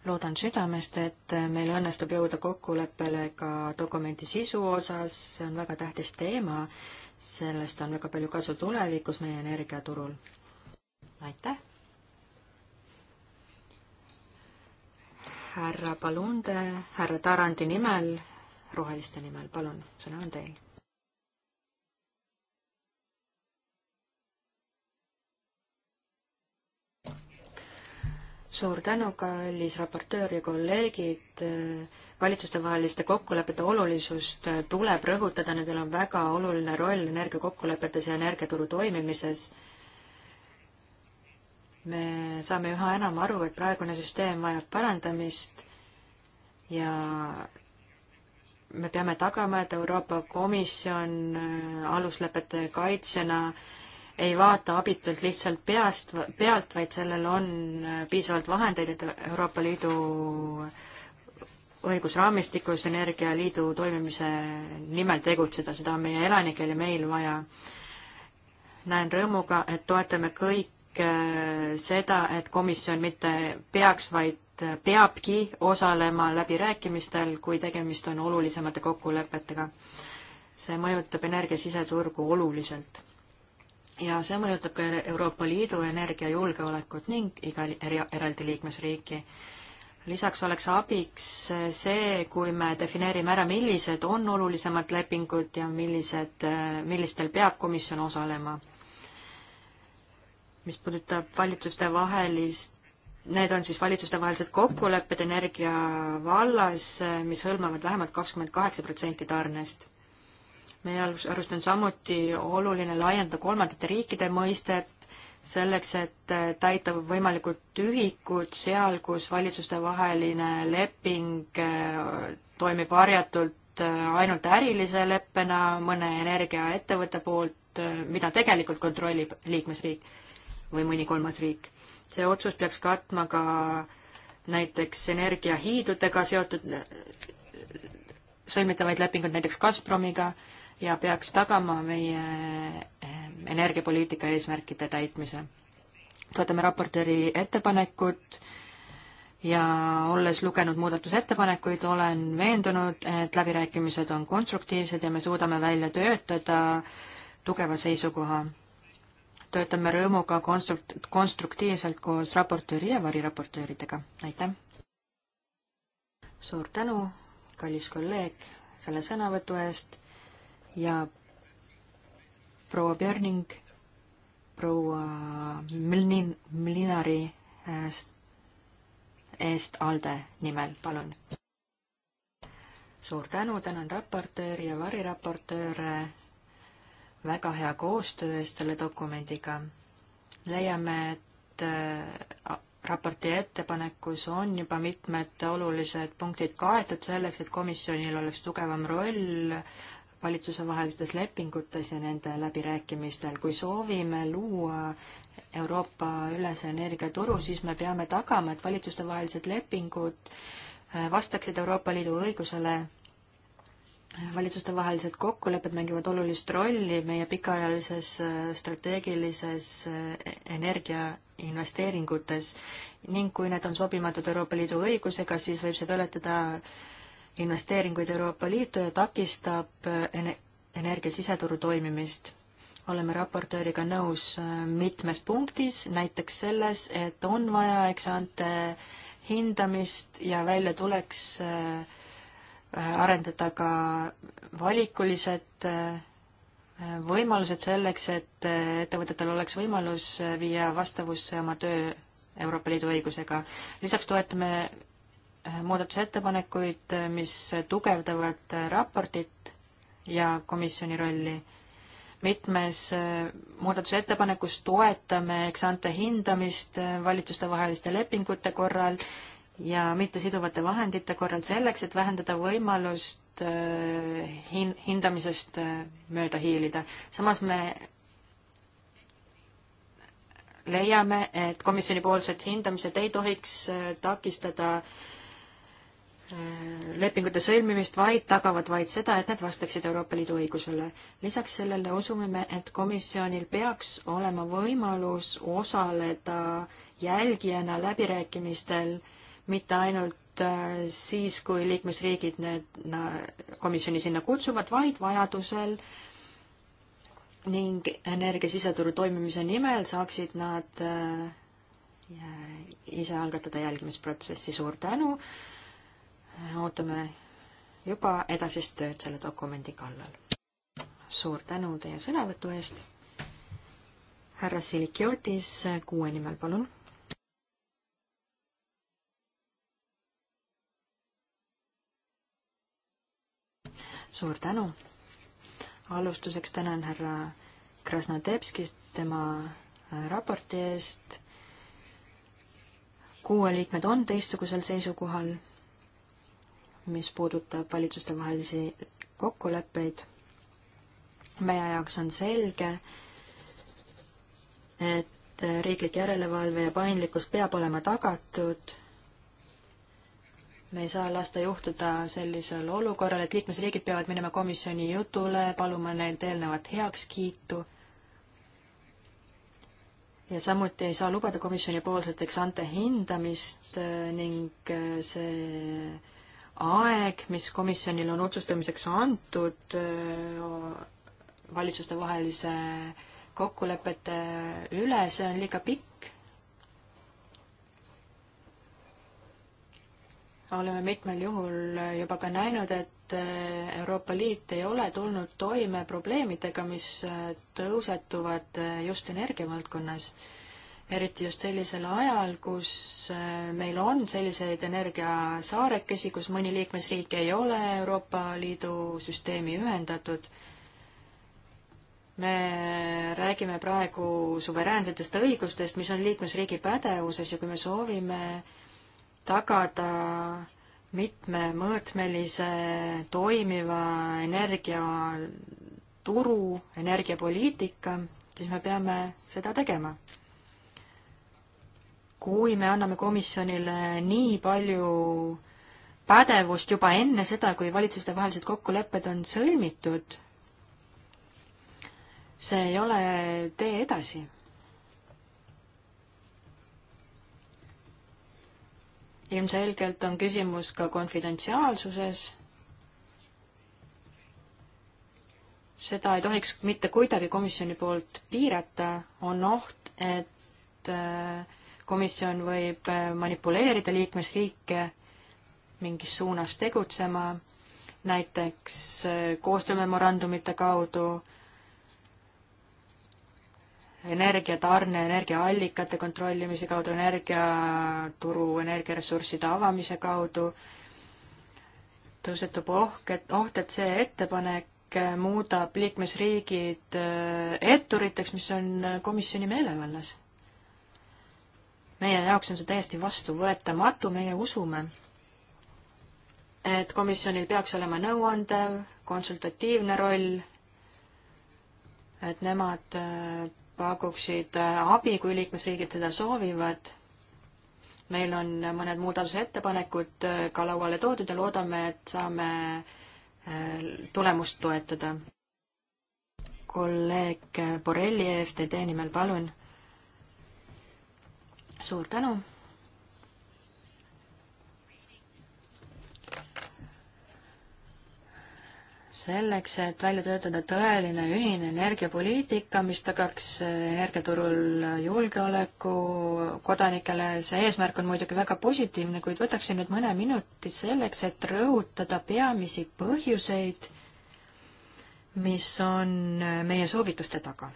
loodan südamest, et meil õnnestub jõuda kokkuleppele ka dokumendi sisu osas, see on väga tähtis teema sellest on väga palju kasu tulevikus meie energiaturul. aitäh! härra Palunde, härra Tarandi nimel, roheliste nimel, palun, sõna on teil. suur tänu, kallis raportöör ja kolleegid valitsustevaheliste kokkulepete olulisust tuleb rõhutada, nendel on väga oluline roll energiakokkulepetes ja energiaturu toimimises. me saame üha enam aru, et praegune süsteem vajab parandamist ja me peame tagama, et Euroopa Komisjon aluslepete kaitsjana ei vaata abitult lihtsalt peast, pealt, vaid sellel on piisavalt vahendeid, et Euroopa Liidu õigusraamistikus Energialiidu toimimise nimel tegutseda, seda on meie elanikel ja meil vaja. näen rõõmuga, et toetame kõik äh, seda, et komisjon mitte peaks, vaid peabki osalema läbirääkimistel, kui tegemist on olulisemate kokkulepetega. see mõjutab energia siseturgu oluliselt. ja see mõjutab ka Euroopa Liidu energiajulgeolekut ning iga eraldi liikmesriiki lisaks oleks abiks see, kui me defineerime ära, millised on olulisemad lepingud ja millised, millistel peab komisjon osalema. mis puudutab valitsuste vahelist, need on siis valitsustevahelised kokkulepped energia vallas, mis hõlmavad vähemalt kakskümmend kaheksa protsenti tarnest. meie arust on samuti oluline laiendada kolmandate riikide mõistet selleks, et täita võimalikud tühikud seal, kus valitsustevaheline leping äh, toimib varjatult äh, ainult ärilise leppena mõne energiaettevõtte poolt, äh, mida tegelikult kontrollib liikmesriik või mõni kolmas riik. see otsus peaks katma ka näiteks energiahiidudega seotud sõlmitavaid lepinguid näiteks Gazpromiga ja peaks tagama meie energiapoliitika eesmärkide täitmise. toetame raportööri ettepanekut ja olles lugenud muudatusettepanekuid, olen veendunud, et läbirääkimised on konstruktiivsed ja me suudame välja töötada tugeva seisukoha. töötame rõõmuga konstrukt-, konstruktiivselt koos raportööri ja variraportööridega, aitäh! suur tänu, kallis kolleeg, selle sõnavõtu eest ja proua Björning, proua Milnin, Milnari äh, eest ALDE nimel, palun. suur tänu, tänan raportööri ja variraportööre väga hea koostöö eest selle dokumendiga. leiame, et äh, raporti ettepanekus on juba mitmed olulised punktid kaetud selleks, et komisjonil oleks tugevam roll valitsusevahelistes lepingutes ja nende läbirääkimistel. kui soovime luua Euroopa-ülese energiaturu, siis me peame tagama, et valitsustevahelised lepingud äh, vastaksid Euroopa Liidu õigusele. valitsustevahelised kokkulepped mängivad olulist rolli meie pikaajalises äh, strateegilises äh, energiainvesteeringutes ning kui need on sobimatud Euroopa Liidu õigusega, siis võib see peletada investeeringuid Euroopa Liitu ja takistab eh, energia siseturu toimimist. oleme raportööriga nõus eh, mitmes punktis, näiteks selles, et on vaja eksante hindamist ja välja tuleks eh, arendada ka valikulised võimalused selleks, et ettevõtetel oleks võimalus viia vastavusse oma töö Euroopa Liidu õigusega. lisaks toetame muudatusettepanekuid, mis tugevdavad raportit ja komisjoni rolli. mitmes muudatusettepanekus toetame eksante hindamist valitsustevaheliste lepingute korral ja mittesiduvate vahendite korral selleks, et vähendada võimalust äh, hin-, hindamisest äh, mööda hiilida. samas me leiame, et komisjonipoolsed hindamised ei tohiks äh, takistada äh, lepingute sõlmimist, vaid tagavad vaid seda, et need vastaksid Euroopa Liidu õigusele. lisaks sellele usume me, et komisjonil peaks olema võimalus osaleda jälgijana läbirääkimistel mitte ainult äh, siis, kui liikmesriigid need na, komisjoni sinna kutsuvad, vaid vajadusel ning energia siseturu toimimise nimel saaksid nad äh, ise algatada jälgimisprotsessi. suur tänu äh, ootame juba edasist tööd selle dokumendi kallal. suur tänu teie sõnavõtu eest. härra Silikiotis kuue nimel, palun. suur tänu. alustuseks tänan härra Krasnodebskist tema raporti eest. kuue liikmed on teistsugusel seisukohal mis puudutab valitsustevahelisi kokkuleppeid. meie jaoks on selge, et riiklik järelevalve ja paindlikkus peab olema tagatud me ei saa lasta juhtuda sellisel olukorral, et liikmesriigid peavad minema komisjoni jutule, paluma neilt eelnevat heakskiitu. ja samuti ei saa lubada komisjoni poolseteks ante hindamist eh, ning eh, see aeg, mis komisjonil on otsustamiseks antud äh, valitsustevahelise kokkulepete üle, see on liiga pikk. oleme mitmel juhul juba ka näinud, et äh, Euroopa Liit ei ole tulnud toime probleemidega, mis äh, tõusetuvad just energiavaldkonnas eriti just sellisel ajal, kus äh, meil on selliseid energiasaarekesi, kus mõni liikmesriik ei ole Euroopa Liidu süsteemi ühendatud. me räägime praegu suveräänsetest õigustest, mis on liikmesriigi pädevuses ja kui me soovime tagada mitmemõõtmelise toimiva energiaturu, energiapoliitika, siis me peame seda tegema kui me anname komisjonile nii palju pädevust juba enne seda, kui valitsustevahelised kokkulepped on sõlmitud, see ei ole tee edasi. ilmselgelt on küsimus ka konfidentsiaalsuses. seda ei tohiks mitte kuidagi komisjoni poolt piirata, on oht, et äh, komisjon võib äh, manipuleerida liikmesriike mingis suunas tegutsema, näiteks äh, koostöömemorandumite kaudu, energiatarne, energiaallikate kontrollimise kaudu, energiaturu, energiaressursside avamise kaudu, tõusetub ohk, et, oht, et see ettepanek äh, muudab liikmesriigid etturiteks, mis on komisjoni meelevallas meie jaoks on see täiesti vastuvõetamatu, meie usume, et komisjonil peaks olema nõuandev, konsultatiivne roll, et nemad äh, pakuksid äh, abi, kui liikmesriigid seda soovivad. meil on mõned muudatusettepanekud äh, ka lauale toodud ja loodame, et saame tulemust toetada. kolleeg Borrelli EFTD nimel, palun suur tänu. selleks, et välja töötada tõeline ühine energiapoliitika, mis tagaks energiaturul julgeoleku kodanikele, see eesmärk on muidugi väga positiivne, kuid võtaksin nüüd mõne minuti selleks, et rõhutada peamisi põhjuseid, mis on meie soovituste taga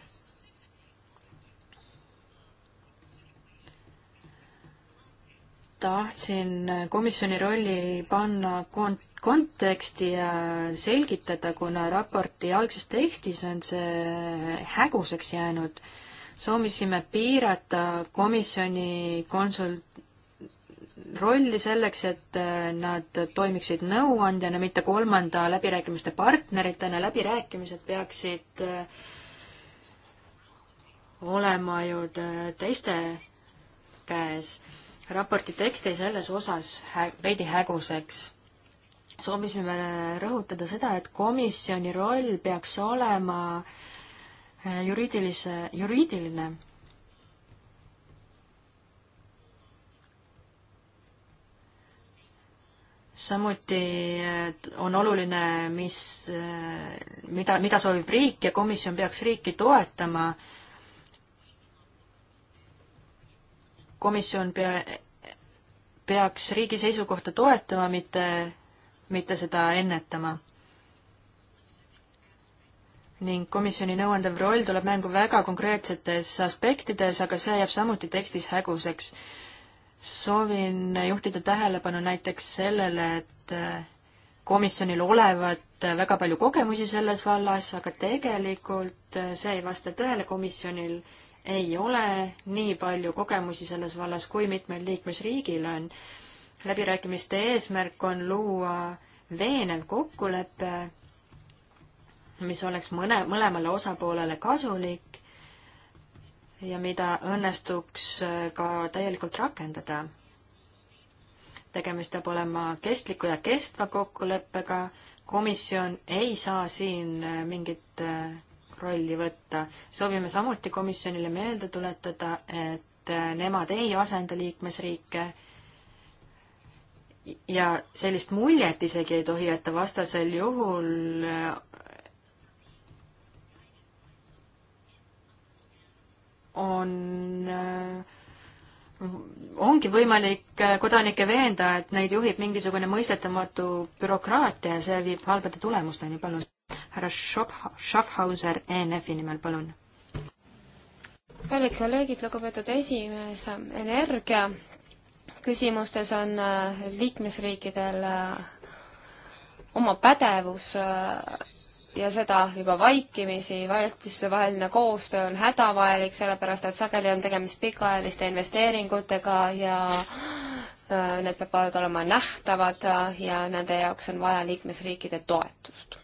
tahtsin komisjoni rolli panna kont-, konteksti ja selgitada, kuna raporti algses tekstis on see häguseks jäänud. soovisime piirata komisjoni konsul-, rolli selleks, et äh, nad toimiksid nõuandjana, mitte kolmanda läbirääkimiste partneritena, läbirääkimised peaksid äh, olema ju äh, teiste käes raporti tekst jäi selles osas hä-, veidi häguseks. soovisime rõhutada seda, et komisjoni roll peaks olema äh, juriidilise, juriidiline. samuti äh, on oluline, mis, äh, mida, mida soovib riik ja komisjon peaks riiki toetama äh, komisjon pea, peaks riigi seisukohta toetama, mitte, mitte seda ennetama. ning komisjoni nõuandev roll tuleb mängu väga konkreetsetes aspektides, aga see jääb samuti tekstis häguseks. soovin juhtida tähelepanu näiteks sellele, et komisjonil olevat väga palju kogemusi selles vallas, aga tegelikult see ei vasta tõele komisjonil äh, ei ole nii palju kogemusi selles vallas, kui mitmel liikmesriigil on. läbirääkimiste eesmärk on luua veenev kokkulepe, mis oleks mõne, mõlemale osapoolele kasulik ja mida õnnestuks äh, ka täielikult rakendada. tegemist peab olema kestliku ja kestva kokkuleppega, komisjon ei saa siin äh, mingit äh, rolli võtta. soovime samuti komisjonile meelde tuletada, et äh, nemad ei asenda liikmesriike ja sellist muljet isegi ei tohi jätta, vastasel juhul äh, on äh, ongi võimalik äh, kodanikke veenda, et neid juhib mingisugune mõistetamatu bürokraatia ja see viib halbade tulemusteni, palun. härra Schaffhauser ENF-i nimel, palun. kallid kolleegid, lugupeetud esimees, energia küsimustes on äh, liikmesriikidel äh, oma pädevus ja seda juba vaikimisi, valitsustevaheline koostöö on hädavajalik, sellepärast et sageli on tegemist pikaajaliste investeeringutega ja äh, need peavad olema nähtavad ja nende jaoks on vaja liikmesriikide toetust.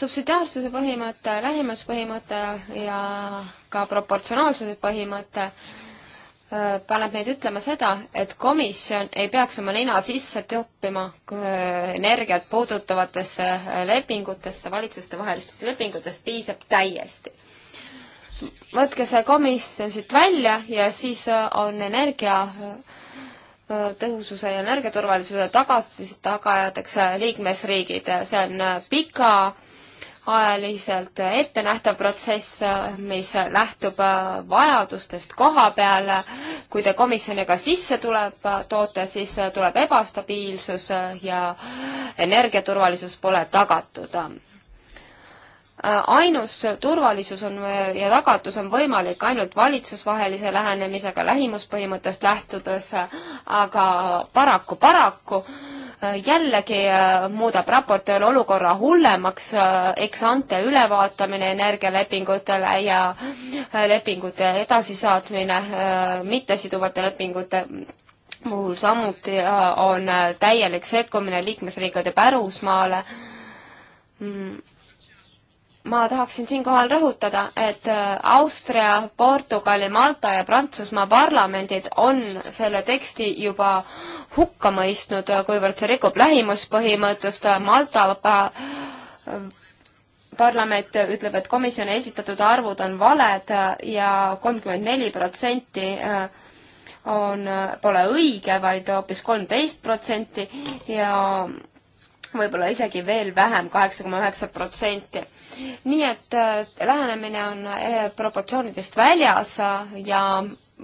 subsidiaarsuse põhimõte, lähimuspõhimõte ja ka proportsionaalsuse põhimõte paneb meid ütlema seda, et komisjon ei peaks oma nina sisse toppima äh, energiat puudutavatesse äh, lepingutesse, valitsustevahelistesse lepingutesse, piisab täiesti. võtke see komisjon siit välja ja siis äh, on energia tõhususe ja energiaturvalisuse tagatise tagajateks liikmesriigid, see on pika ajaliselt ettenähtav protsess, mis lähtub äh, vajadustest koha peal. kui te komisjoniga sisse tuleb, äh, toote, siis äh, tuleb ebastabiilsus ja energiaturvalisus pole tagatud ainus turvalisus on ja tagatus on võimalik ainult valitsusvahelise lähenemisega lähimuspõhimõttest lähtudes, aga paraku, paraku äh, jällegi äh, muudab raportööri olukorra hullemaks, äh, eks ante ülevaatamine energialepingutele ja äh, lepingute edasisaatmine mittesiduvate lepingute puhul samuti on täielik sekkumine liikmesriikide pärusmaale mm ma tahaksin siinkohal rõhutada, et äh, Austria, Portugali, Malta ja Prantsusmaa parlamendid on selle teksti juba hukka mõistnud, äh, kuivõrd see rikub lähimuspõhimõttest. Malta äh, parlament ütleb, et komisjoni esitatud arvud on valed ja kolmkümmend neli protsenti on, pole õige vaid, vaid hoopis kolmteist protsenti ja võib-olla isegi veel vähem, kaheksa koma üheksa protsenti. nii et äh, lähenemine on äh, proportsioonidest väljas äh, ja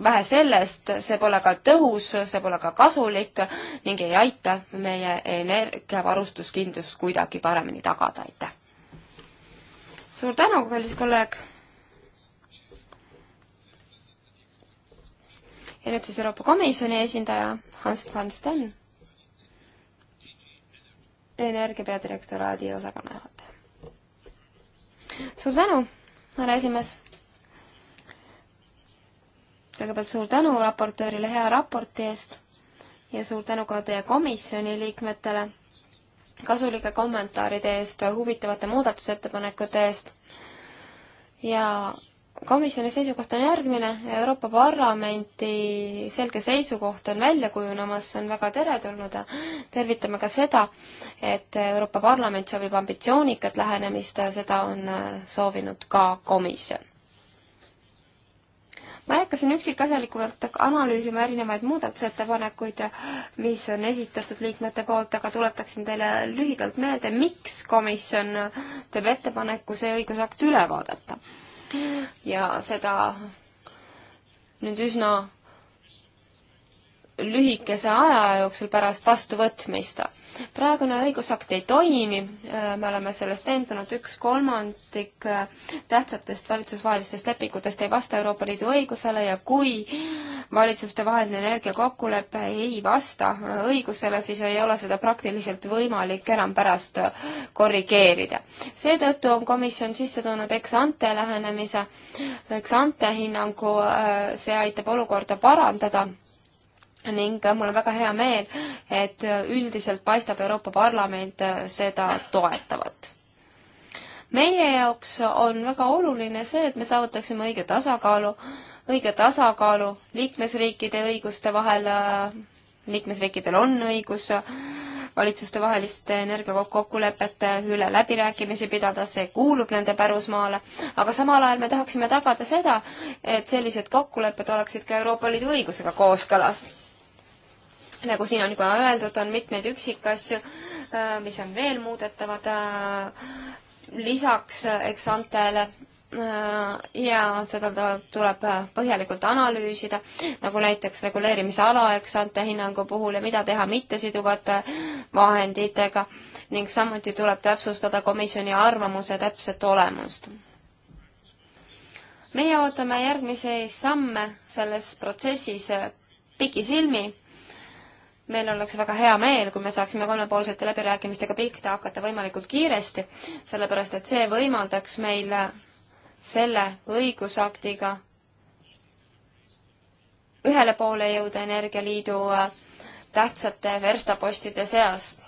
vähe sellest, see pole ka tõhus, see pole ka kasulik ning ei aita meie energiavarustuskindlust kuidagi paremini tagada, aitäh! suur tänu, kallis kolleeg! ja nüüd siis Euroopa Komisjoni esindaja Hans van Sten energia peadirektoraadi osakonna juhataja. suur tänu, härra esimees. kõigepealt suur tänu raportöörile hea raporti eest ja suur tänu ka teie komisjoni liikmetele kasulike kommentaaride eest, huvitavate muudatusettepanekute eest ja komisjoni seisukoht on järgmine, Euroopa Parlamenti selge seisukoht on välja kujunemas, see on väga teretulnud ja tervitame ka seda, et Euroopa Parlament soovib ambitsioonikat lähenemist ja seda on soovinud ka komisjon. ma ei hakka siin üksikasjalikult analüüsima erinevaid muudatusettepanekuid, mis on esitatud liikmete poolt, aga tuletaksin teile lühidalt meelde, miks komisjon teeb ettepaneku see õigusakt üle vaadata ja seda nüüd üsna lühikese aja jooksul pärast vastuvõtmist. praegune õigusakt ei toimi, me oleme sellest veendunud, üks kolmandik tähtsatest valitsusvahelistest lepingutest ei vasta Euroopa Liidu õigusele ja kui valitsuste vaheline energiakokkulepe ei vasta õigusele, siis ei ole seda praktiliselt võimalik enam pärast korrigeerida. seetõttu on komisjon sisse toonud ex-ante lähenemise, ex-ante hinnangu, äh, see aitab olukorda parandada ning mul on väga hea meel, et üldiselt paistab Euroopa Parlament seda toetavat. meie jaoks on väga oluline see, et me saavutaksime õige tasakaalu äh, õige tasakaalu liikmesriikide õiguste vahel, äh, liikmesriikidel on õigus äh, valitsustevaheliste energiakokkulepete üle läbirääkimisi pidada, see kuulub nende pärusmaale, aga samal ajal me tahaksime tagada seda, et sellised kokkulepped oleksid ka Euroopa Liidu õigusega kooskõlas. nagu siin on juba öeldud, on mitmeid üksikasju, äh, mis on veel muudetavad lisaks eksantele Äh, ja seda tuleb äh, põhjalikult analüüsida, nagu näiteks reguleerimise alaeks antehinnangu puhul ja mida teha mittesiduvate äh, vahenditega ning samuti tuleb täpsustada komisjoni arvamuse täpset olemust. meie ootame järgmisi samme selles protsessis pikisilmi meil oleks väga hea meel, kui me saaksime kolmepoolsete läbirääkimistega pihta hakata võimalikult kiiresti, sellepärast et see võimaldaks meil selle õigusaktiga ühele poole jõuda Energialiidu äh, tähtsate verstapostide seast.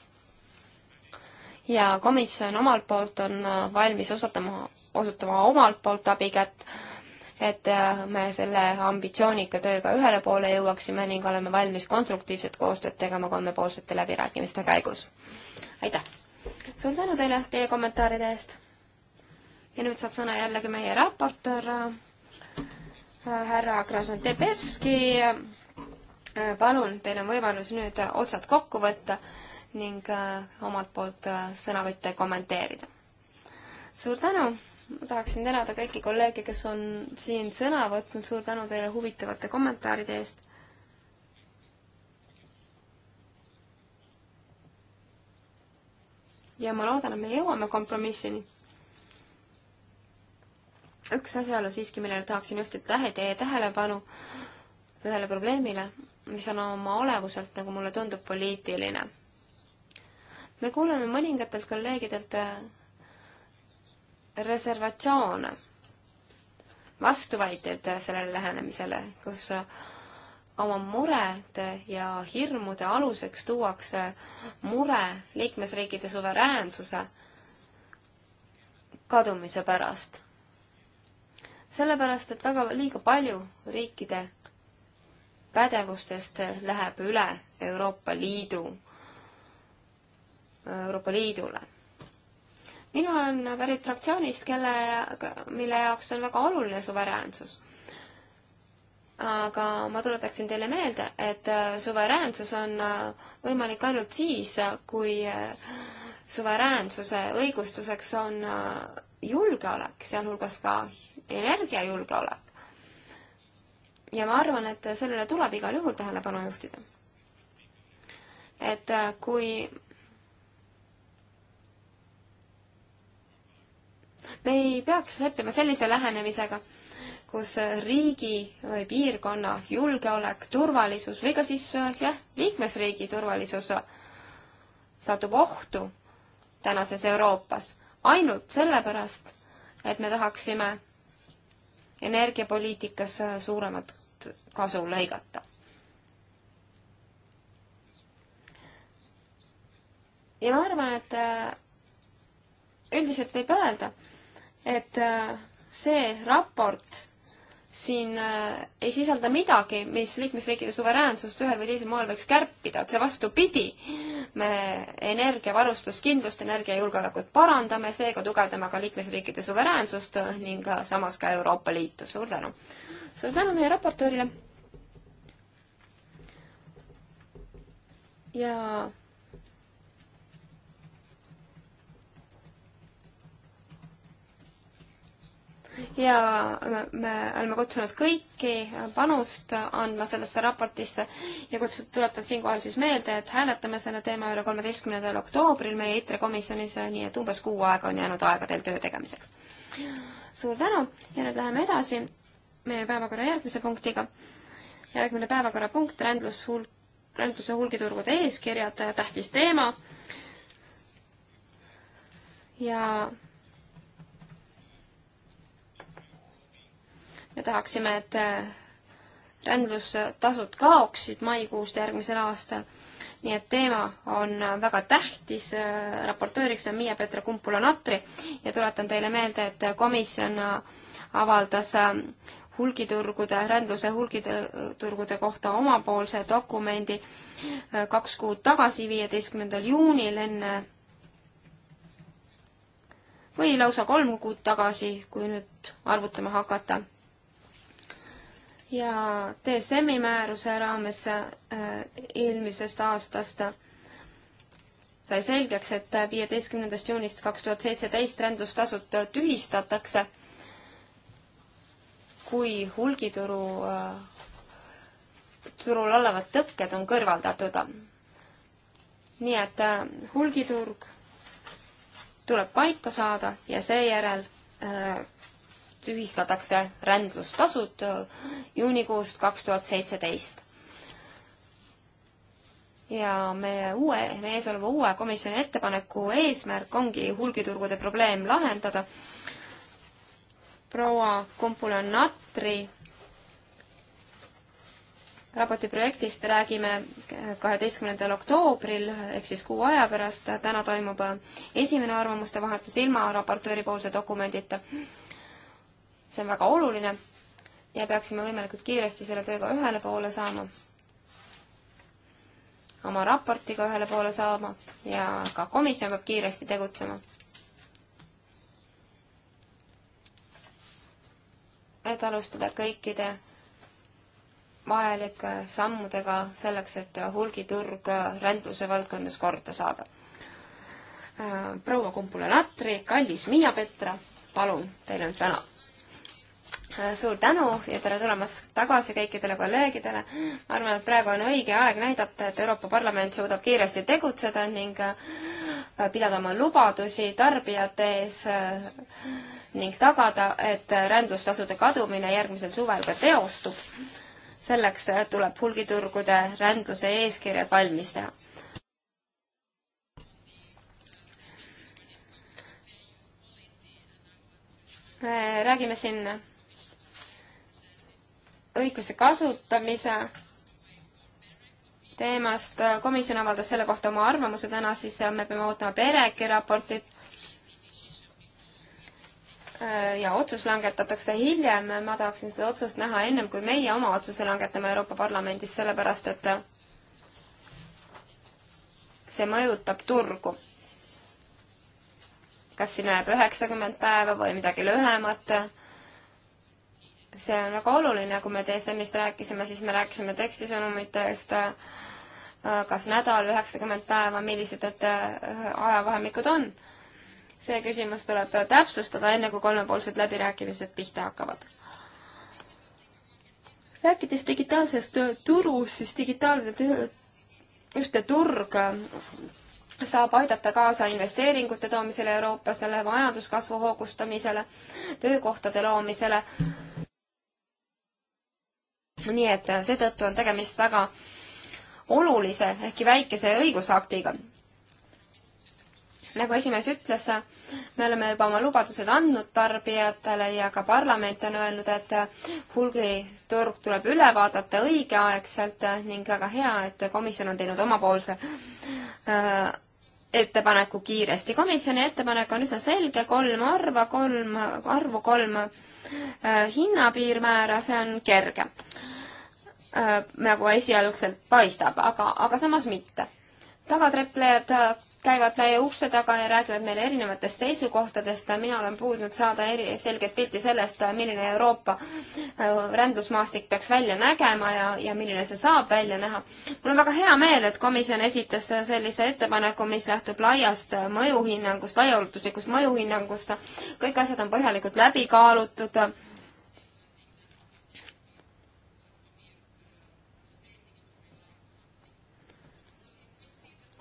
ja komisjon omalt poolt on äh, valmis osutama, osutama omalt poolt abikätt, et äh, me selle ambitsioonika tööga ühele poole jõuaksime ning oleme valmis konstruktiivset koostööd tegema kolmepoolsete läbirääkimiste käigus. aitäh! suur tänu teile teie kommentaaride eest! ja nüüd saab sõna jällegi meie raportöör äh, härra Krasnodebevski. Äh, palun, teil on võimalus nüüd otsad kokku võtta ning äh, omalt poolt sõnavõtte kommenteerida. suur tänu, ma tahaksin tänada kõiki kolleege, kes on siin sõna võtnud, suur tänu teile huvitavate kommentaaride eest. ja ma loodan, et me jõuame kompromissini üks asjaolu siiski, millele tahaksin juhtida teie tähelepanu ühele probleemile, mis on oma olemuselt, nagu mulle tundub, poliitiline. me kuuleme mõningatelt kolleegidelt äh, reservatsioone, vastuväiteid sellele lähenemisele, kus äh, oma murede ja hirmude aluseks tuuakse äh, mure liikmesriikide suveräänsuse kadumise pärast sellepärast, et väga liiga palju riikide pädevustest läheb üle Euroopa Liidu, Euroopa Liidule. mina olen pärit fraktsioonist, kelle, mille jaoks on väga oluline suveräänsus. aga ma tuletaksin teile meelde, et suveräänsus on võimalik ainult siis, kui suveräänsuse õigustuseks on julgeolek, sealhulgas ka energiajulgeolek. ja ma arvan, et sellele tuleb igal juhul tähelepanu juhtida. et äh, kui me ei peaks leppima sellise lähenemisega, kus riigi või piirkonna julgeolek, turvalisus või ka siis äh, jah, liikmesriigi turvalisus satub ohtu tänases Euroopas ainult sellepärast, et me tahaksime energiapoliitikas suuremat kasu lõigata. ja ma arvan, et äh, üldiselt võib öelda, et äh, see raport siin äh, ei sisalda midagi, mis liikmesriikide suveräänsust ühel või teisel moel võiks kärpida, otse vastupidi, me energiavarustuskindlust, energiajulgeolekut parandame, seega tugevdame ka liikmesriikide suveräänsust ning samas ka Euroopa Liitu, suur tänu! suur tänu meie raportöörile ja ja me, me oleme kutsunud kõiki panust andma sellesse raportisse ja kutsun, tuletan siinkohal siis meelde, et hääletame selle teema üle kolmeteistkümnendal oktoobril meie ITRE komisjonis, nii et umbes kuu aega on jäänud aega teil töö tegemiseks. suur tänu ja nüüd läheme edasi meie päevakorra järgmise punktiga. järgmine päevakorrapunkt, rändlushulk, rändluse hulgiturgude eeskirjad, tähtis teema ja ja tahaksime, et äh, rändlustasud kaoksid maikuust järgmisel aastal. nii et teema on äh, väga tähtis, äh, raportööriks on Miia Petra Kumpula-Natri ja tuletan teile meelde, et komisjon avaldas hulgiturgude, rändluse hulgiturgude kohta omapoolse dokumendi kaks kuud tagasi, viieteistkümnendal juunil enne või lausa kolm kuud tagasi, kui nüüd arvutama hakata ja DSM-i määruse raames äh, eelmisest aastast sai selgeks, et viieteistkümnendast juunist kaks tuhat seitseteist rändlustasud tühistatakse, kui hulgituru, äh, turul olevad tõkked on kõrvaldatud. nii et äh, hulgiturg tuleb paika saada ja seejärel tühistatakse rändlustasud äh, juunikuust kaks tuhat seitseteist. ja meie uue, meie ees oleva uue komisjoni ettepaneku eesmärk ongi hulgiturgude probleem lahendada. proua Kumpula-Natri raporti projektist räägime kaheteistkümnendal oktoobril ehk siis kuu aja pärast. täna toimub esimene arvamuste vahetus ilma raportööri poolse dokumendita see on väga oluline ja peaksime võimalikult kiiresti selle tööga ühele poole saama, oma raportiga ühele poole saama ja ka komisjon peab kiiresti tegutsema. et alustada kõikide vajalike sammudega selleks, et hulgiturg rändluse valdkondas korda saada. proua Kumpula-Natri, kallis Miia Petra, palun, teil on sõna suur tänu ja tere tulemast tagasi kõikidele kolleegidele. ma arvan, et praegu on õige aeg näidata, et Euroopa Parlament suudab kiiresti tegutseda ning äh, pidada oma lubadusi tarbijate ees äh, ning tagada, et rändlustasude kadumine järgmisel suvel ka teostub. selleks äh, tuleb hulgiturgude rändluse eeskirjad valmis teha. räägime siin õiguse kasutamise teemast. komisjon avaldas selle kohta oma arvamuse täna, siis me peame ootama Pereki raportit. ja otsus langetatakse hiljem, ma tahaksin seda otsust näha ennem, kui meie oma otsuse langetame Euroopa Parlamendis, sellepärast et see mõjutab turgu. kas siin jääb üheksakümmend päeva või midagi lühemat see on väga oluline, kui me DSM-ist rääkisime, siis me rääkisime tekstisõnumitest, äh, kas nädal, üheksakümmend päeva, millised need äh, ajavahemikud on. see küsimus tuleb täpsustada, enne kui kolmepoolsed läbirääkimised pihta hakkavad. rääkides digitaalsest turust, siis digitaalne ühte turg äh, saab aidata kaasa investeeringute toomisele Euroopasse, majanduskasvu hoogustamisele, töökohtade loomisele nii et äh, seetõttu on tegemist väga olulise, ehkki väikese õigusaktiga. nagu esimees ütles, me oleme juba oma lubadused andnud tarbijatele ja ka parlament on öelnud, et äh, hulgiturg tuleb üle vaadata õigeaegselt äh, ning väga hea, et komisjon on teinud omapoolse äh, ettepaneku kiiresti. komisjoni ettepanek on üsna selge, kolm arva, kolm arvu, kolm äh, hinnapiirmäära, see on kerge äh,. nagu esialgselt paistab, aga, aga samas mitte. tagatreplejad käivad meie ukse taga ja räägivad meile erinevatest seisukohtadest. mina olen püüdnud saada eri, selget pilti sellest, milline Euroopa äh, rändusmaastik peaks välja nägema ja, ja milline see saab välja näha. mul on väga hea meel, et komisjon esitas sellise ettepaneku, mis lähtub laiast mõjuhinnangust, laiaulatuslikust mõjuhinnangust. kõik asjad on põhjalikult läbi kaalutud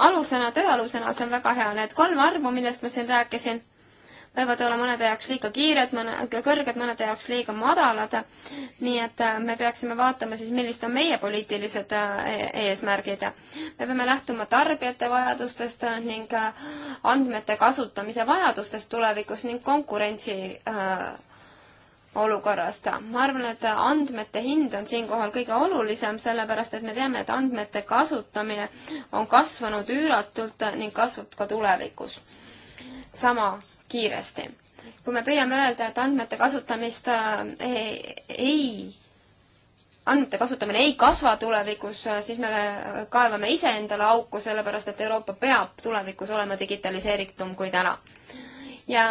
alusena, tööalusena, see on väga hea. Need kolm arvu, millest ma siin rääkisin, võivad olla mõnede jaoks liiga kiired, mõne, kõrged, mõnede jaoks liiga madalad. nii et äh, me peaksime vaatama siis, millised on meie poliitilised äh, e-, eesmärgid. me peame lähtuma tarbijate vajadustest äh, ning andmete kasutamise vajadustest tulevikus ning konkurentsi äh, olukorrast. ma arvan, et andmete hind on siinkohal kõige olulisem, sellepärast et me teame, et andmete kasutamine on kasvanud üüratult ning kasvab ka tulevikus sama kiiresti. kui me püüame öelda, et andmete kasutamist ei, eh, ei andmete kasutamine ei kasva tulevikus, siis me eh, kaevame iseendale auku, sellepärast et Euroopa peab tulevikus olema digitaliseeritum kui täna. ja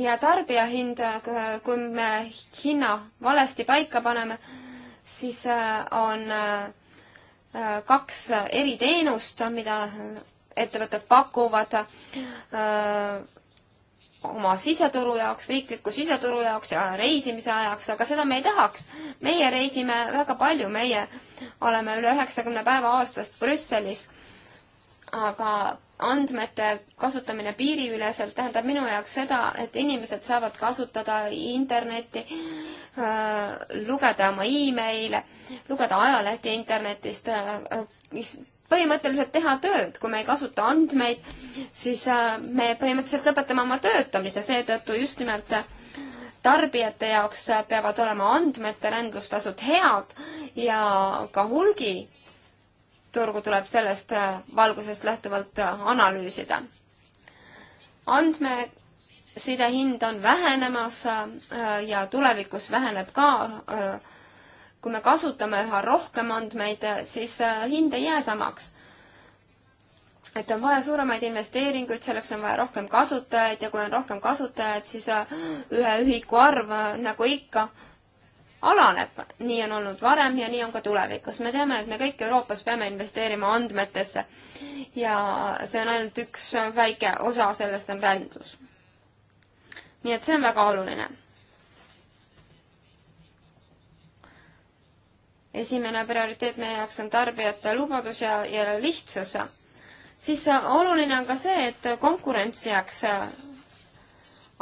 ja tarbijahind, kui me hinna valesti paika paneme, siis äh, on äh, kaks eri teenust, mida ettevõtted pakuvad äh, oma siseturu jaoks, riikliku siseturu jaoks ja reisimise ajaks, aga seda me ei tahaks. meie reisime väga palju, meie oleme üle üheksakümne päeva aastast Brüsselis. aga andmete kasutamine piiriüleselt tähendab minu jaoks seda, et inimesed saavad kasutada internetti, äh, lugeda oma emaile, lugeda ajalehti internetist, äh, äh, põhimõtteliselt teha tööd, kui me ei kasuta andmeid, siis me põhimõtteliselt lõpetame oma töötamise, seetõttu just nimelt tarbijate jaoks peavad olema andmete rändlustasud head ja ka hulgi turgu tuleb sellest äh, valgusest lähtuvalt äh, analüüsida. andmeside hind on vähenemas äh, ja tulevikus väheneb ka. kui me kasutame üha rohkem andmeid, siis hind ei jää samaks et on vaja suuremaid investeeringuid, selleks on vaja rohkem kasutajaid ja kui on rohkem kasutajaid, siis ühe ühiku arv nagu ikka alaneb. nii on olnud varem ja nii on ka tulevikus. me teame, et me kõik Euroopas peame investeerima andmetesse ja see on ainult üks väike osa, sellest on rändus. nii et see on väga oluline. esimene prioriteet meie jaoks on tarbijate lubadus ja, ja lihtsus. siis oluline on ka see, et konkurents jääks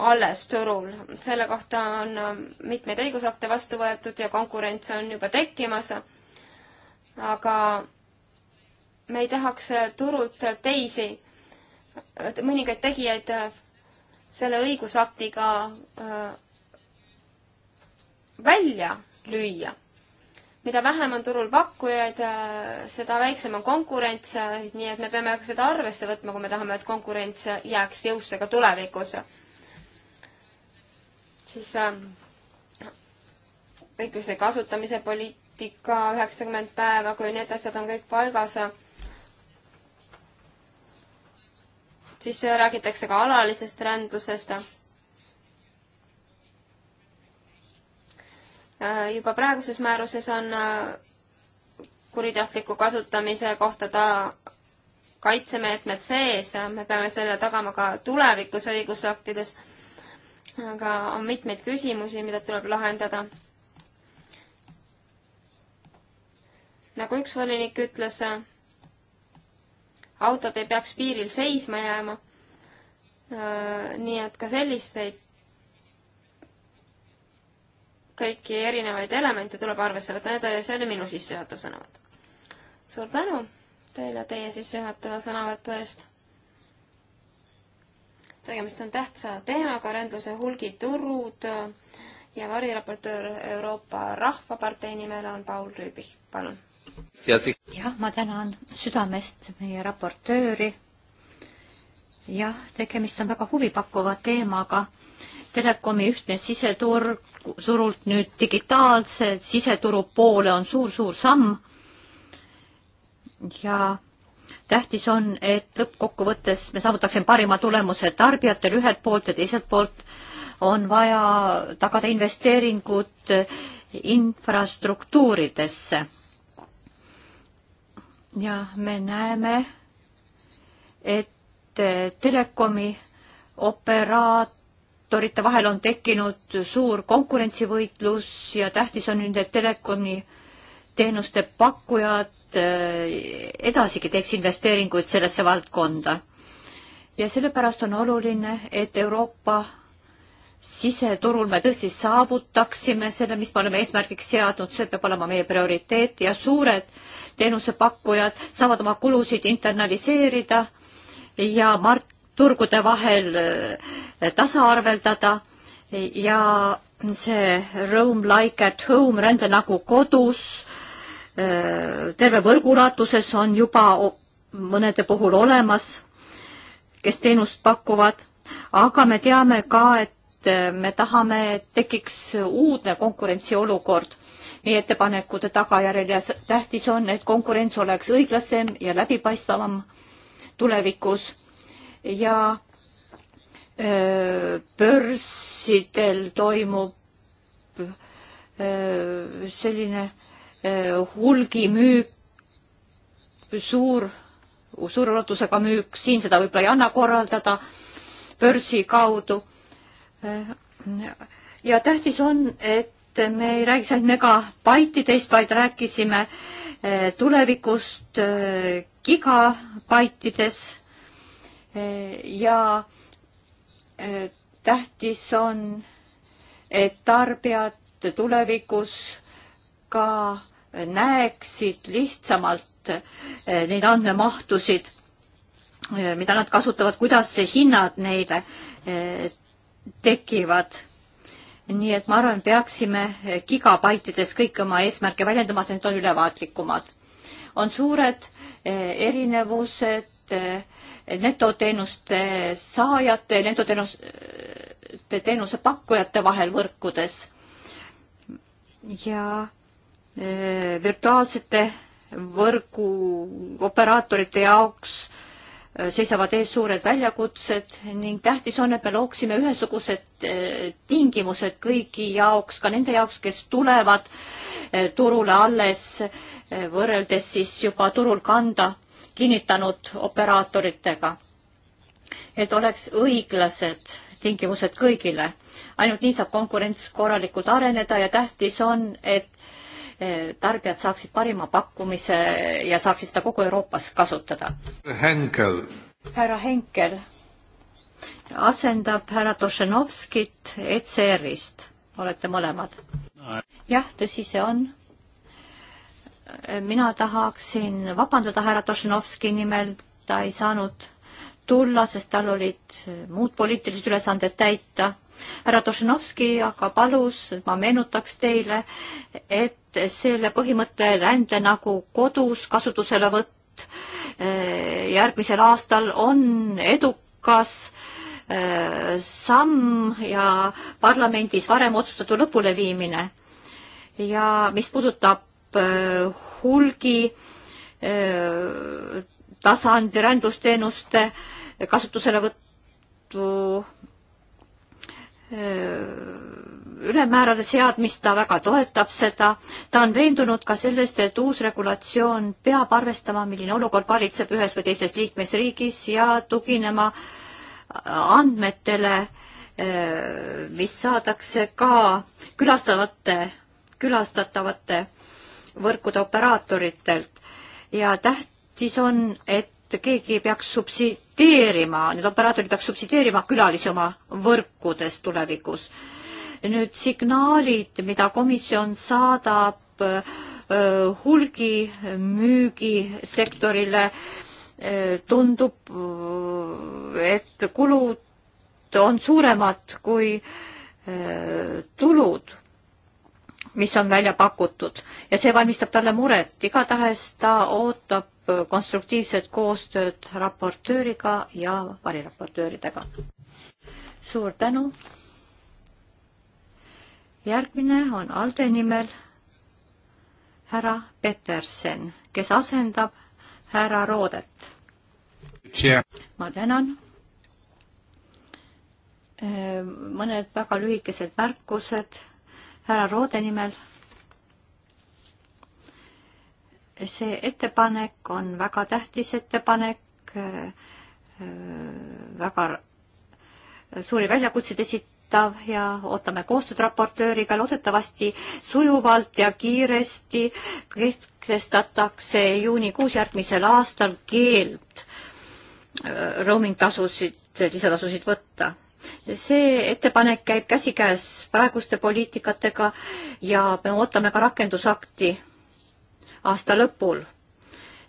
alles turul. selle kohta on ähm, mitmeid õigusakte vastu võetud ja konkurents on juba tekkimas. aga me ei tahaks äh, turult teisi, mõningaid tegijaid äh, selle õigusaktiga äh, välja lüüa. mida vähem on turul pakkujaid, seda väiksem on konkurents, nii et me peame seda arvesse võtma, kui me tahame, et konkurents jääks jõusse ka tulevikus siis äh, õiglase kasutamise poliitika üheksakümmend päeva, kui need asjad on kõik paigas, siis räägitakse ka alalisest rändlusest. Äh, juba praeguses määruses on äh, kuritahtliku kasutamise kohta ta kaitsemeetmed sees, me peame selle tagama ka tulevikus õigusaktides aga on mitmeid küsimusi, mida tuleb lahendada. nagu üks volinik ütles, autod ei peaks piiril seisma jääma. nii et ka selliseid kõiki erinevaid elemente tuleb arvesse võtta, need oli, see oli minu sissejuhatav sõnavõtt. suur tänu teile teie sissejuhatava sõnavõtu eest tegemist on tähtsa teemaga, rändluse hulgiturud äh, ja variraportöör Euroopa Rahvapartei nimel on Paul Rüübich, palun. jah, ma tänan südamest meie raportööri. jah, tegemist on väga huvipakkuva teemaga. Telekomi ühtne siseturg, turult nüüd digitaalse siseturu poole on suur-suur samm ja tähtis on, et lõppkokkuvõttes me saavutaksime parima tulemuse tarbijatel ühelt poolt ja teiselt poolt on vaja tagada investeeringud infrastruktuuridesse. ja me näeme, et telekomi operaatorite vahel on tekkinud suur konkurentsivõitlus ja tähtis on nüüd, et telekomi teenuste pakkujad Äh, edasigi teeks investeeringuid sellesse valdkonda. ja sellepärast on oluline, et Euroopa siseturul me tõesti saavutaksime selle, mis me oleme eesmärgiks seadnud, see peab olema meie prioriteet ja suured teenusepakkujad saavad oma kulusid internaliseerida ja mark-, turgude vahel äh, tasaarveldada ja see roam like at home, rände nagu kodus Äh, terve võrgu ulatuses on juba mõnede puhul olemas, kes teenust pakuvad, aga me teame ka, et äh, me tahame, et tekiks uudne konkurentsiolukord meie ettepanekute tagajärjel ja tähtis on, et konkurents oleks õiglasem ja läbipaistvam tulevikus ja öö, äh, börsidel toimub öö, selline öö, hulgimüük, suur, suure ulatusega müük, siin seda võib-olla ei anna korraldada börsi kaudu. ja tähtis on, et me ei räägiks ainult megabaitidest, vaid rääkisime eh, tulevikust eh, gigabaitides eh, ja tähtis on, et tarbijad tulevikus ka näeksid lihtsamalt eh, neid andmemahtusid, eh, mida nad kasutavad, kuidas hinnad neile eh, tekivad. nii et ma arvan, peaksime gigabaitides kõiki oma eesmärke väljendama, et need on ülevaatlikumad. on suured erinevused netoteenuste saajate, netoteenuste teenusepakkujate vahel võrkudes ja virtuaalsete võrguoperaatorite jaoks äh, seisavad ees suured väljakutsed ning tähtis on, et me looksime ühesugused äh, tingimused kõigi jaoks, ka nende jaoks, kes tulevad äh, turule alles võrreldes siis juba turul kanda kinnitanud operaatoritega. et oleks õiglased tingimused kõigile. ainult nii saab konkurents korralikult areneda ja tähtis on, et Eh, tarbijad saaksid parima pakkumise ja saaksid seda kogu Euroopas kasutada. Henkel. härra Henkel asendab härra Tošenovskit ECR-ist, olete mõlemad? jah, tõsi see on. mina tahaksin vabandada härra Tošenovski nimel, ta ei saanud tulla, sest tal olid muud poliitilised ülesanded täita. härra Tošenovski aga palus, et ma meenutaks teile, et selle põhimõtte rände nagu kodus kasutuselevõtt eh, järgmisel aastal on edukas eh, samm ja parlamendis varem otsustatu lõpuleviimine. ja mis puudutab eh, hulgi tasandi rändusteenuste kasutuselevõttu ülemmäärade seadmist, ta väga toetab seda. ta on veendunud ka sellest, et uus regulatsioon peab arvestama, milline olukord valitseb ühes või teises liikmesriigis ja tuginema andmetele, eh, mis saadakse ka külastavate, külastatavate võrkude operaatoritelt ja tähtis on, et keegi ei peaks subsideerima, need operaatorid peaks subsideerima külalisi oma võrkudes tulevikus nüüd signaalid, mida komisjon saadab äh, hulgimüügisektorile, äh, tundub, äh, et kulud on suuremad kui tulud, mis on välja pakutud ja see valmistab talle muret. igatahes ta ootab konstruktiivset koostööd raportööriga ja variraportööridega. suur tänu järgmine on Alde nimel härra Peterson, kes asendab härra Roodet. ma tänan. Äh, mõned väga lühikesed märkused härra Roode nimel. see ettepanek on väga tähtis ettepanek, äh, äh, väga suuri väljakutseid esitab huvitav ja ootame koostööd raportööriga, loodetavasti sujuvalt ja kiiresti kehtestatakse juunikuus järgmisel aastal keeld äh, roaming tasusid, lisatasusid võtta. see ettepanek käib käsikäes praeguste poliitikatega ja me ootame ka rakendusakti aasta lõpul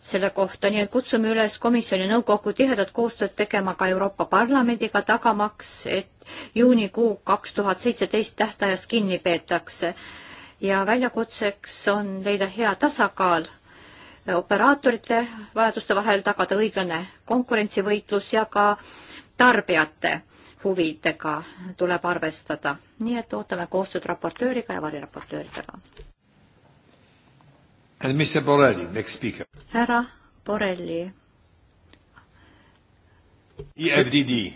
selle kohta, nii et kutsume üles komisjoni nõukogu tihedat koostööd tegema ka Euroopa Parlamendiga, tagamaks, et juunikuu kaks tuhat seitseteist tähtajast kinni peetakse. ja väljakutseks on leida hea tasakaal operaatorite vajaduste vahel, tagada õiglane konkurentsivõitlus ja ka tarbijate huvidega tuleb arvestada. nii et ootame koostööd raportööriga ja variraportööridega. Borrelli, next speaker. härra Borrelli. EFDD.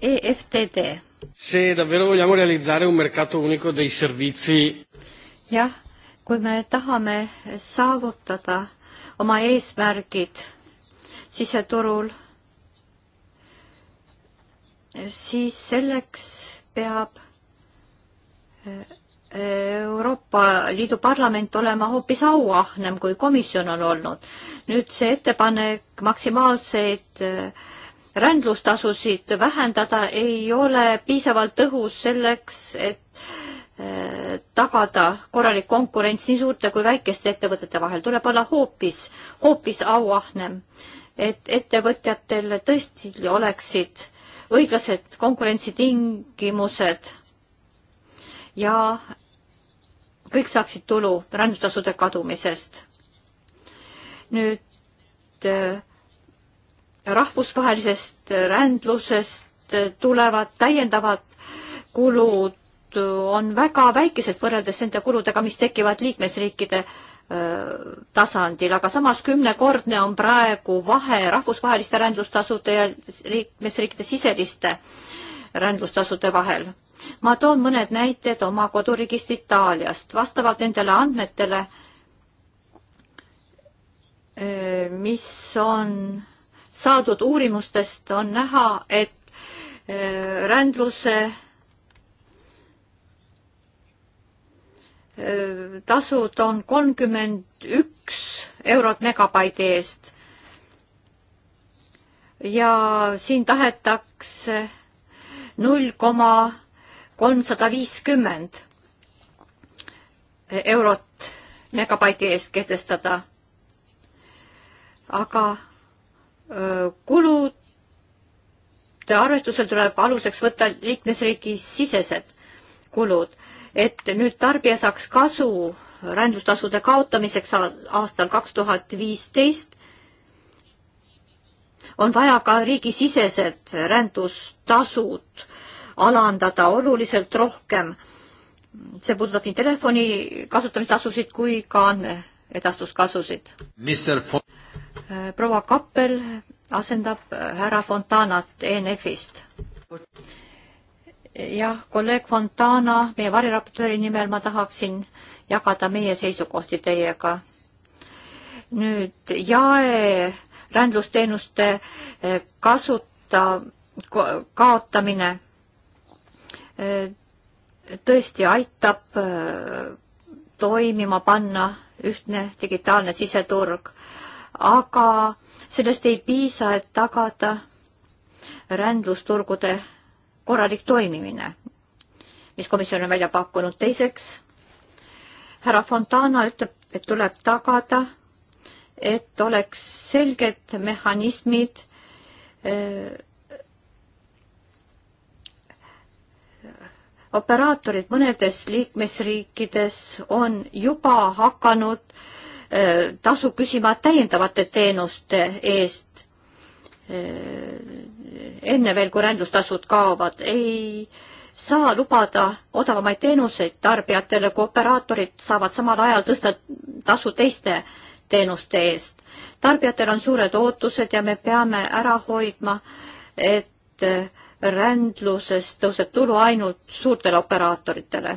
EFTD. Se davvero vogliamo realizzare un mercato unico dei servizi. jah, kui me tahame saavutada oma eesmärgid siseturul, siis selleks peab Euroopa Liidu parlament olema hoopis auahnem, kui komisjon on olnud. nüüd see ettepanek maksimaalseid äh, rändlustasusid vähendada ei ole piisavalt tõhus selleks, et äh, tagada korralik konkurents nii suurte kui väikeste ettevõtete vahel, tuleb olla hoopis, hoopis auahnem, et ettevõtjatel tõesti oleksid õiglased konkurentsitingimused ja kõik saaksid tulu rändustasude kadumisest. nüüd äh, rahvusvahelisest äh, rändlusest äh, tulevad täiendavad kulud on väga väikesed võrreldes nende kuludega, mis tekivad liikmesriikide tasandil, aga samas kümnekordne on praegu vahe rahvusvaheliste rändlustasude ja liikmesriikide siseliste rändlustasude vahel ma toon mõned näited oma koduriigist Itaaliast. vastavalt nendele andmetele, mis on saadud uurimustest, on näha, et rändluse tasud on kolmkümmend üks eurot megabaidi eest. ja siin tahetakse null koma kolmsada viiskümmend eurot megabaiti eest kehtestada. aga kulude arvestusel tuleb aluseks võtta liikmesriigi sisesed kulud, et nüüd tarbija saaks kasu rändlustasude kaotamiseks aastal kaks tuhat viisteist on vaja ka riigisisesed rändustasud alandada oluliselt rohkem. see puudutab nii telefoni kasutamistasusid kui ka andmeedastuskasusid. proua Kappel asendab härra Fontanat ENF-ist. jah, kolleeg Fontana, meie variraportööri nimel ma tahaksin jagada meie seisukohti teiega. nüüd jaerändlusteenuste eh, kasuta, kaotamine Äh, tõesti aitab äh, toimima panna ühtne digitaalne siseturg, aga sellest ei piisa, et tagada rändlusturgude korralik toimimine, mis komisjon on välja pakkunud. teiseks, härra Fontana ütleb, et tuleb tagada, et oleks selged mehhanismid äh, operaatorid mõnedes liikmesriikides on juba hakanud äh, tasu küsima täiendavate teenuste eest äh,. enne veel, kui rändlustasud kaovad, ei saa lubada odavamaid teenuseid tarbijatele, kui operaatorid saavad samal ajal tõsta tasu teiste teenuste eest. tarbijatel on suured ootused ja me peame ära hoidma, et äh, rändlusest tõuseb tulu ainult suurtele operaatoritele.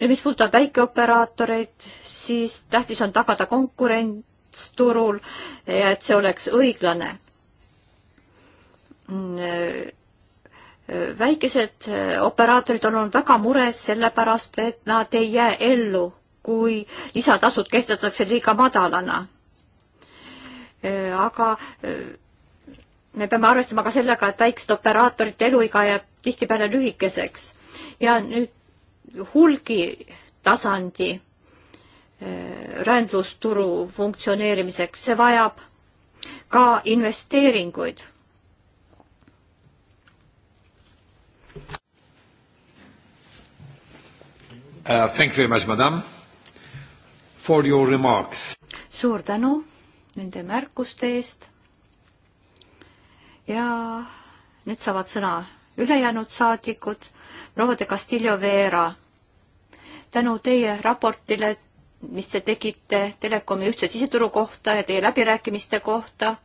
nüüd, mis puudutab väikeoperaatoreid, siis tähtis on tagada konkurents turul ja et see oleks õiglane. väikesed operaatorid on olnud väga mures sellepärast, et nad ei jää ellu, kui lisatasud kehtestatakse liiga madalana. aga me peame arvestama ka sellega, et väikeste operaatorite eluiga jääb tihtipeale lühikeseks ja nüüd hulgitasandi äh, rändlusturu funktsioneerimiseks, see vajab ka investeeringuid. Uh, thank you very much, madam, for your remarks. suur tänu nende märkuste eest ja nüüd saavad sõna ülejäänud saadikud. proua de Castillo Vera, tänu teie raportile, mis te tegite telekomi ühtse siseturu kohta ja teie läbirääkimiste kohta,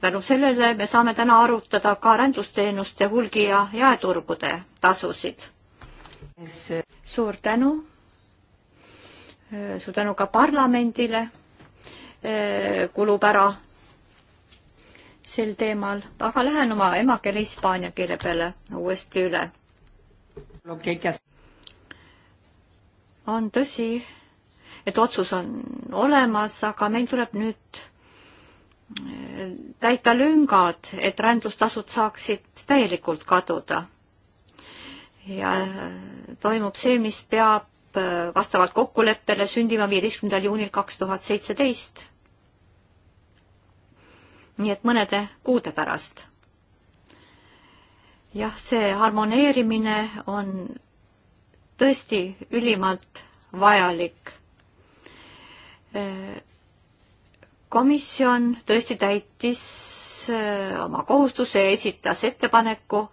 tänu sellele me saame täna arutada ka arendusteenuste hulgi- ja jaeturgude tasusid. suur tänu. suur tänu ka parlamendile. kulub ära sel teemal, aga lähen oma emakeele hispaania keele peale uuesti üle. on tõsi, et otsus on olemas, aga meil tuleb nüüd eh, täita lüngad, et rändlustasud saaksid täielikult kaduda. ja eh, toimub see, mis peab eh, vastavalt kokkuleppele sündima viieteistkümnendal juunil kaks tuhat seitseteist nii et mõnede kuude pärast. jah, see harmoneerimine on tõesti ülimalt vajalik. komisjon tõesti täitis e, oma kohustuse ja esitas ettepaneku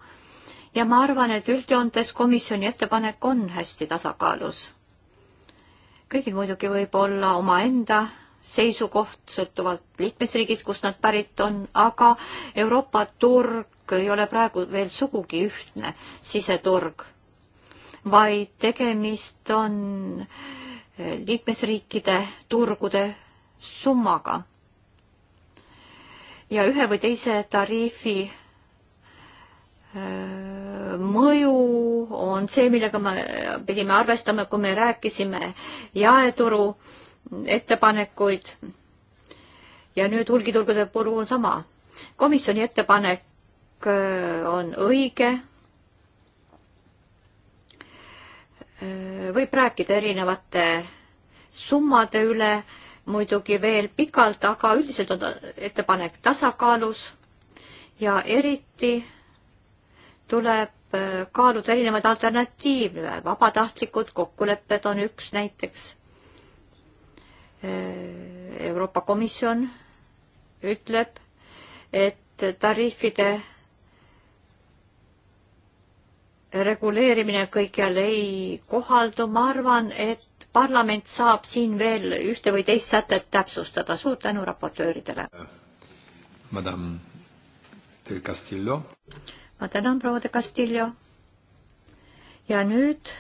ja ma arvan, et üldjoontes komisjoni ettepanek on hästi tasakaalus. kõigil muidugi võib olla omaenda seisukoht, sõltuvalt liikmesriigist, kust nad pärit on, aga Euroopa turg ei ole praegu veel sugugi ühtne siseturg, vaid tegemist on eh, liikmesriikide turgude summaga. ja ühe või teise tariifi eh, mõju on see, millega me pidime arvestama, kui me rääkisime jaeturu äh, ettepanekuid. ja nüüd hulgitulgude puhul on sama. komisjoni ettepanek äh, on õige. Äh, võib rääkida erinevate summade üle muidugi veel pikalt, aga üldiselt on ettepanek tasakaalus ja eriti tuleb äh, kaaluda erinevaid alternatiive, vabatahtlikud kokkulepped on üks näiteks Äh, Euroopa Komisjon ütleb, et tariifide reguleerimine kõikjal ei kohaldu, ma arvan, et parlament saab siin veel ühte või teist sätet täpsustada. suur tänu raportööridele. Madame del Castillo. ma tänan, proua de Castillo. ja nüüd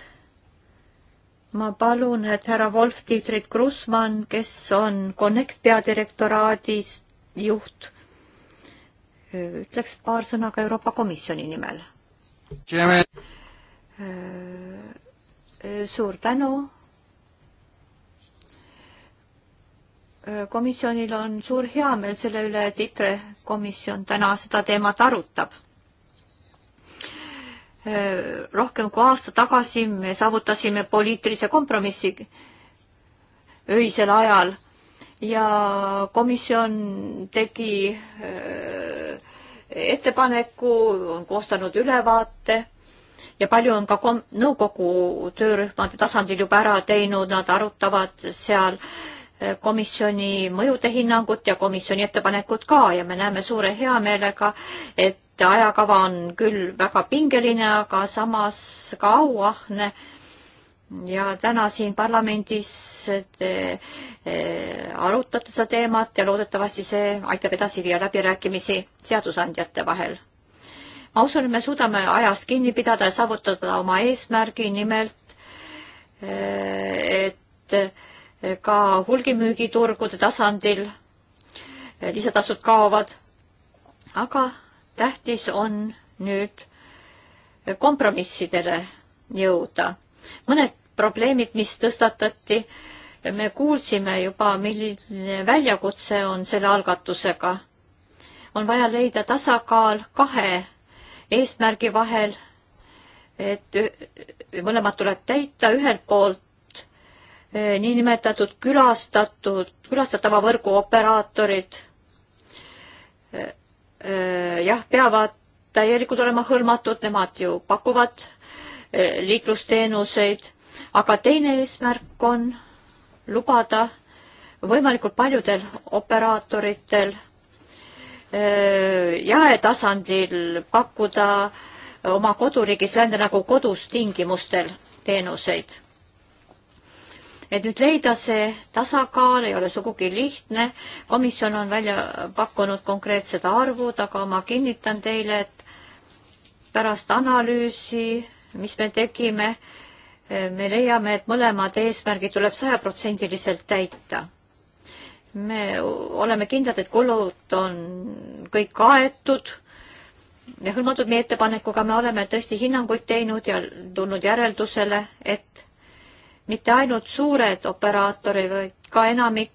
ma palun, et härra Wolf-Dietrit Krusmann, kes on Connect peadirektoraadi juht, ütleks paar sõna ka Euroopa Komisjoni nimel. Äh, suur tänu. Äh, komisjonil on suur heameel selle üle, et ITRE komisjon täna seda teemat arutab Äh, rohkem kui aasta tagasi me saavutasime poliitilise kompromissi öisel ajal ja komisjon tegi äh, ettepaneku, on koostanud ülevaate ja palju on ka kom-, nõukogu töörühmade tasandil juba ära teinud, nad arutavad seal äh, komisjoni mõjude hinnangut ja komisjoni ettepanekut ka ja me näeme suure heameelega, et et ajakava on küll väga pingeline, aga samas ka auahne ja täna siin parlamendis te e, arutate seda teemat ja loodetavasti see aitab edasi viia läbirääkimisi seadusandjate vahel. ma usun, et me suudame ajast kinni pidada ja saavutada oma eesmärgi, nimelt e, et ka hulgimüügiturgude tasandil lisatasud kaovad, aga tähtis on nüüd kompromissidele jõuda. mõned probleemid, mis tõstatati, me kuulsime juba, milline väljakutse on selle algatusega. on vaja leida tasakaal kahe eesmärgi vahel, et mõlemad tuleb täita, ühelt poolt eh, niinimetatud külastatud, külastatava võrgu operaatorid eh, Äh, jah, peavad täielikult olema hõlmatud, nemad ju pakuvad äh, liiklusteenuseid, aga teine eesmärk on lubada võimalikult paljudel operaatoritel äh, jaetasandil pakkuda oma koduriigis välja nagu kodus tingimustel teenuseid et nüüd leida see tasakaal ei ole sugugi lihtne. komisjon on välja pakkunud konkreetsed arvud, aga ma kinnitan teile, et pärast analüüsi, mis me tegime, me leiame, et mõlemad eesmärgid tuleb sajaprotsendiliselt täita. me oleme kindlad, et kulud on kõik kaetud ja hõlmatud meie ettepanekuga, me oleme tõesti hinnanguid teinud ja tulnud järeldusele, et mitte ainult suured operaatorid, vaid ka enamik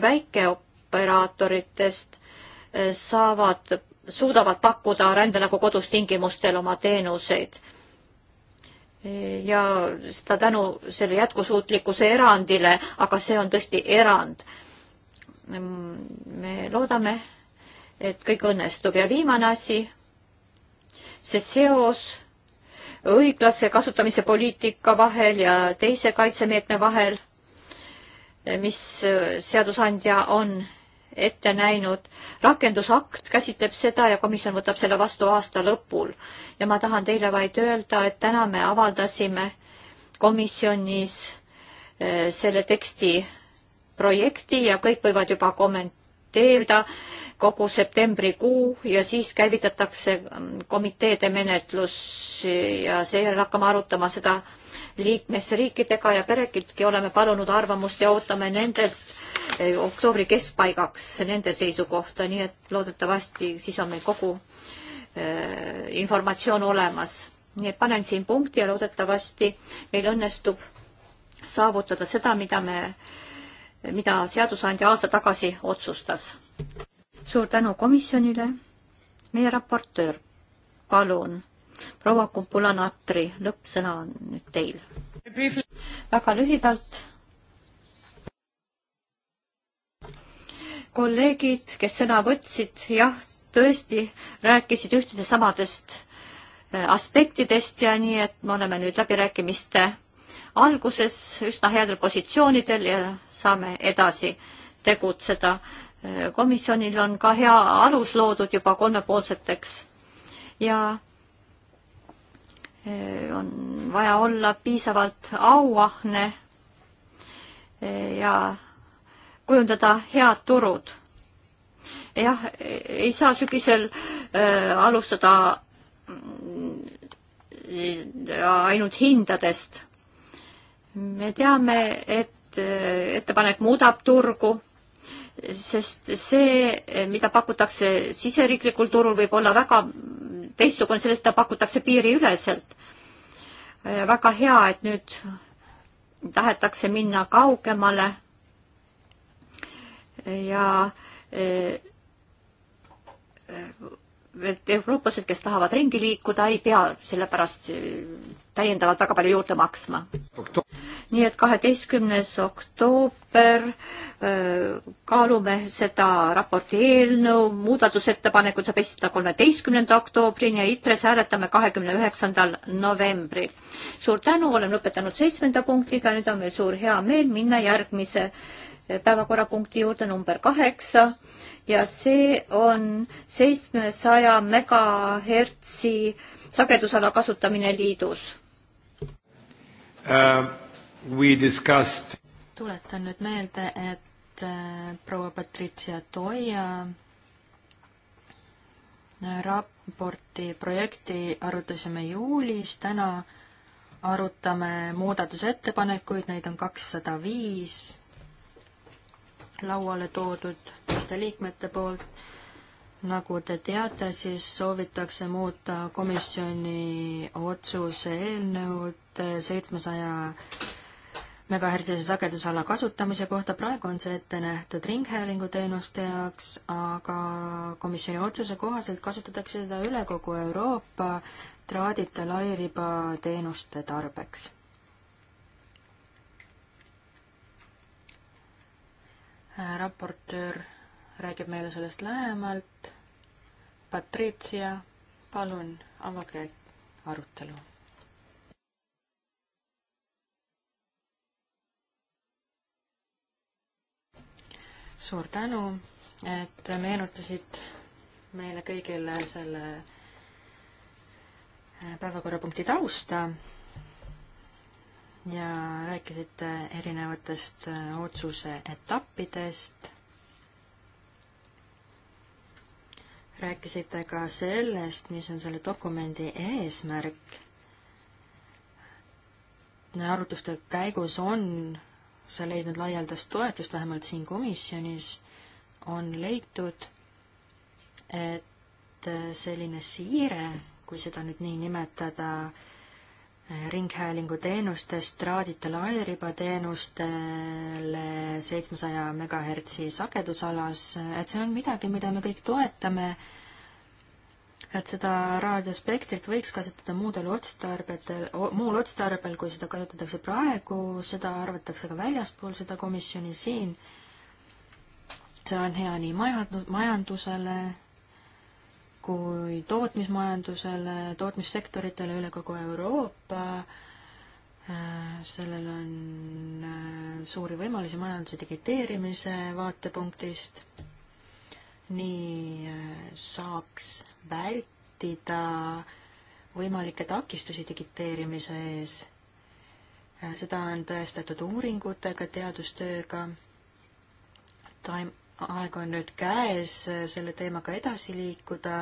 väikeoperaatoritest eh, saavad, suudavad pakkuda rände nagu kodus tingimustel oma teenuseid. Eh, ja seda tänu selle jätkusuutlikkuse erandile, aga see on tõesti erand. Mm, me loodame, et kõik õnnestub ja viimane asi, see seos õiglase kasutamise poliitika vahel ja teise kaitsemeetme vahel, mis äh, seadusandja on ette näinud. rakendusakt käsitleb seda ja komisjon võtab selle vastu aasta lõpul. ja ma tahan teile vaid öelda, et täna me avaldasime komisjonis äh, selle teksti projekti ja kõik võivad juba komment-, konsulteerida kogu septembrikuu ja siis käivitatakse mm, komiteede menetlus ja seejärel hakkame arutama seda liikmesriikidega ja perekiltki oleme palunud arvamust ja ootame nendelt eh, oktoobri keskpaigaks nende seisukohta, nii et loodetavasti siis on meil kogu äh, informatsioon olemas. nii et panen siin punkti ja loodetavasti meil õnnestub saavutada seda, mida me mida seadusandja aasta tagasi otsustas. suur tänu komisjonile. meie raportöör, palun, proua Kumpula-Natri, lõppsõna on nüüd teil. väga lühidalt. kolleegid, kes sõna võtsid, jah, tõesti rääkisid ühtedest samadest äh, aspektidest ja nii, et me oleme nüüd läbirääkimiste alguses üsna headel positsioonidel ja saame edasi tegutseda. komisjonil on ka hea alus loodud juba kolmepoolseteks ja eh, on vaja olla piisavalt auahne eh, ja kujundada head turud. jah, ei saa sügisel äh, alustada mm, ainult hindadest me teame, et äh, ettepanek muudab turgu, sest see, äh, mida pakutakse siseriiklikul turul, võib olla väga teistsugune sellest, mida pakutakse piiriüleselt. Äh, väga hea, et nüüd tahetakse minna kaugemale ja et eurooplased, kes tahavad ringi liikuda, ei pea sellepärast äh, täiendavalt väga palju juurde maksma. nii et kaheteistkümnes oktoober äh, kaalume seda raporti eelnõu, muudatusettepanekud saab esitada kolmeteistkümnenda oktoobrini ja ITRE-s hääletame kahekümne üheksandal novembril. suur tänu, olen lõpetanud seitsmenda punktiga, nüüd on meil suur hea meel minna järgmise päevakorrapunkti juurde number kaheksa ja see on seitsmesaja megahertsi sagedusala kasutamine liidus uh,. Discussed... tuletan nüüd meelde, et äh, proua Patricia Toia raporti projekti arutasime juulis, täna arutame muudatusettepanekuid, neid on kakssada viis lauale toodud teiste liikmete poolt. nagu te teate, siis soovitakse muuta komisjoni otsuse eelnõud seitsmesaja megahertsise sagedusala kasutamise kohta, praegu on see ette nähtud ringhäälinguteenuste jaoks, aga komisjoni otsuse kohaselt kasutatakse seda üle kogu Euroopa traadita lairiba teenuste tarbeks Äh, raportöör räägib meile sellest lähemalt. Patricia, palun avage arutelu. suur tänu, et meenutasid meile kõigile selle päevakorrapunkti tausta ja rääkisite erinevatest äh, otsuse etappidest. rääkisite ka sellest, mis on selle dokumendi eesmärk. arutluste käigus on see leidnud laialdast toetust, vähemalt siin komisjonis on leitud, et äh, selline siire, kui seda nüüd nii nimetada, ringhäälinguteenustest traadita lairibateenustele seitsmesaja megahertsi sagedusalas, et see on midagi, mida me kõik toetame, et seda raadiospektrit võiks kasutada muudel otstarbetel, muul otstarbel, kui seda kasutatakse praegu, seda arvatakse ka väljaspool seda komisjoni siin. see on hea nii majandusele, kui tootmismajandusele, tootmissektoritele üle kogu Euroopa. Äh, sellel on äh, suuri võimalusi majanduse digiteerimise vaatepunktist. nii äh, saaks vältida võimalikke takistusi digiteerimise ees. seda on tõestatud uuringutega, teadustööga taim-, aeg on nüüd käes äh, selle teemaga edasi liikuda.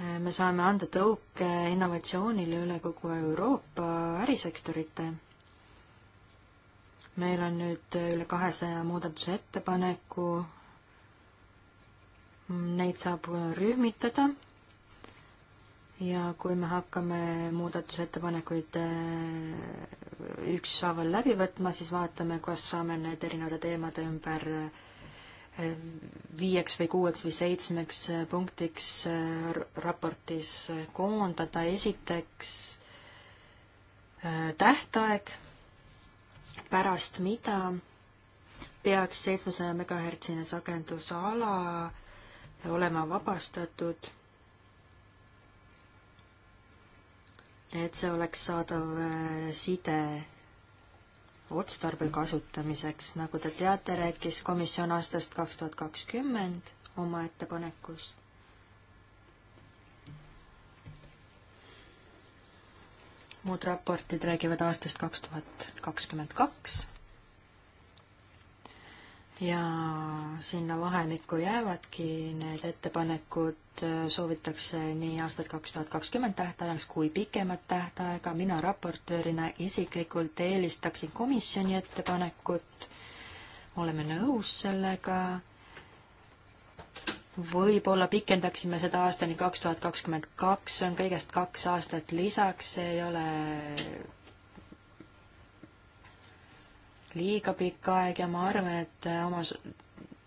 Äh, me saame anda tõuke innovatsioonile üle kogu Euroopa ärisektorite. meil on nüüd äh, üle kahesaja muudatusettepaneku. Mm, neid saab rühmitada ja kui me hakkame muudatusettepanekuid ükshaaval läbi võtma, siis vaatame, kas saame need erinevate teemade ümber eh, viieks või kuueks või seitsmeks eh, punktiks eh, raportis koondada. esiteks tähtaeg, pärast mida peaks seitsmesaja megahertsine sagedusala olema vabastatud et see oleks saadav äh, side otstarbel kasutamiseks, nagu te teate, rääkis komisjon aastast kaks tuhat kakskümmend oma ettepanekus. muud raportid räägivad aastast kaks tuhat kakskümmend kaks ja sinna vahemikku jäävadki need ettepanekud, soovitakse nii aastat kaks tuhat kakskümmend tähtajaks kui pikemat tähtaega, mina raportöörina isiklikult eelistaksin komisjoni ettepanekut, oleme nõus sellega, võib-olla pikendaksime seda aastani kaks tuhat kakskümmend kaks, see on kõigest kaks aastat lisaks, see ei ole liiga pikk aeg ja ma arvan, et äh, oma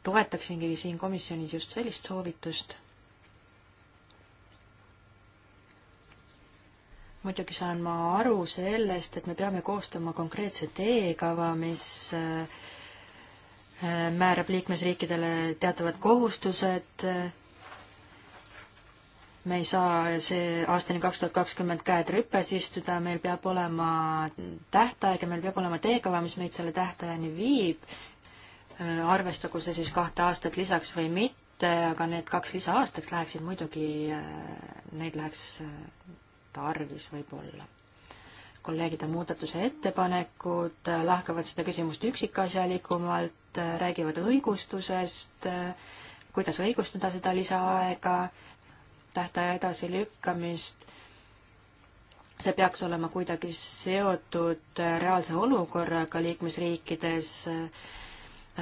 toetaksingi siin komisjonis just sellist soovitust. muidugi saan ma aru sellest, et me peame koostama konkreetse teekava, mis äh, äh, määrab liikmesriikidele teatavad kohustused me ei saa see aastani kaks tuhat kakskümmend käed rüpes istuda, meil peab olema tähtaeg ja meil peab olema teekava, mis meid selle tähtajani viib, äh, arvestagu see siis kahte aastat lisaks või mitte, aga need kaks lisaaastat läheksid muidugi, äh, neid läheks äh, tarvis võib-olla. kolleegide muudatuse ettepanekud lahkavad seda küsimust üksikasjalikumalt, räägivad õigustusest, kuidas õigustada seda lisaaega tähtaja edasilükkamist. see peaks olema kuidagi seotud reaalse olukorraga liikmesriikides,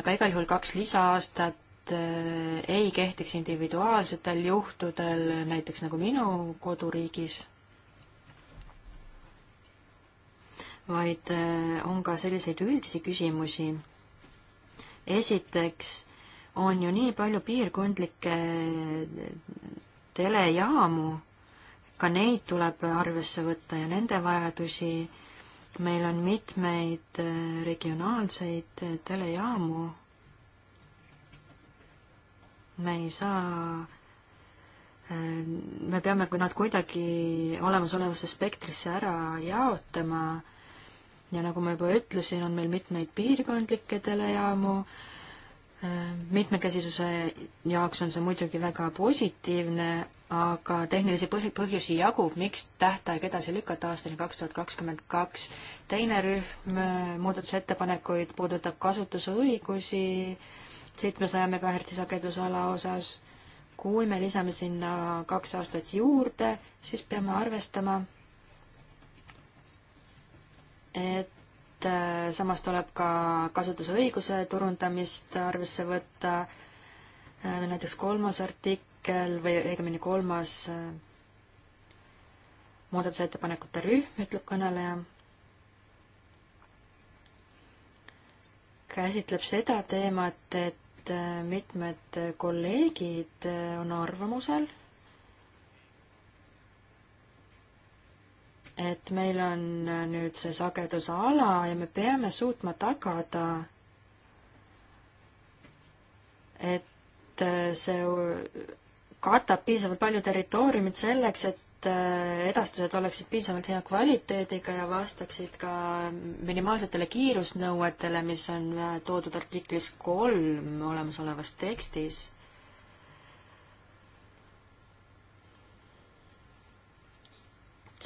aga igal juhul kaks lisaaastat eh, ei kehtiks individuaalsetel juhtudel, näiteks nagu minu koduriigis, vaid eh, on ka selliseid üldisi küsimusi. esiteks on ju nii palju piirkondlikke telejaamu, ka neid tuleb arvesse võtta ja nende vajadusi. meil on mitmeid äh, regionaalseid äh, telejaamu. me ei saa äh, me peame nad kuidagi olemasolevasse spektrisse ära jaotama ja nagu ma juba ütlesin, on meil mitmeid piirkondlikke telejaamu, mitmekesisuse jaoks on see muidugi väga positiivne, aga tehnilisi põhjusi jagub, miks tähtaeg edasi lükata aastani kaks tuhat kakskümmend kaks. teine rühm äh, muudatusettepanekuid puudutab kasutusõigusi seitsmesaja megahertsi sagedusala osas. kui me lisame sinna kaks aastat juurde, siis peame arvestama, et et äh, samas tuleb ka kasutusõiguse turundamist arvesse võtta, äh, näiteks kolmas artikkel või õigemini kolmas äh, muudatusettepanekute rühm, ütleb kõneleja käsitleb seda teemat, et mitmed kolleegid on arvamusel, et meil on äh, nüüd see sageduse ala ja me peame suutma tagada, et äh, see katab piisavalt palju territooriumit selleks, et äh, edastused oleksid piisavalt hea kvaliteediga ja vastaksid ka minimaalsetele kiirusnõuetele, mis on toodud artiklis kolm olemasolevas tekstis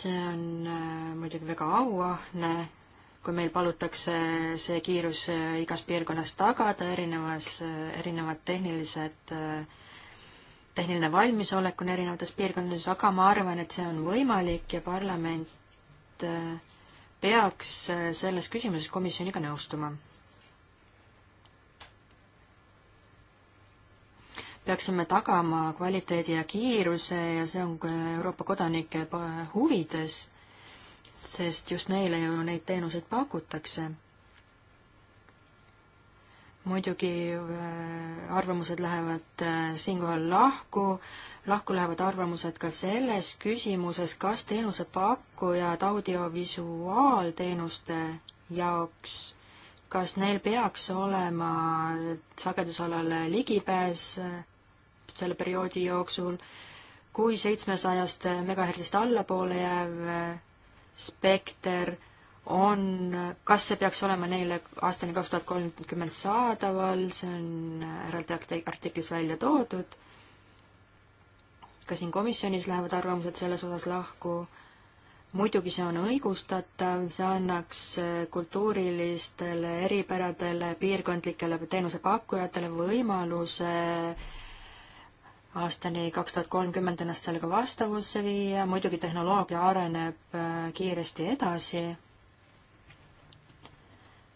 see on äh, muidugi väga auahne, kui meil palutakse see kiirus äh, igas piirkonnas tagada, erinevas, äh, erinevad tehnilised, tehniline valmisolek on erinevates piirkondades, aga ma arvan, et see on võimalik ja parlament peaks selles küsimuses komisjoniga nõustuma peaksime tagama kvaliteedi ja kiiruse ja see on Euroopa kodanike huvides, sest just neile ju neid teenuseid pakutakse. muidugi äh, arvamused lähevad äh, siinkohal lahku, lahku lähevad arvamused ka selles küsimuses, kas teenusepakkujad audiovisuaalteenuste jaoks kas neil peaks olema sagedusalale ligipääs äh, selle perioodi jooksul, kui seitsmesajast megahertsist allapoole jääv spekter on, kas see peaks olema neile aastani kaks tuhat kolmkümmend saadaval, see on eraldi artiklis välja toodud, ka siin komisjonis lähevad arvamused selles osas lahku, muidugi see on õigustatav, see annaks kultuurilistele eripäradele, piirkondlikele teenusepakkujatele võimaluse äh, aastani kaks tuhat kolmkümmend ennast sellega vastavusse viia, muidugi tehnoloogia areneb äh, kiiresti edasi,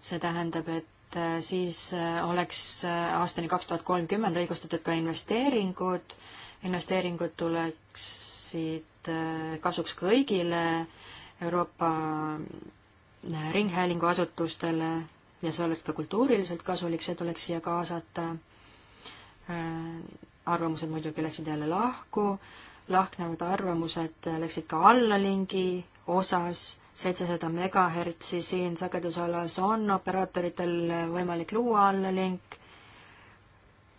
see tähendab, et äh, siis äh, oleks aastani kaks tuhat kolmkümmend õigustatud ka investeeringud, investeeringud tuleksid kasuks kõigile Euroopa ringhäälinguasutustele ja see oleks ka kultuuriliselt kasulik, see tuleks siia kaasata arvamused muidugi läksid jälle lahku, lahknevad arvamused läksid ka allalingi osas, seitsesada megahertsi siin sagedusalas on operaatoritel võimalik luua allalink,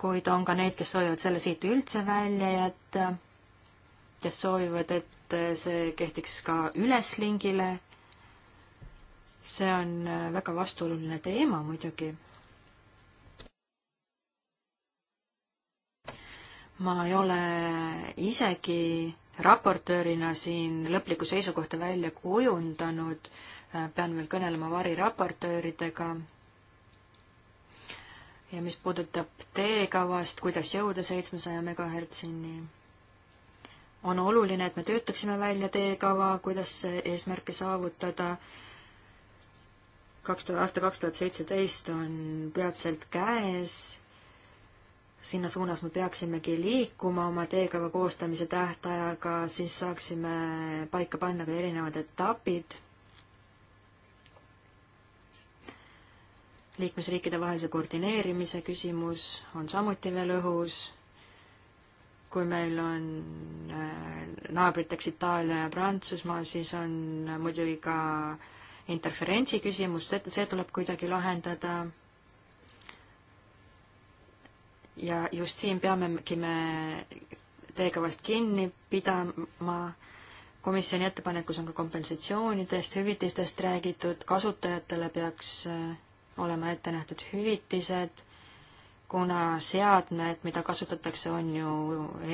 kuid on ka neid, kes soovivad selle siit üldse välja jätta, kes soovivad, et see kehtiks ka üleslingile. see on väga vastuoluline teema muidugi ma ei ole isegi raportöörina siin lõplikku seisukohta välja kujundanud, äh, pean veel kõnelema variraportööridega. ja mis puudutab teekavast, kuidas jõuda seitsmesaja megahertsini, on oluline, et me töötaksime välja teekava, kuidas eesmärke saavutada kaks tuhat, aasta kaks tuhat seitseteist on peatselt käes sinna suunas me peaksimegi liikuma oma teekava koostamise tähtajaga, siis saaksime paika panna ka erinevad etapid liikmesriikide vahelise koordineerimise küsimus on samuti veel õhus. kui meil on äh, naabriteks Itaalia ja Prantsusmaa, siis on muidugi ka interferentsi küsimus, see tuleb kuidagi lahendada ja just siin peamegi me teiega vast kinni pidama. komisjoni ettepanekus on ka kompensatsioonidest, hüvitistest räägitud, kasutajatele peaks äh, olema ette nähtud hüvitised, kuna seadmed, mida kasutatakse, on ju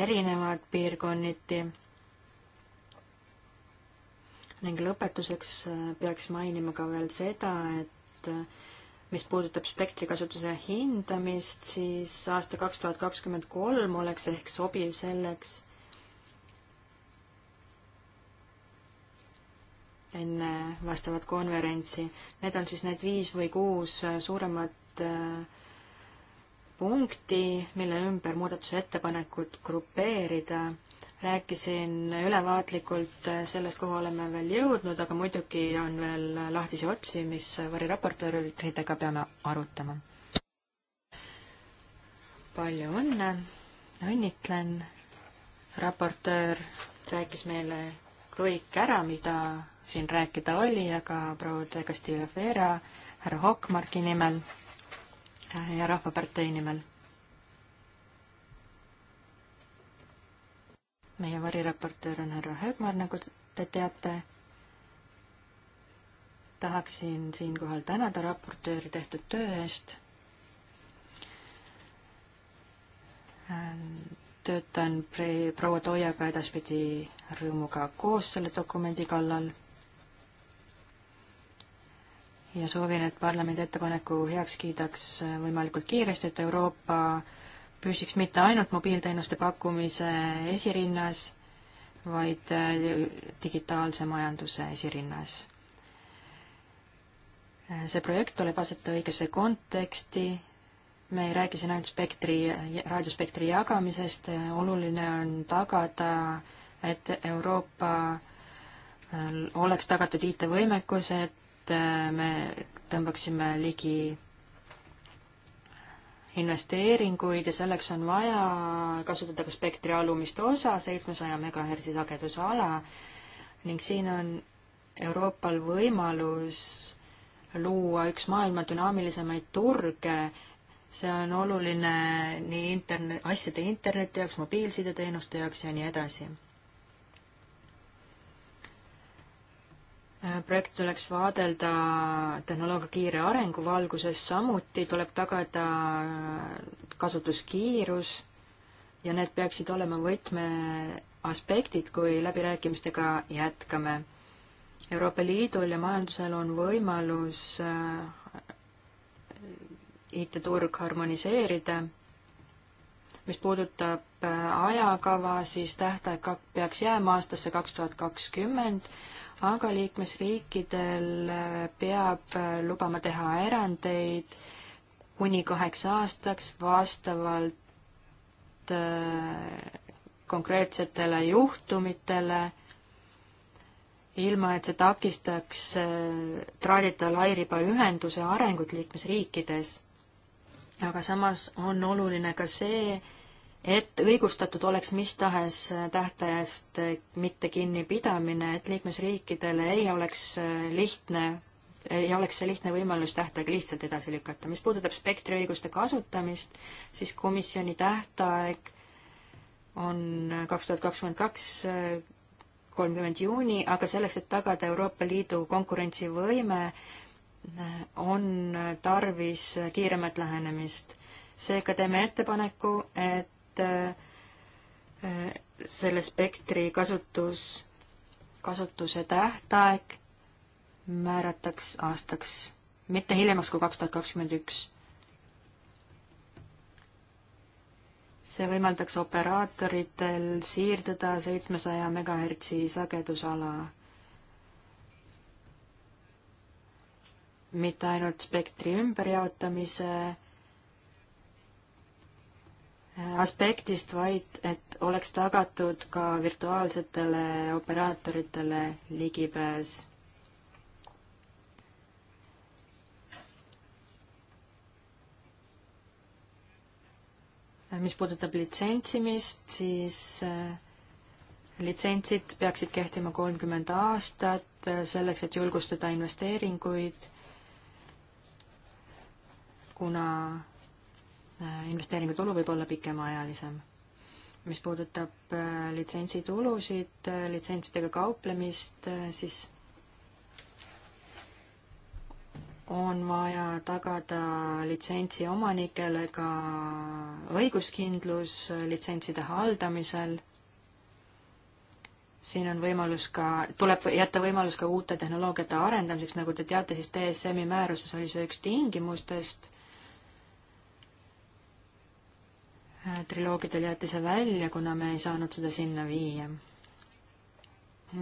erinevad piirkonniti ning lõpetuseks äh, peaks mainima ka veel seda, et äh, mis puudutab spektrikasutuse hindamist, siis aasta kaks tuhat kakskümmend kolm oleks ehk sobiv selleks enne vastavat konverentsi. Need on siis need viis või kuus suuremat äh, punkti, mille ümber muudatusettepanekud grupeerida rääkisin ülevaatlikult äh, sellest, kuhu oleme veel jõudnud, aga muidugi on veel lahtisi otsi, mis variraportööridega peame arutama. palju õnne, õnnitlen, raportöör rääkis meile kõik ära, mida siin rääkida oli, aga proua De Castillo Vera härra Hokmarki nimel ja Rahvapartei nimel meie variraportöör on härra Högmar, nagu te teate. tahaksin siinkohal tänada raportööri tehtud töö eest. Äh, töötan proua Toiaga edaspidi rõõmuga koos selle dokumendi kallal ja soovin, et parlamendi ettepaneku heaks kiidaks võimalikult kiiresti, et Euroopa püsiks mitte ainult mobiilteenuste pakkumise esirinnas, vaid äh, digitaalse majanduse esirinnas. Äh, see projekt tuleb asetada õigesse konteksti, me ei räägi siin ainult spektri, raadiospektri jagamisest, oluline on tagada, et Euroopa äh, oleks tagatud IT-võimekus, et me tõmbaksime ligi investeeringuid ja selleks on vaja kasutada ka spektri alumist osa, seitsmesaja megahertsi sagedusala ning siin on Euroopal võimalus luua üks maailma dünaamilisemaid turge, see on oluline nii interne-, asjade interneti jaoks, mobiilsideteenuste jaoks ja nii edasi. Äh, projekti tuleks vaadelda tehnoloogia kiire arengu valguses, samuti tuleb tagada äh, kasutuskiirus ja need peaksid olema võtmeaspektid, kui läbirääkimistega jätkame. Euroopa Liidul ja majandusel on võimalus äh, IT-turg harmoniseerida. mis puudutab ajakava, siis tähtaeg peaks jääma aastasse kaks tuhat kakskümmend aga liikmesriikidel äh, peab äh, lubama teha erandeid kuni kaheks aastaks vastavalt äh, konkreetsetele juhtumitele, ilma et see takistaks traadita lairibaühenduse arengut liikmesriikides. aga samas on oluline ka see, et õigustatud oleks mis tahes tähtajast mitte kinnipidamine, et liikmesriikidele ei oleks äh, lihtne ja oleks see lihtne võimalus tähtaega lihtsalt edasi lükata. mis puudutab spektriõiguste kasutamist, siis komisjoni tähtaeg on kaks tuhat kakskümmend kaks, äh, kolmkümmend juuni, aga selleks, et tagada Euroopa Liidu konkurentsivõime, äh, on tarvis kiiremat lähenemist. seega teeme ettepaneku, et et äh, selle spektri kasutus, kasutuse tähtaeg määrataks aastaks, mitte hiljemaks kui kaks tuhat kakskümmend üks. see võimaldaks operaatoritel siirduda seitsmesaja megahertsi sagedusala mitte ainult spektri ümberjaotamise aspektist, vaid et oleks tagatud ka virtuaalsetele operaatoritele ligipääs. mis puudutab litsentsimist, siis äh, litsentsid peaksid kehtima kolmkümmend aastat äh, selleks, et julgustada investeeringuid, kuna Äh, investeeringutulu võib olla pikemaajalisem. mis puudutab äh, litsentsitulusid, äh, litsentsidega kauplemist, siis on vaja tagada litsentsi omanikele ka õiguskindlus litsentside haldamisel siin on võimalus ka, tuleb jätta võimalus ka uute tehnoloogiate arendamiseks, nagu te teate, siis DSM-i määruses oli see üks tingimustest, Äh, triloogidel jäeti see välja, kuna me ei saanud seda sinna viia.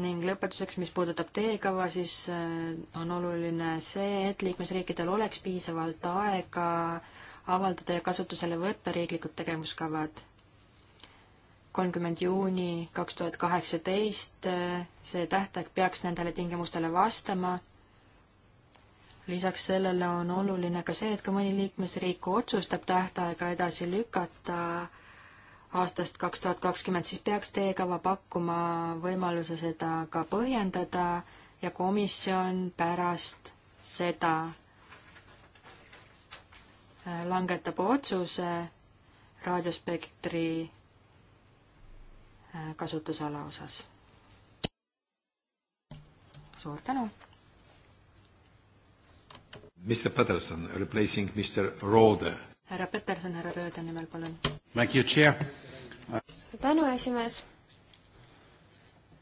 ning lõpetuseks, mis puudutab teekava, siis äh, on oluline see, et liikmesriikidel oleks piisavalt aega avaldada ja kasutusele võtta riiklikud tegevuskavad. kolmkümmend juuni kaks tuhat kaheksateist, äh, see tähtaeg peaks nendele tingimustele vastama lisaks sellele on oluline ka see, et kui mõni liikmesriik otsustab tähtaega edasi lükata aastast kaks tuhat kakskümmend, siis peaks teekava pakkuma võimaluse seda ka põhjendada ja komisjon pärast seda langetab otsuse raadiospektri äh, kasutusala osas. suur tänu! Mr Peterson replacing Mr Roode. härra Peterson, härra Rööde nimel, palun. suur tänu, esimees.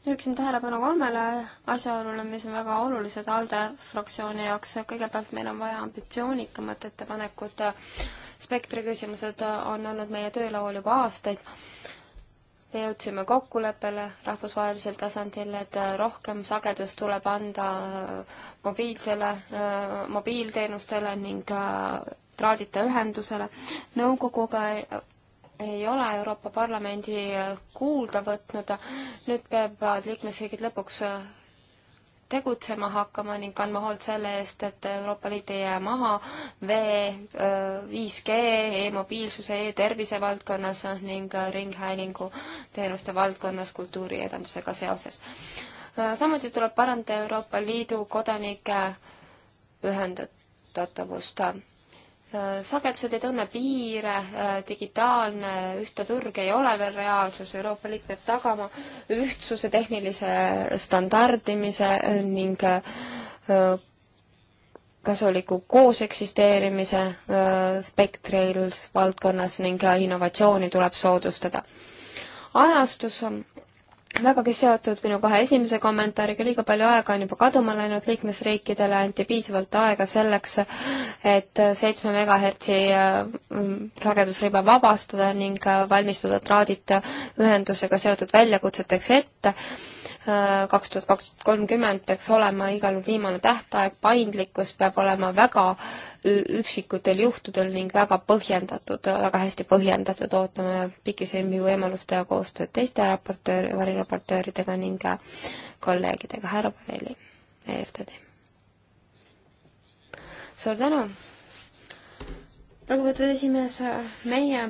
juhiksin tähelepanu kolmele asjaolule, mis on väga olulised ALDE fraktsiooni jaoks. kõigepealt meil on vaja ambitsioonikamat ettepanekut. spektri küsimused on olnud meie töölaual juba aastaid me jõudsime kokkuleppele rahvusvahelisel tasandil, et äh, rohkem sagedust tuleb anda äh, mobiilsele, äh, mobiilteenustele ning traadita ühendusele. nõukoguga ei ole Euroopa Parlamendi kuulda võtnud, nüüd peavad liikmesriigid lõpuks tegutsema hakkama ning kandma hoolt selle eest, et Euroopa Liit ei jää maha vee, 5G e, e-mobiilsuse e, e-tervise valdkonnas ning ringhäälingu teenuste valdkonnas kultuuriedendusega seoses. samuti tuleb parandada Euroopa Liidu kodanike ühendatavust Äh, sagedused ei tunne piire, äh, digitaalne ühtne turg ei ole veel reaalsus, Euroopa Liit peab tagama ühtsuse, tehnilise standardimise äh, ning kasuliku kooseksisteerimise spektril valdkonnas ning innovatsiooni tuleb soodustada. ajastus on vägagi seotud minu kahe esimese kommentaariga, liiga palju aega on juba kaduma läinud, liikmesriikidele anti piisavalt aega selleks, et seitsme megahertsi äh, sagedusriba vabastada ning äh, valmistuda traadita äh, ühendusega seotud väljakutseteks ette. kaks tuhat kaks, kolmkümmend peaks olema igal juhul viimane tähtaeg, paindlikkus peab olema väga äh, üksikutel juhtudel ning väga põhjendatud, väga hästi põhjendatud, ootame pikisilmi võimalust teha koostööd teiste raportööri, variraportööridega ning kolleegidega. härra Borrelli, EFTD. suur tänu! lugupeetud esimees, meie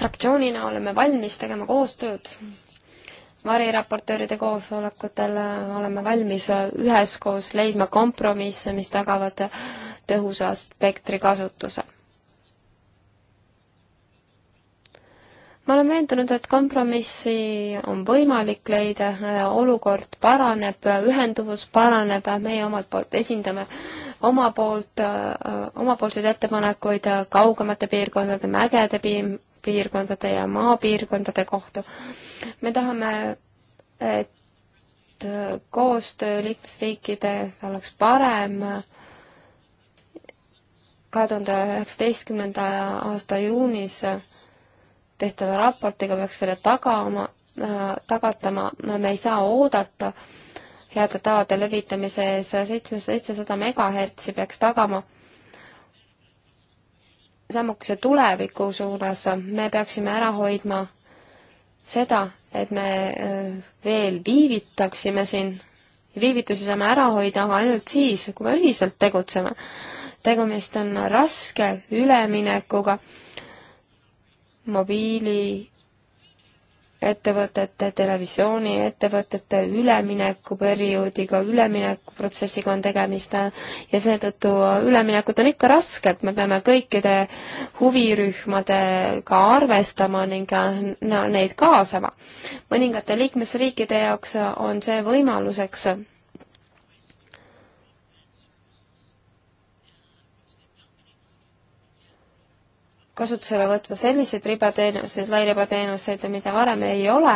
fraktsioonina oleme valmis tegema koostööd variraportööride koosolekutel äh, oleme valmis äh, üheskoos leidma kompromisse, mis tagavad tõhusa spektri kasutuse. ma olen veendunud, et kompromissi on võimalik leida, äh, olukord paraneb, ühenduvus paraneb, meie omalt poolt esindame oma poolt, omapoolseid ettepanekuid kaugemate piirkondade, mägede piim-, piirkondade ja maapiirkondade kohta. me tahame, et koostöö liikmesriikidega oleks parem. kahe tuhande üheksateistkümnenda aasta juunis tehtava raportiga peaks selle tagama, tagatama, me ei saa oodata heade tavade levitamise ees seitsmesaja, seitsesada megahertsi peaks tagama sammukese tuleviku suunas, me peaksime ära hoidma seda, et me äh, veel viivitaksime siin, viivitusi saame ära hoida, aga ainult siis, kui me ühiselt tegutseme. tegemist on raske üleminekuga mobiili ettevõtete, televisiooni-ettevõtete üleminekuperioodiga, üleminekuprotsessiga on tegemist ja seetõttu üleminekut on ikka raske, et me peame kõikide huvirühmadega arvestama ning no, neid kaasama. mõningate liikmesriikide jaoks on see võimaluseks kasutusele võtma selliseid ribateenuseid, lairibateenuseid, mida varem ei ole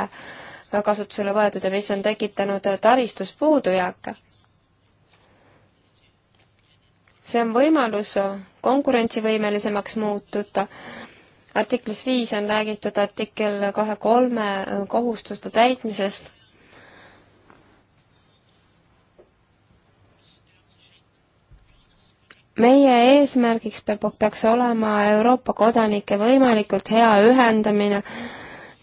kasutusele võetud ja mis on tekitanud taristus puudujääke. see on võimalus konkurentsivõimelisemaks muutuda artiklis viis on räägitud artikkel kahe kolme kohustuste täitmisest meie eesmärgiks peab, peaks olema Euroopa kodanike võimalikult hea ühendamine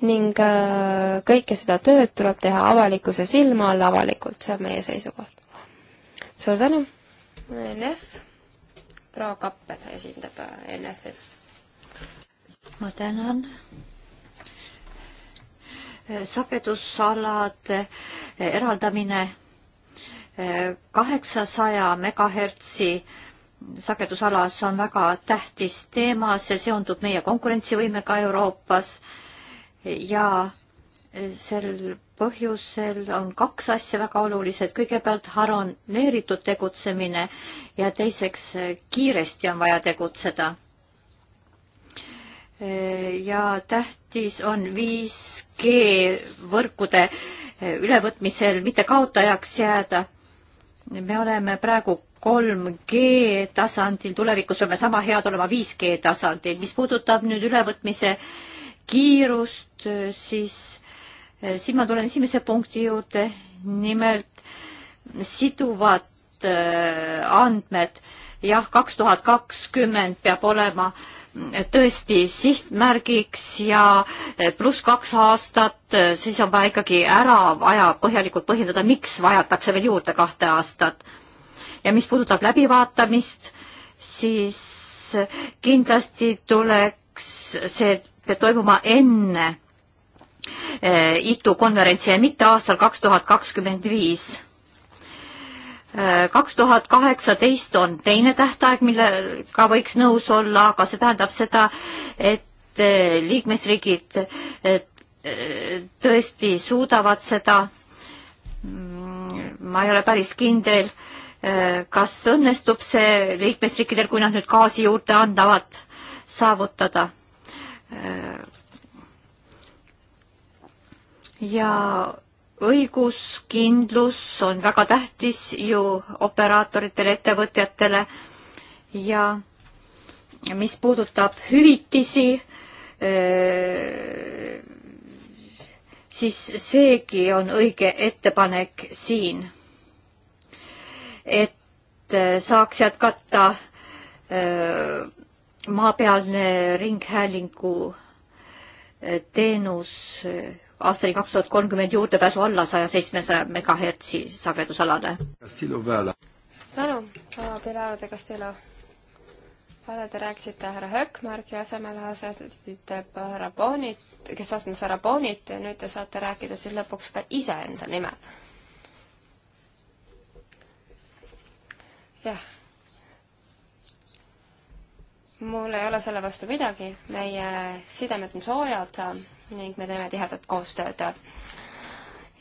ning äh, kõike seda tööd tuleb teha avalikkuse silma all avalikult, see on meie seisukoht. suur tänu, NF, proua Kapper esindab äh, NF-i. ma tänan sagedussalade äh, eraldamine kaheksasaja megahertsi sagedusalas on väga tähtis teema, see seondub meie konkurentsivõimega Euroopas ja sel põhjusel on kaks asja väga olulised, kõigepealt harmoneeritud tegutsemine ja teiseks kiiresti on vaja tegutseda. ja tähtis on 5G võrkude ülevõtmisel mitte kaotajaks jääda. me oleme praegu kolm G tasandil, tulevikus peame sama head olema viis G tasandil. mis puudutab nüüd ülevõtmise kiirust, siis eh, siin ma tulen esimese punkti juurde, nimelt siduvad eh, andmed. jah, kaks tuhat kakskümmend peab olema mm, tõesti sihtmärgiks ja eh, pluss kaks aastat, siis on vaja ikkagi ära vaja põhjalikult põhjendada, miks vajatakse veel juurde kahte aastat ja mis puudutab läbivaatamist, siis kindlasti tuleks see toimuma enne eh, ITU konverentsi ja mitte aastal kaks tuhat kakskümmend viis. Eh, kaks tuhat kaheksateist on teine tähtaeg, millega võiks nõus olla, aga see tähendab seda, et eh, liikmesriigid tõesti suudavad seda. Mm, ma ei ole päris kindel kas õnnestub see liikmesriikidel, kui nad nüüd gaasi juurde annavad, saavutada? ja õiguskindlus on väga tähtis ju operaatoritele, ettevõtjatele ja mis puudutab hüvitisi, eh, siis seegi on õige ettepanek siin et äh, saaks jätkata äh, maapealne ringhäälingu äh, teenus aastani kaks tuhat kolmkümmend juurdepääsu alla saja seitsmesaja megahertsi sagedusalale. tänu, Pilar de Castillo. Vale, te rääkisite härra Höökmargi asemel, asendasite härra Bonit, kes asendas härra Bonit ja nüüd te saate rääkida siis lõpuks ka iseenda nimel jah. mul ei ole selle vastu midagi, meie sidemed on soojad ning me teeme tihedat koostööd.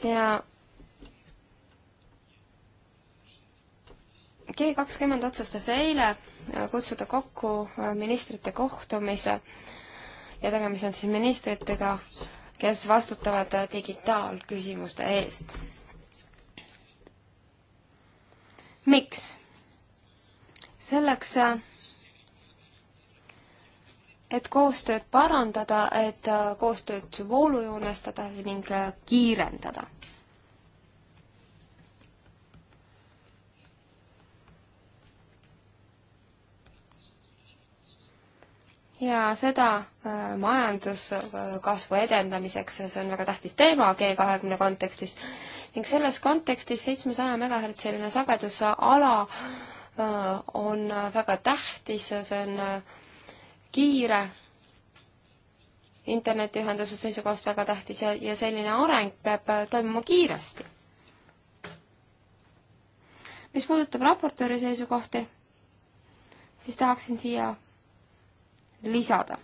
ja G kakskümmend otsustas eile kutsuda kokku ministrite kohtumise ja tegemist on siis ministritega, kes vastutavad digitaalküsimuste eest. miks? selleks, et koostööd parandada, et koostööd voolu joonestada ning kiirendada. ja seda äh, majanduskasvu edendamiseks, see on väga tähtis teema G kahekümne kontekstis ning selles kontekstis seitsmesaja megahertsiline sagedusala Äh, on väga tähtis, see on äh, kiire internetiühenduse seisukohast väga tähtis ja, ja selline areng peab äh, toimuma kiiresti. mis puudutab raportööri seisukohti, siis tahaksin siia lisada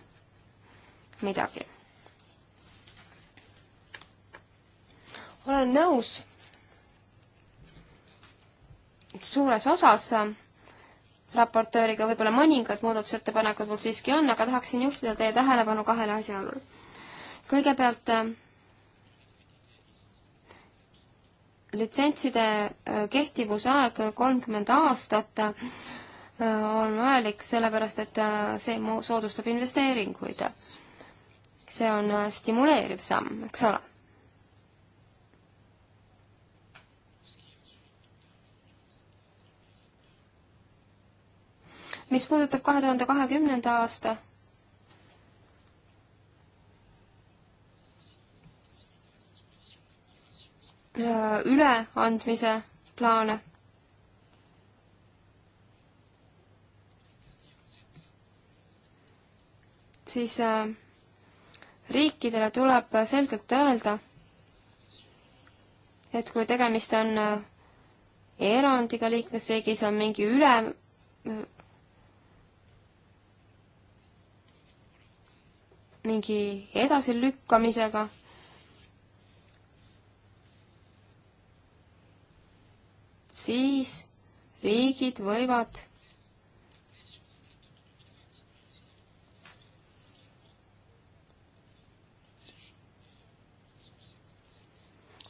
midagi. olen nõus suures osas raportööriga võib-olla mõningad muudatusettepanekud mul siiski on, aga tahaksin juhtida teie tähelepanu kahele asjaolule. kõigepealt äh, litsentside äh, kehtivusaeg kolmkümmend aastat äh, on vajalik sellepärast, et see soodustab investeeringuid. see on stimuleeriv samm, eks ole mis puudutab kahe tuhande kahekümnenda aasta äh, üleandmise plaane, siis äh, riikidele tuleb selgelt öelda, et kui tegemist on äh, erandiga liikmesriigis, on mingi üle mingi edasilükkamisega. siis riigid võivad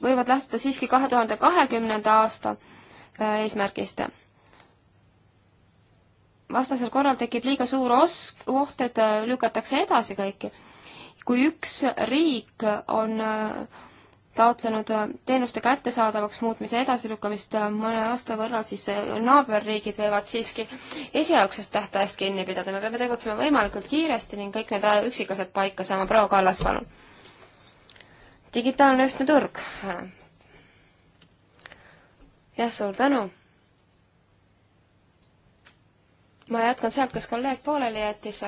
võivad lähtuda siiski kahe tuhande kahekümnenda aasta äh, eesmärgist vastasel korral tekib liiga suur osk, oht, et äh, lükatakse edasi kõiki. kui üks riik on äh, taotlenud äh, teenuste kättesaadavaks muutmise edasilükkamist mõne aasta võrra, siis naaberriigid võivad siiski esialgsest tähtajast kinni pidada. me peame tegutsema võimalikult kiiresti ning kõik need üksikasjad paika saama. proua Kallas, palun. digitaalne ühtne turg. jah, suur tänu ma jätkan sealt, kus kolleeg pooleli jättis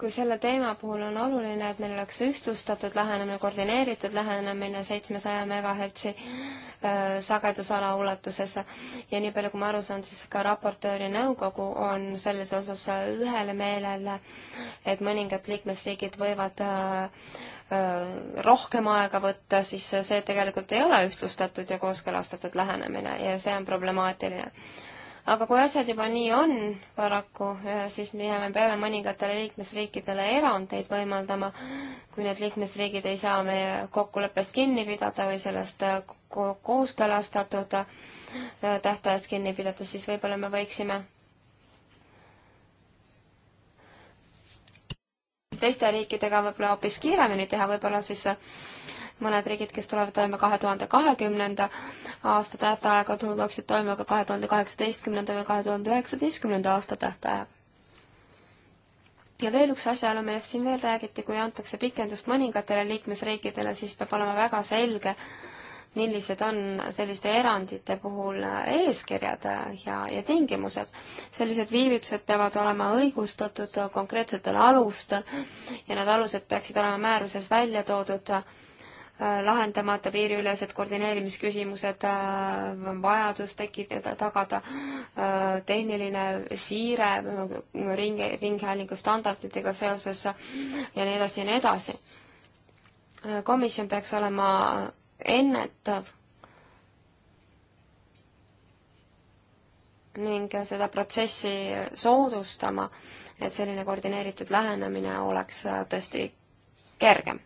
kui selle teema puhul on oluline, et meil oleks ühtlustatud lähenemine, koordineeritud lähenemine seitsmesaja megahertsi äh, sagedusala ulatuses ja nii palju, kui ma aru saan, siis ka raportöör ja nõukogu on selles osas ühele meelele, et mõningad liikmesriigid võivad äh, äh, rohkem aega võtta, siis see tegelikult ei ole ühtlustatud ja kooskõlastatud lähenemine ja see on problemaatiline aga kui asjad juba nii on paraku, siis me jääme, peame mõningatele liikmesriikidele erandeid võimaldama, kui need liikmesriigid ei saa meie kokkuleppest kinni pidada või sellest äh, kooskõlastatud äh, tähtajast kinni pidada, siis võib-olla me võiksime teiste riikidega võib-olla hoopis kiiremini teha, võib-olla siis äh, mõned riigid, kes tulevad toime kahe tuhande kahekümnenda aasta tähtaega, tuleksid toime ka kahe tuhande kaheksateistkümnenda või kahe tuhande üheksateistkümnenda aasta tähtajaga. ja veel üks asjaolu, millest siin veel räägiti, kui antakse pikendust mõningatele liikmesriikidele, siis peab olema väga selge, millised on selliste erandite puhul eeskirjad ja, ja tingimused. sellised viivitused peavad olema õigustatud konkreetsetel alustel ja need alused peaksid olema määruses välja toodud Äh, lahendamata piiriülesed koordineerimisküsimused, äh, vajadus tekitada, tagada äh, tehniline siire ring, ringhäälingu standarditega seoses ja nii edasi ja nii edasi. komisjon peaks olema ennetav ning seda protsessi soodustama, et selline koordineeritud lähenemine oleks tõesti kergem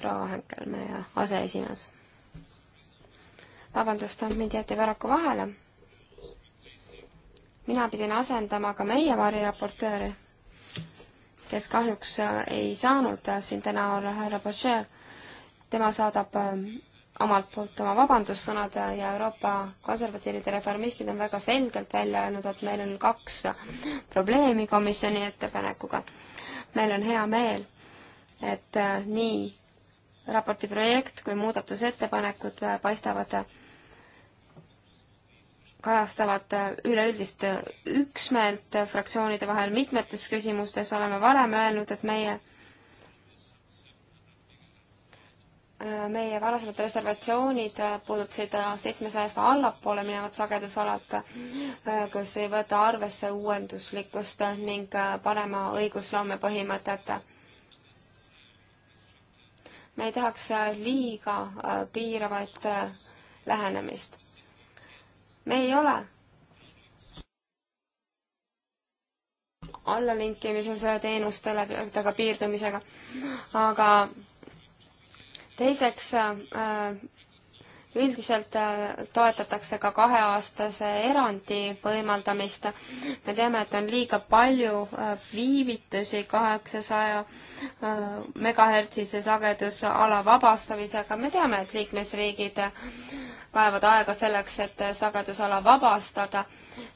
proua Henkel, meie aseesimees. vabandust, mind jäeti paraku vahele. mina pidin asendama ka meie variraportööri, kes kahjuks äh, ei saanud äh, siin täna olla, härra Bashir. tema saadab äh, omalt poolt oma vabandussõnad ja Euroopa konservatiivid ja reformistid on väga selgelt välja öelnud, et meil on kaks probleemi komisjoni ettepanekuga. meil on hea meel, et nii raporti projekt kui muudatusettepanekud äh, paistavad, äh, kajastavad äh, üleüldist üksmeelt fraktsioonide vahel mitmetes küsimustes, oleme varem öelnud, et meie, meie varasemad reservatsioonid puudutasid seitsmesajast allapoole minevat sagedusalat, kus ei võeta arvesse uuenduslikkust ning parema õigusloome põhimõtet me ei tahaks äh, liiga äh, piiravat äh, lähenemist. me ei ole allalinkimises teenustele taga piirdumisega, aga teiseks äh, üldiselt äh, toetatakse ka kaheaastase erandi võimaldamist. me teame, et on liiga palju äh, viivitusi kaheksasaja äh, megahertsise sagedusala vabastamisega. me teame, et liikmesriigid vajavad aega selleks, et sagedusala vabastada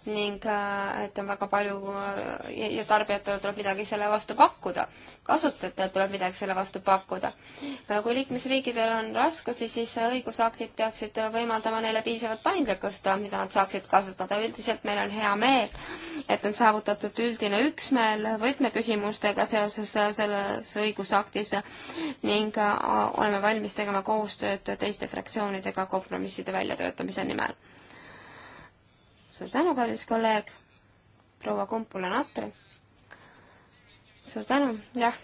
ning äh, et on väga palju äh, ja tarbijatele tuleb midagi selle vastu pakkuda, kasutajatel tuleb midagi selle vastu pakkuda. Äh, kui liikmesriikidel on raskusi, siis õigusaktid peaksid võimaldama neile piisavat paindlikkust, mida nad saaksid kasutada. üldiselt meil on hea meel, et on saavutatud üldine üksmeel võtmeküsimustega seoses selles õigusaktis ning oleme valmis tegema koostööd teiste fraktsioonidega kompromisside väljatöötamise nimel suur tänu, kallis kolleeg, proua Kumpula-Natri. suur tänu, jah.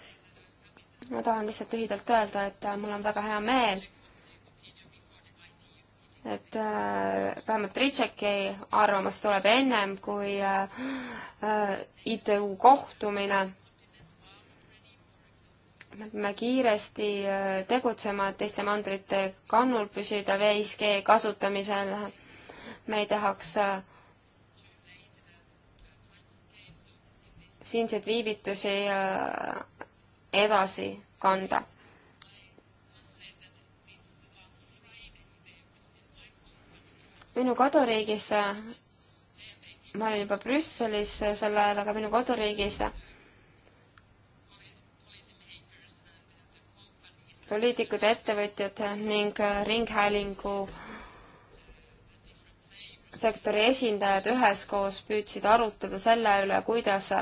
ma tahan lihtsalt lühidalt öelda, et äh, mul on väga hea meel, et äh, vähemalt Ritšeki arvamus tuleb ennem kui äh, äh, ITU kohtumine me peame kiiresti äh, tegutsema, et teiste mandrite kannul püsida 5G kasutamisel. me ei tahaks äh, siinseid viivitusi äh, edasi kanda. minu koduriigis, ma olin juba Brüsselis sel ajal, aga minu koduriigis poliitikud, ettevõtjad ning ringhäälingu sektori esindajad üheskoos püüdsid arutada selle üle, kuidas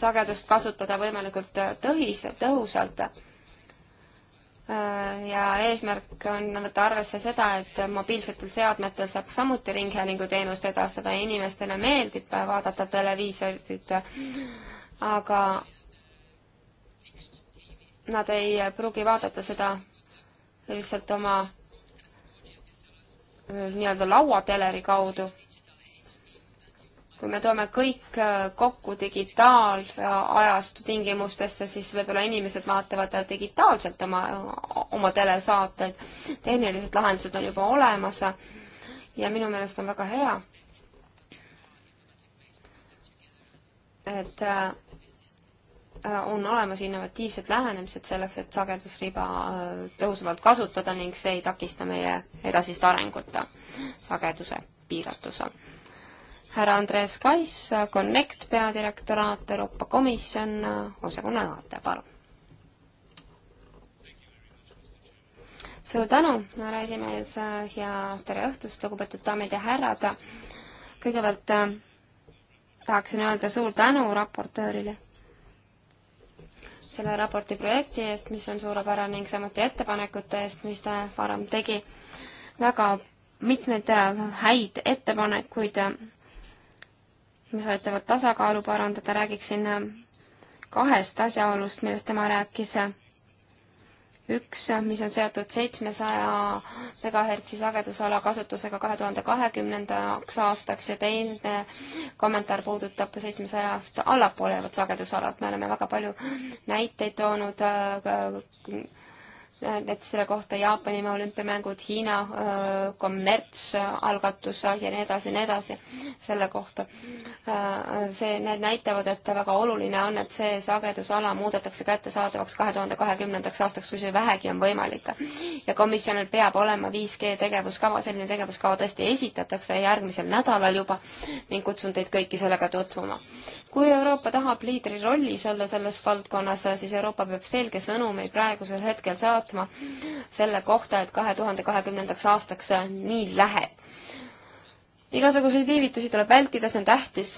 sagedust kasutada võimalikult tõhis, tõhusalt. Äh, ja eesmärk on võtta arvesse seda, et mobiilsetel seadmetel saab samuti ringhäälinguteenust edastada ja inimestele meeldib vaadata televiisorit, aga nad ei pruugi vaadata seda lihtsalt oma äh, nii-öelda lauateleri kaudu kui me toome kõik äh, kokku digitaalajastu tingimustesse, siis võib-olla inimesed vaatavad digitaalselt oma, oma telesaateid. tehnilised lahendused on juba olemas ja minu meelest on väga hea, et äh, on olemas innovatiivsed lähenemised selleks, et sagedusriba äh, tõhusamalt kasutada ning see ei takista meie edasist arengut sageduse piiratusel härra Andres Kais, Connect peadirektoraat, Euroopa Komisjon, osakonna juhataja, palun. suur tänu, härra esimees ja tere õhtust, lugupeetud daamid ja härrad. kõigepealt äh, tahaksin öelda suur tänu raportöörile selle raporti projekti eest, mis on suurepärane ning samuti ettepanekute eest, mis ta varem tegi. väga mitmeid äh, häid ettepanekuid äh, mis aitavad tasakaalu parandada, räägiksin äh, kahest asjaolust, millest tema rääkis. üks, äh, mis on seotud seitsmesaja megahertsi sagedusala kasutusega kahe tuhande kahekümnendaks aastaks ja teine kommentaar puudutab seitsmesajast allapoole jäävat sagedusalat. me oleme väga palju näiteid toonud äh, näiteks selle kohta Jaapani olümpiamängud, Hiina äh, kommertsalgatus äh, ja nii edasi ja nii edasi selle kohta. Äh, see, need näitavad, et väga oluline on, et see sagedusala muudetakse kättesaadavaks kahe tuhande kahekümnendaks aastaks, kui see vähegi on võimalik. ja komisjonil peab olema 5G tegevuskava, selline tegevuskava tõesti esitatakse järgmisel nädalal juba ning kutsun teid kõiki sellega tutvuma kui Euroopa tahab liidri rollis olla selles valdkonnas, siis Euroopa peab selge sõnumi praegusel hetkel saatma selle kohta, et kahe tuhande kahekümnendaks aastaks nii läheb. igasuguseid viivitusi tuleb vältida, see on tähtis.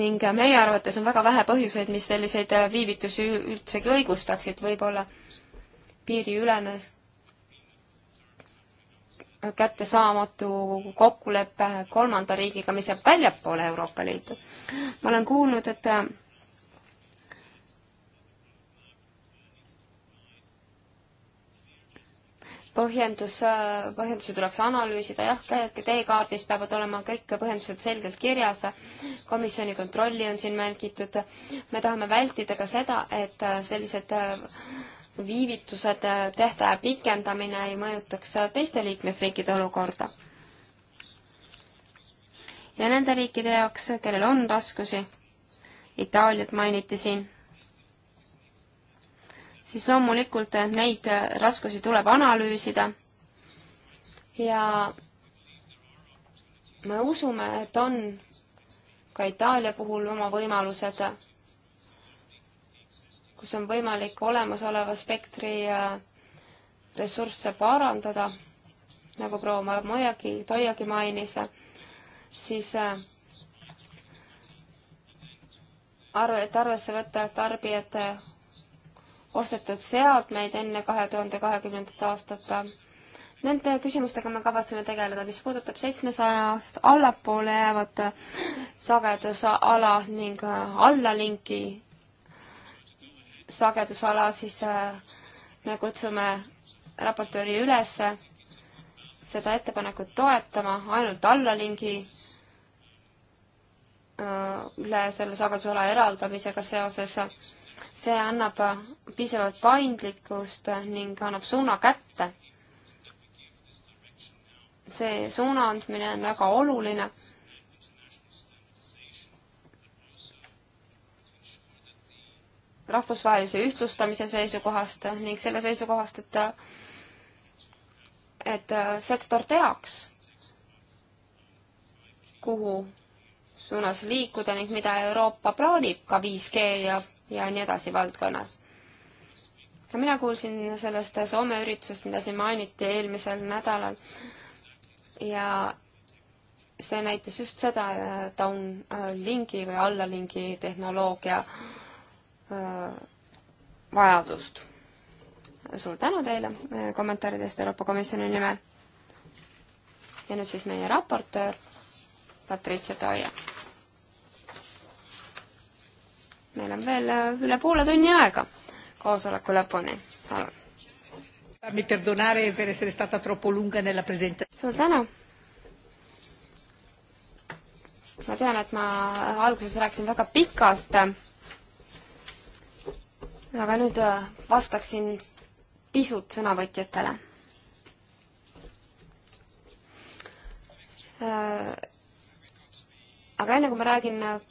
ning meie arvates on väga vähe põhjuseid, mis selliseid viivitusi üldsegi õigustaksid, võib-olla piiriülenest kättesaamatu kokkulepe kolmanda riigiga, mis jääb väljapoole Euroopa Liitu. ma olen kuulnud, et põhjendus, põhjendusi tuleks analüüsida, jah, teekaardis peavad olema kõik põhjendused selgelt kirjas, komisjoni kontrolli on siin märgitud, me tahame vältida ka seda, et sellised viivitused, tähtaja pikendamine ei mõjutaks teiste liikmesriikide olukorda. ja nende riikide jaoks, kellel on raskusi, Itaaliat mainiti siin, siis loomulikult neid raskusi tuleb analüüsida ja me usume, et on ka Itaalia puhul oma võimalused kus on võimalik olemasoleva spektri äh, ressursse parandada, nagu proua Marmojagi, Toiagi mainis, siis äh, arve, et arvesse võtta tarbijate ostetud seadmeid enne kahe tuhande kahekümnendat aastat. Nende küsimustega me kavatseme tegeleda, mis puudutab seitsmesajast allapoole jäävat sagedusala ning äh, allalinki sagedusala, siis äh, me kutsume raportööri üles seda ettepanekut toetama ainult allalingi äh, üle selle sagedusala eraldamisega seoses. see annab piisavalt paindlikkust ning annab suuna kätte. see suuna andmine on väga oluline rahvusvahelise ühtlustamise seisukohast ning selle seisukohast, et et äh, sektor teaks, kuhu suunas liikuda ning mida Euroopa plaanib ka 5G ja, ja nii edasi valdkonnas. ka mina kuulsin sellest Soome üritusest, mida siin mainiti eelmisel nädalal ja see näitas just seda, ta on äh, lingi või allalingi tehnoloogia äh, Äh, vajadust. suur tänu teile äh, kommentaaridest Euroopa Komisjoni nimel. ja nüüd siis meie raportöör Patricia Toia. meil on veel äh, üle poole tunni aega koosoleku lõpuni. palun. suur tänu ma tean, et ma alguses rääkisin väga pikalt aga nüüd äh, vastaksin pisut sõnavõtjatele. Äh, aga enne kui ma räägin äh,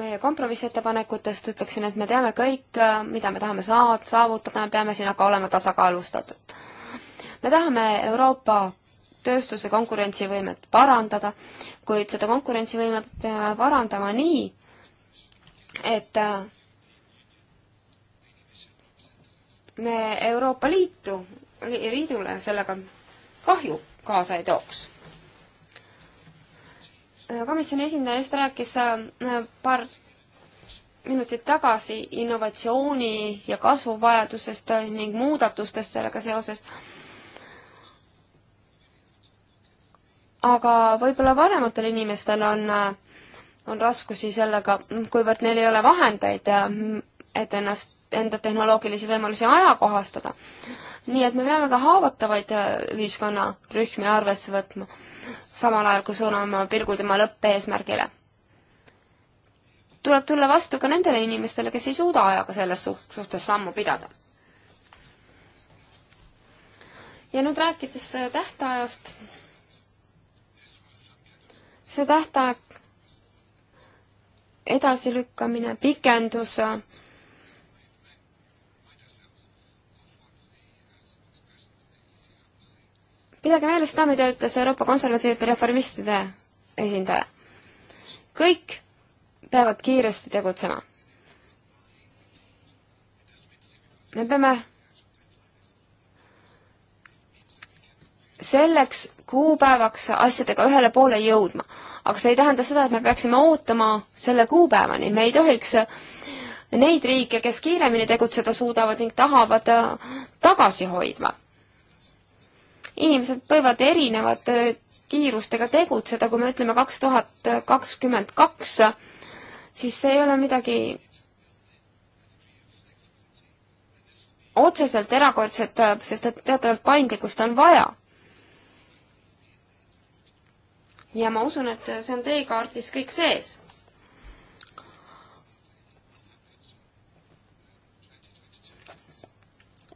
meie kompromissettepanekutest, ütleksin, et me teame kõik, mida me tahame saad-, saavutada, me peame siin aga olema tasakaalustatud. me tahame Euroopa tööstuse konkurentsivõimet parandada, kuid seda konkurentsivõimet peame parandama nii, et me Euroopa Liitu, Liidule sellega kahju kaasa ei tooks. komisjoni esindaja just rääkis äh, paar minutit tagasi innovatsiooni ja kasvuvajadusest äh, ning muudatustest sellega seoses. aga võib-olla vanematel inimestel on, äh, on raskusi sellega, kuivõrd neil ei ole vahendeid, et ennast enda tehnoloogilisi võimalusi ajakohastada. nii et me peame ka haavatavaid äh, ühiskonnarühmi arvesse võtma, samal ajal kui suuname pilgu tema lõppeesmärgile. tuleb tulla vastu ka nendele inimestele, kes ei suuda ajaga selles suht-, suhtes sammu pidada. ja nüüd rääkides äh, tähtajast, see tähtaeg edasilükkamine, pikendus äh, pidage meeles seda, mida ütles Euroopa konservatiivide reformistide esindaja. kõik peavad kiiresti tegutsema. me peame selleks kuupäevaks asjadega ühele poole jõudma. aga see ei tähenda seda, et me peaksime ootama selle kuupäevani, me ei tohiks neid riike, kes kiiremini tegutseda suudavad ning tahavad, tagasi hoidma inimesed võivad erinevate kiirustega tegutseda, kui me ütleme kaks tuhat kakskümmend kaks, siis see ei ole midagi otseselt erakordset, sest et teatavat paindlikkust on vaja. ja ma usun, et see on teekaardis kõik sees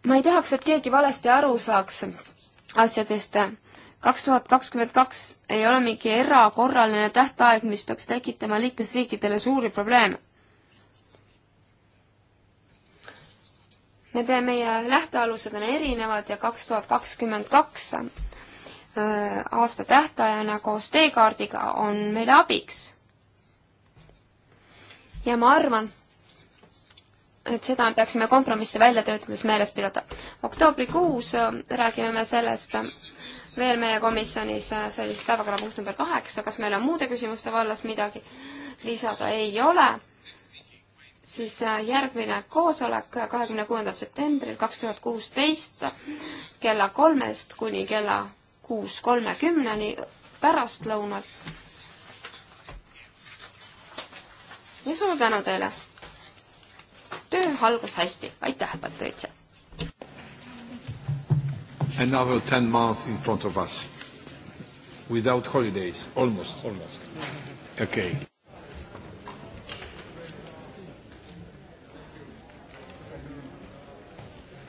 ma ei tahaks, et keegi valesti aru saaks asjadest. kaks tuhat kakskümmend kaks ei ole mingi erakorraline tähtaeg, mis peaks tekitama liikmesriikidele suuri probleeme. me teeme, meie lähtealused on erinevad ja kaks tuhat kakskümmend kaks aasta tähtajana koos teekaardiga on meile abiks. ja ma arvan, et seda peaksime kompromisse välja töötades meeles pidada. oktoobrikuus äh, räägime me sellest äh, veel meie komisjonis, äh, see oli siis päevakorrapunkt number kaheksa, kas meil on muude küsimuste vallas midagi lisada, ei ole. siis järgmine koosolek kahekümne kuuendal septembril kaks tuhat kuusteist kella kolmest kuni kella kuus kolmekümneni pärastlõunal. ja suur tänu teile! töö algas hästi, aitäh, Patricia! Another ten months in front of us without holidays, almost, almost. Okay.